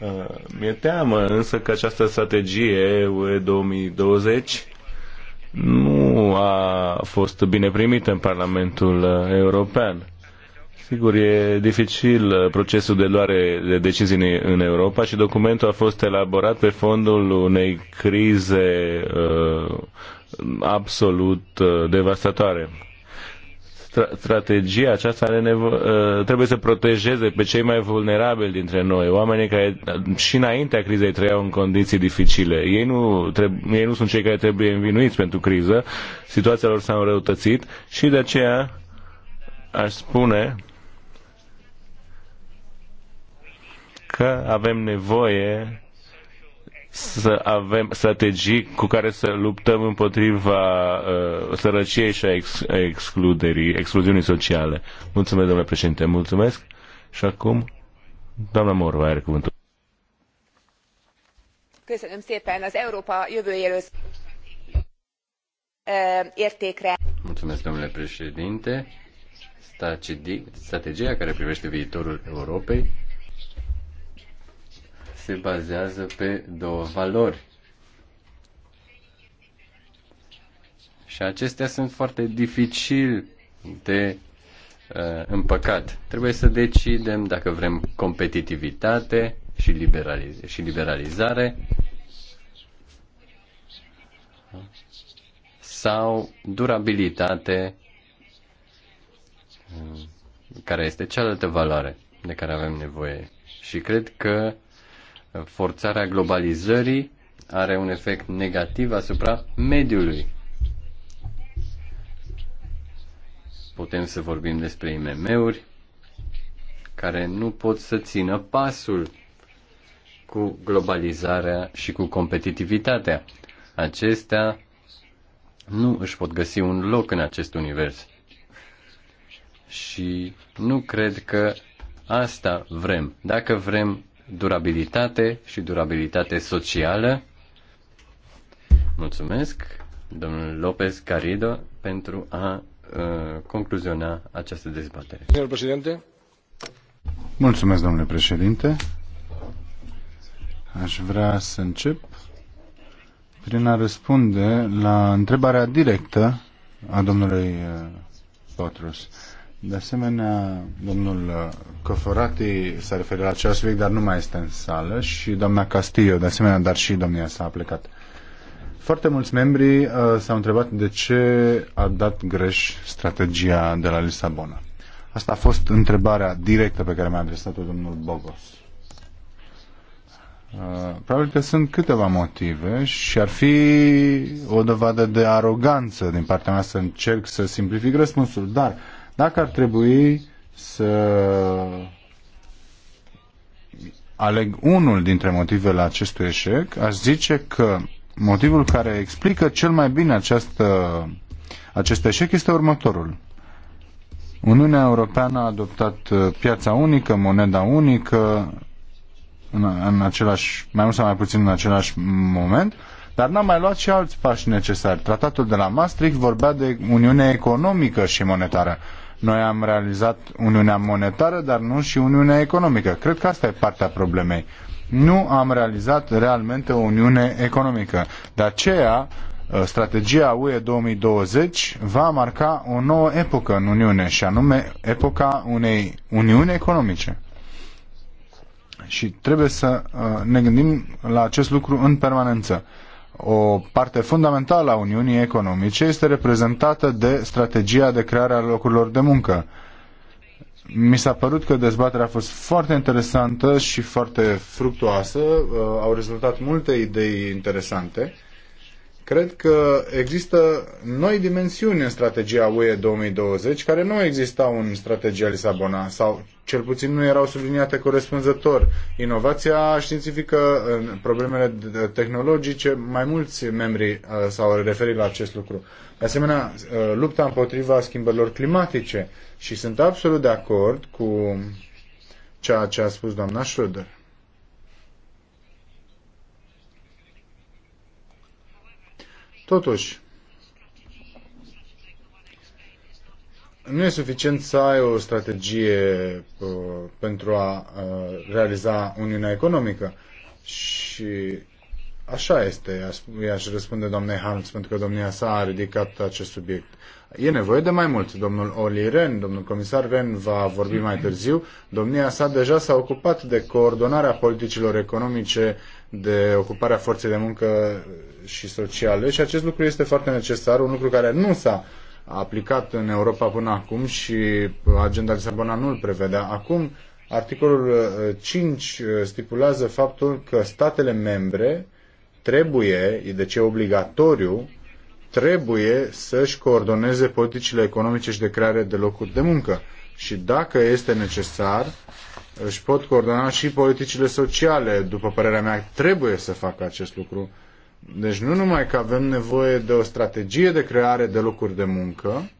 Uh, mi-e teamă însă că această strategie UE 2020 nu a fost bine primită în Parlamentul uh, European. Sigur, e dificil procesul de luare de decizii în Europa și documentul a fost elaborat pe fondul unei crize uh, absolut uh, devastatoare strategia aceasta are nevo- uh, trebuie să protejeze pe cei mai vulnerabili dintre noi, oamenii care uh, și înaintea crizei trăiau în condiții dificile. Ei nu, treb- ei nu sunt cei care trebuie învinuiți pentru criză, situația lor s-a înrăutățit și de aceea aș spune că avem nevoie să avem strategii cu care să luptăm împotriva uh, sărăciei și a ex- excluderii, excluziunii sociale. Mulțumesc, domnule președinte, mulțumesc. Și acum, doamna Morva are cuvântul. Köszönöm az Európa értékre. Mulțumesc, domnule președinte. Strategia care privește viitorul Europei se bazează pe două valori. Și acestea sunt foarte dificil de uh, împăcat. Trebuie să decidem dacă vrem competitivitate și, liberaliz- și liberalizare sau durabilitate, uh, care este cealaltă valoare de care avem nevoie. Și cred că forțarea globalizării are un efect negativ asupra mediului. Putem să vorbim despre IMM-uri care nu pot să țină pasul cu globalizarea și cu competitivitatea. Acestea nu își pot găsi un loc în acest univers. Și nu cred că asta vrem. Dacă vrem durabilitate și durabilitate socială. Mulțumesc, domnul Lopez Carido, pentru a uh, concluziona această dezbatere. Domnul președinte. Mulțumesc, domnule președinte. Aș vrea să încep prin a răspunde la întrebarea directă a domnului Potrus. Uh, de asemenea, domnul Căfărati s-a referit la acest subiect, dar nu mai este în sală și doamna Castillo, de asemenea, dar și domnia s-a plecat. Foarte mulți membri uh, s-au întrebat de ce a dat greș strategia de la Lisabona. Asta a fost întrebarea directă pe care mi-a adresat-o domnul Bogos. Uh, probabil că sunt câteva motive și ar fi o dovadă de aroganță din partea mea să încerc să simplific răspunsul, dar uh, dacă ar trebui să aleg unul dintre motivele acestui eșec, aș zice că motivul care explică cel mai bine această, acest eșec este următorul. Uniunea Europeană a adoptat uh, piața unică, moneda unică, în, în același, mai mult sau mai puțin în același moment, dar n-a mai luat și alți pași necesari. Tratatul de la Maastricht vorbea de Uniunea economică și monetară. Noi am realizat Uniunea Monetară, dar nu și Uniunea Economică. Cred că asta e partea problemei. Nu am realizat realmente o Uniune Economică. De aceea, uh, strategia UE 2020 va marca o nouă epocă în Uniune, și anume epoca unei Uniuni Economice. Și trebuie să uh, ne gândim la acest lucru în permanență o parte fundamentală a Uniunii Economice este reprezentată de strategia de creare a locurilor de muncă. Mi s-a părut că dezbaterea a fost foarte interesantă și foarte fructuoasă. Au rezultat multe idei interesante. Cred că există noi dimensiuni în strategia UE 2020 care nu existau în strategia Lisabona sau cel puțin nu erau subliniate corespunzător. Inovația științifică, problemele tehnologice, mai mulți membri uh, s-au referit la acest lucru. De asemenea, uh, lupta împotriva schimbărilor climatice și sunt absolut de acord cu ceea ce a spus doamna Schröder. Totuși, nu e suficient să ai o strategie uh, pentru a uh, realiza Uniunea Economică. Și așa este, i-aș răspunde doamnei Harms, pentru că domnia sa a ridicat acest subiect. E nevoie de mai mult. Domnul Oli Ren, domnul comisar Ren va vorbi mai târziu. Domnia sa deja s-a ocupat de coordonarea politicilor economice uh, de ocuparea forței de muncă și sociale și acest lucru este foarte necesar, un lucru care nu s-a aplicat în Europa până acum și agenda Lisabona nu îl prevedea. Acum, articolul 5 uh, uh, stipulează faptul că statele membre trebuie, deci e obligatoriu, trebuie să-și coordoneze politicile economice și de creare de locuri de muncă. Și dacă este necesar, își pot coordona și politicile sociale, după părerea mea, trebuie să facă acest lucru. Deci nu numai că avem nevoie de o strategie de creare de locuri de muncă,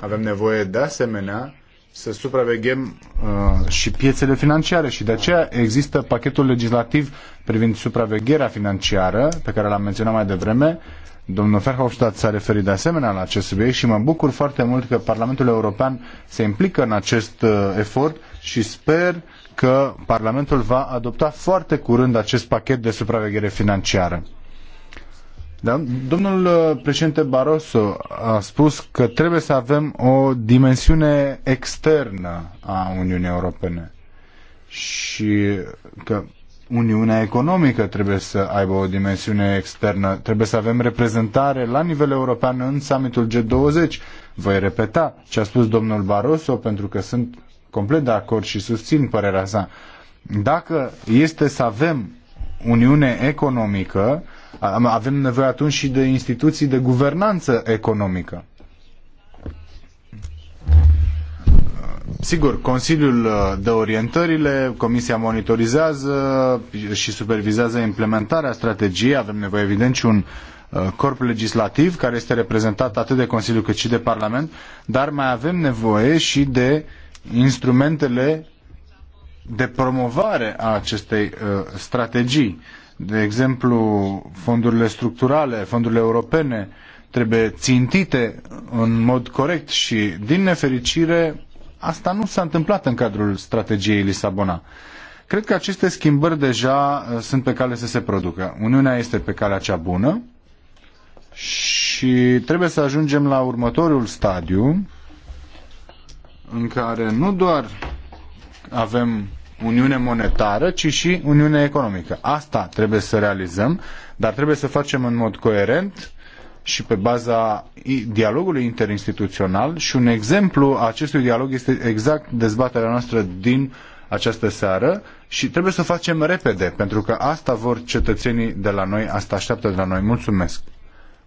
avem nevoie de asemenea să supraveghem uh, și piețele financiare și de aceea există pachetul legislativ privind supravegherea financiară pe care l-am menționat mai devreme. Domnul Ferhofstadt s-a referit de asemenea la acest subiect și mă bucur foarte mult că Parlamentul European se implică în acest uh, efort și sper că Parlamentul va adopta foarte curând acest pachet de supraveghere financiară. Da? Domnul uh, președinte Barroso a spus că trebuie să avem o dimensiune externă a Uniunii Europene și că Uniunea Economică trebuie să aibă o dimensiune externă, trebuie să avem reprezentare la nivel european în summitul G20. Voi repeta ce a spus domnul Barroso pentru că sunt complet de acord și susțin părerea sa. Dacă este să avem uniune economică, avem nevoie atunci și de instituții de guvernanță economică. Sigur, Consiliul uh, de orientările, Comisia monitorizează și supervizează implementarea strategiei. Avem nevoie, evident, și un uh, corp legislativ care este reprezentat atât de Consiliu cât și de Parlament, dar mai avem nevoie și de uh, instrumentele de promovare a acestei uh, strategii. De exemplu, fondurile structurale, fondurile europene trebuie țintite în mod corect și, din nefericire, asta nu s-a întâmplat în cadrul strategiei Lisabona. Cred că aceste schimbări deja uh, sunt pe cale să se producă. Uniunea este pe calea cea bună și trebuie să ajungem la următorul stadiu, în care nu doar avem uniune monetară, ci și uniune economică. Asta trebuie să realizăm, dar trebuie să facem în mod coerent și pe baza dialogului interinstituțional și un exemplu a acestui dialog este exact dezbaterea noastră din această seară și trebuie să facem repede, pentru că asta vor cetățenii de la noi, asta așteaptă de la noi. Mulțumesc!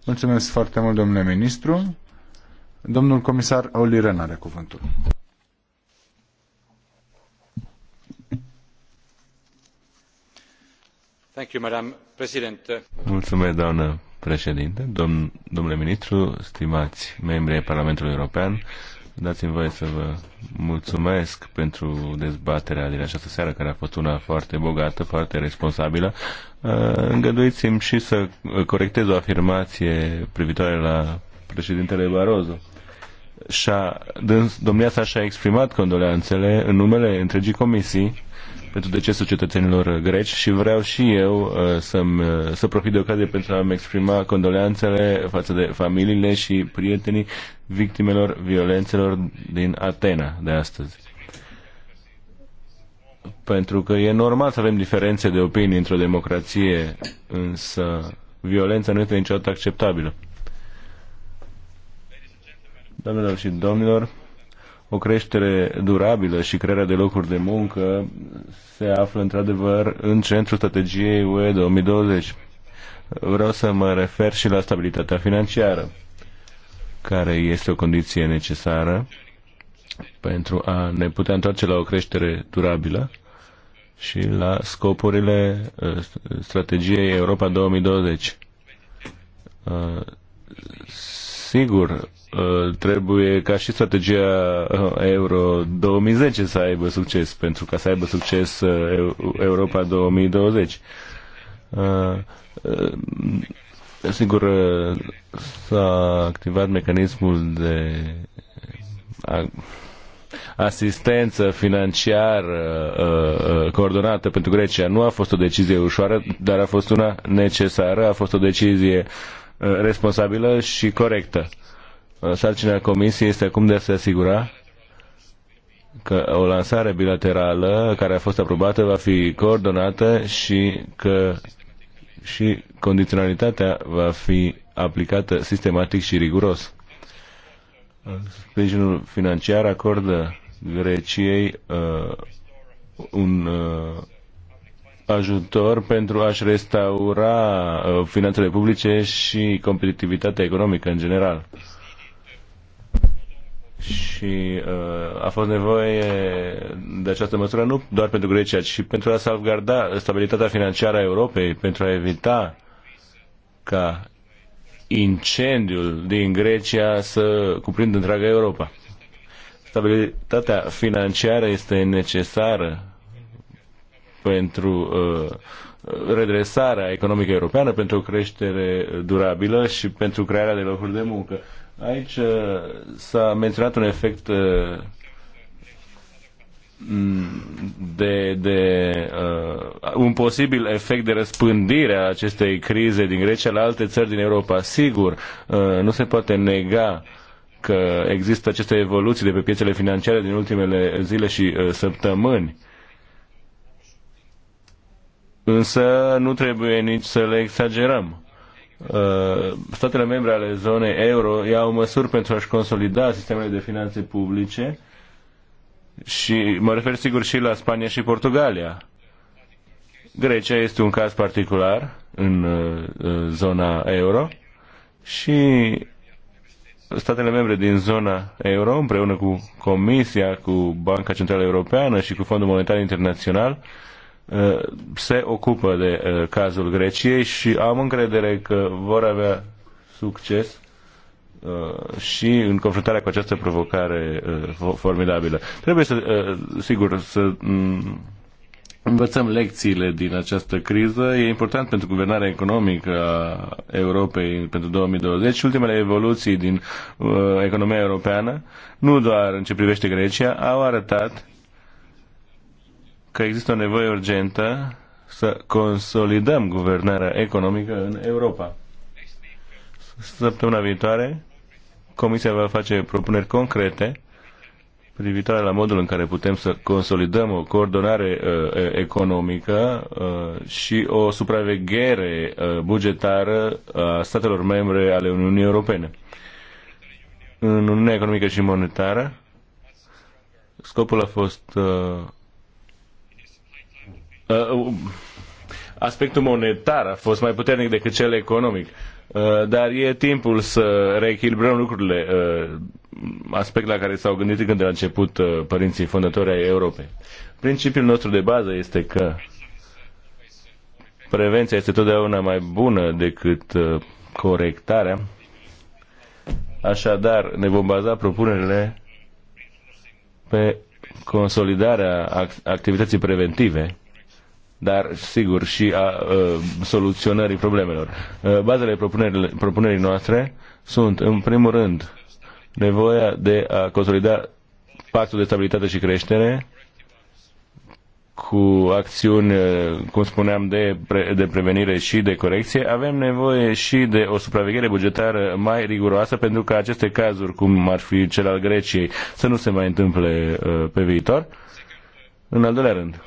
Mulțumesc foarte mult, domnule ministru. Domnul comisar Olli Ren are cuvântul. Mulțumesc, doamnă președinte, domn, domnule ministru, stimați membri ai Parlamentului European, dați-mi voie să vă mulțumesc pentru dezbaterea din această seară, care a fost una foarte bogată, foarte responsabilă. Uh, îngăduiți-mi și să corectez o afirmație privitoare la președintele Barroso și-a, domnia sa și-a exprimat condoleanțele în numele întregii comisii pentru decesul cetățenilor greci și vreau și eu uh, să uh, să profit de ocazie pentru a-mi exprima condoleanțele față de familiile și prietenii victimelor violențelor din Atena de astăzi. Pentru că e normal să avem diferențe de opinii într-o democrație, însă violența nu este niciodată acceptabilă. Doamnelor și domnilor, o creștere durabilă și crearea de locuri de muncă se află într-adevăr în centrul strategiei UE 2020. Vreau să mă refer și la stabilitatea financiară, care este o condiție necesară pentru a ne putea întoarce la o creștere durabilă și la scopurile uh, strategiei Europa 2020. Uh, sigur, Uh, trebuie ca și strategia uh, Euro 2010 să aibă succes, pentru ca să aibă succes uh, Europa 2020. Sigur, s-a activat mecanismul de asistență financiară coordonată pentru Grecia nu a fost o decizie ușoară, dar a fost una necesară, a fost o decizie responsabilă și corectă. Uh, Uh, sarcina Comisiei este acum de a se asigura că o lansare bilaterală care a fost aprobată va fi coordonată și că și condiționalitatea va fi aplicată sistematic și riguros. Sprijinul financiar acordă Greciei uh, un uh, ajutor pentru a-și restaura uh, finanțele publice și competitivitatea economică în general și uh, a fost nevoie de această măsură nu doar pentru Grecia, ci pentru a salvgarda stabilitatea financiară a Europei, pentru a evita ca incendiul din Grecia să cuprindă întreaga Europa. Stabilitatea financiară este necesară pentru uh, redresarea economică europeană, pentru o creștere durabilă și pentru crearea de locuri de muncă. Aici uh, s-a menționat un efect uh, de, de uh, un posibil efect de răspândire a acestei crize din Grecia la alte țări din Europa. Sigur, uh, nu se poate nega că există aceste evoluții de pe piețele financiare din ultimele zile și uh, săptămâni. Însă nu trebuie nici să le exagerăm. Uh, statele membre ale zonei euro iau măsuri pentru a-și consolida sistemele de finanțe publice și mă refer sigur și la Spania și Portugalia. Grecia este un caz particular în uh, uh, zona euro și statele membre din zona euro, împreună cu Comisia, cu Banca Centrală Europeană și cu Fondul Monetar Internațional, uh, Eh, se ocupă de eh, cazul Greciei și am încredere că vor avea succes eh, și în confruntarea cu această provocare formidabilă. Trebuie să, sigur, să mm, învățăm lecțiile din această criză. E important pentru guvernarea economică a Europei pentru 2020 și ultimele evoluții din economia europeană, nu doar în ce privește Grecia, au arătat că există o nevoie urgentă să consolidăm guvernarea economică în Europa. Săptămâna viitoare, Comisia va face propuneri concrete privitoare la modul în care putem să consolidăm o coordonare uh, economică uh, și o supraveghere uh, bugetară a statelor membre ale Uniunii Europene. În Uniunea Economică și Monetară, scopul a fost uh, Uh, uh, aspectul monetar a fost mai puternic decât cel economic. Uh, dar e timpul să reechilibrăm lucrurile, aspect la care s-au gândit când de la început părinții fondători ai Europei. Principiul nostru de bază este că prevenția este totdeauna mai bună decât corectarea. Așadar, ne vom baza propunerile pe consolidarea activității preventive dar sigur și a, a soluționării problemelor. Bazele propunerii, propunerii noastre sunt, în primul rând, nevoia de a consolida pactul de stabilitate și creștere cu acțiuni, cum spuneam, de, pre, de prevenire și de corecție. Avem nevoie și de o supraveghere bugetară mai riguroasă pentru că aceste cazuri, cum ar fi cel al Greciei, să nu se mai întâmple pe viitor. În al doilea rând,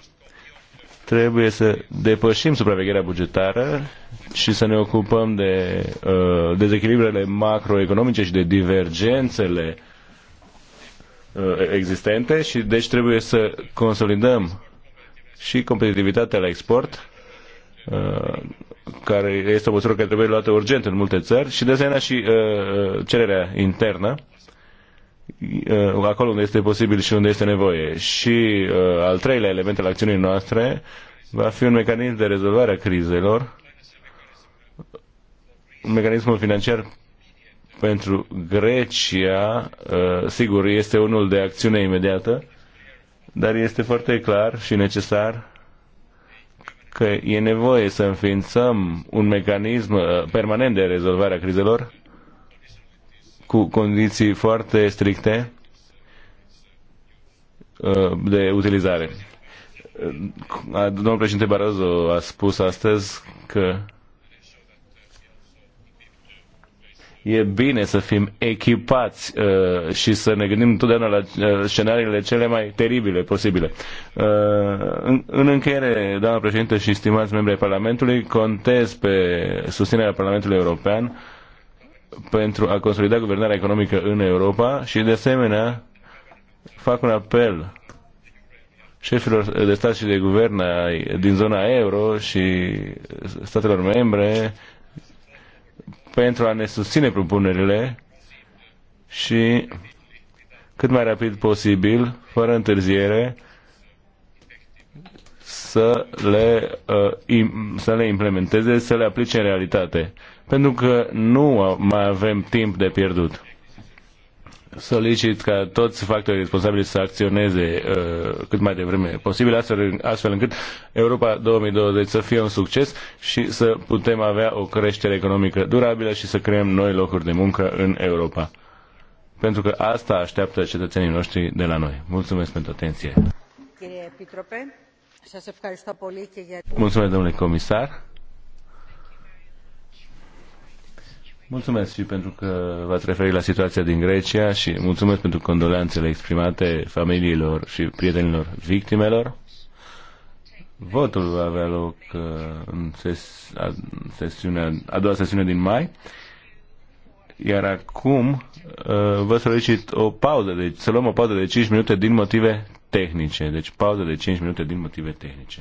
trebuie să depășim supravegherea bugetară și să ne ocupăm de uh, dezechilibrele macroeconomice și de divergențele uh, existente și deci trebuie să consolidăm și competitivitatea la export, uh, care este o măsură care trebuie luată urgent în multe țări, și de asemenea și uh, uh cererea internă Uh, acolo unde este posibil și unde este nevoie. Și uh, al treilea element al acțiunii noastre va fi un mecanism de rezolvare a crizelor, un mecanism financiar pentru Grecia, uh, sigur, este unul de acțiune imediată, dar este foarte clar și necesar că e nevoie să înființăm un mecanism uh, permanent de rezolvare a crizelor cu condiții foarte stricte uh, de utilizare. Uh, domnul președinte Barazo a spus astăzi că e bine să fim echipați uh, și să ne gândim întotdeauna la scenariile cele mai teribile posibile. în, în încheiere, doamna președinte și stimați membri ai Parlamentului, contez pe susținerea Parlamentului European pentru a consolida guvernarea economică în Europa și, de asemenea, fac un apel șefilor de stat și de guvern din zona euro și statelor membre pentru a ne susține propunerile și cât mai rapid posibil, fără întârziere, să le, uh, să le implementeze, să le aplice în realitate pentru că nu mai avem timp de pierdut. Solicit ca toți factorii responsabili să acționeze uh, cât mai devreme posibil, astfel, astfel încât Europa 2020 să fie un succes și să putem avea o creștere economică durabilă și să creăm noi locuri de muncă în Europa. Pentru că asta așteaptă cetățenii noștri de la noi. Mulțumesc pentru atenție. Mulțumesc, domnule comisar. Mulțumesc și pentru că v-ați referit la situația din Grecia și mulțumesc pentru condoleanțele exprimate familiilor și prietenilor victimelor. Votul va avea loc uh, în ses, sesiunea, a doua sesiune din mai. Iar acum uh, vă solicit o pauză, deci să luăm o pauză de 5 minute din motive tehnice. Deci pauză de 5 minute din motive tehnice.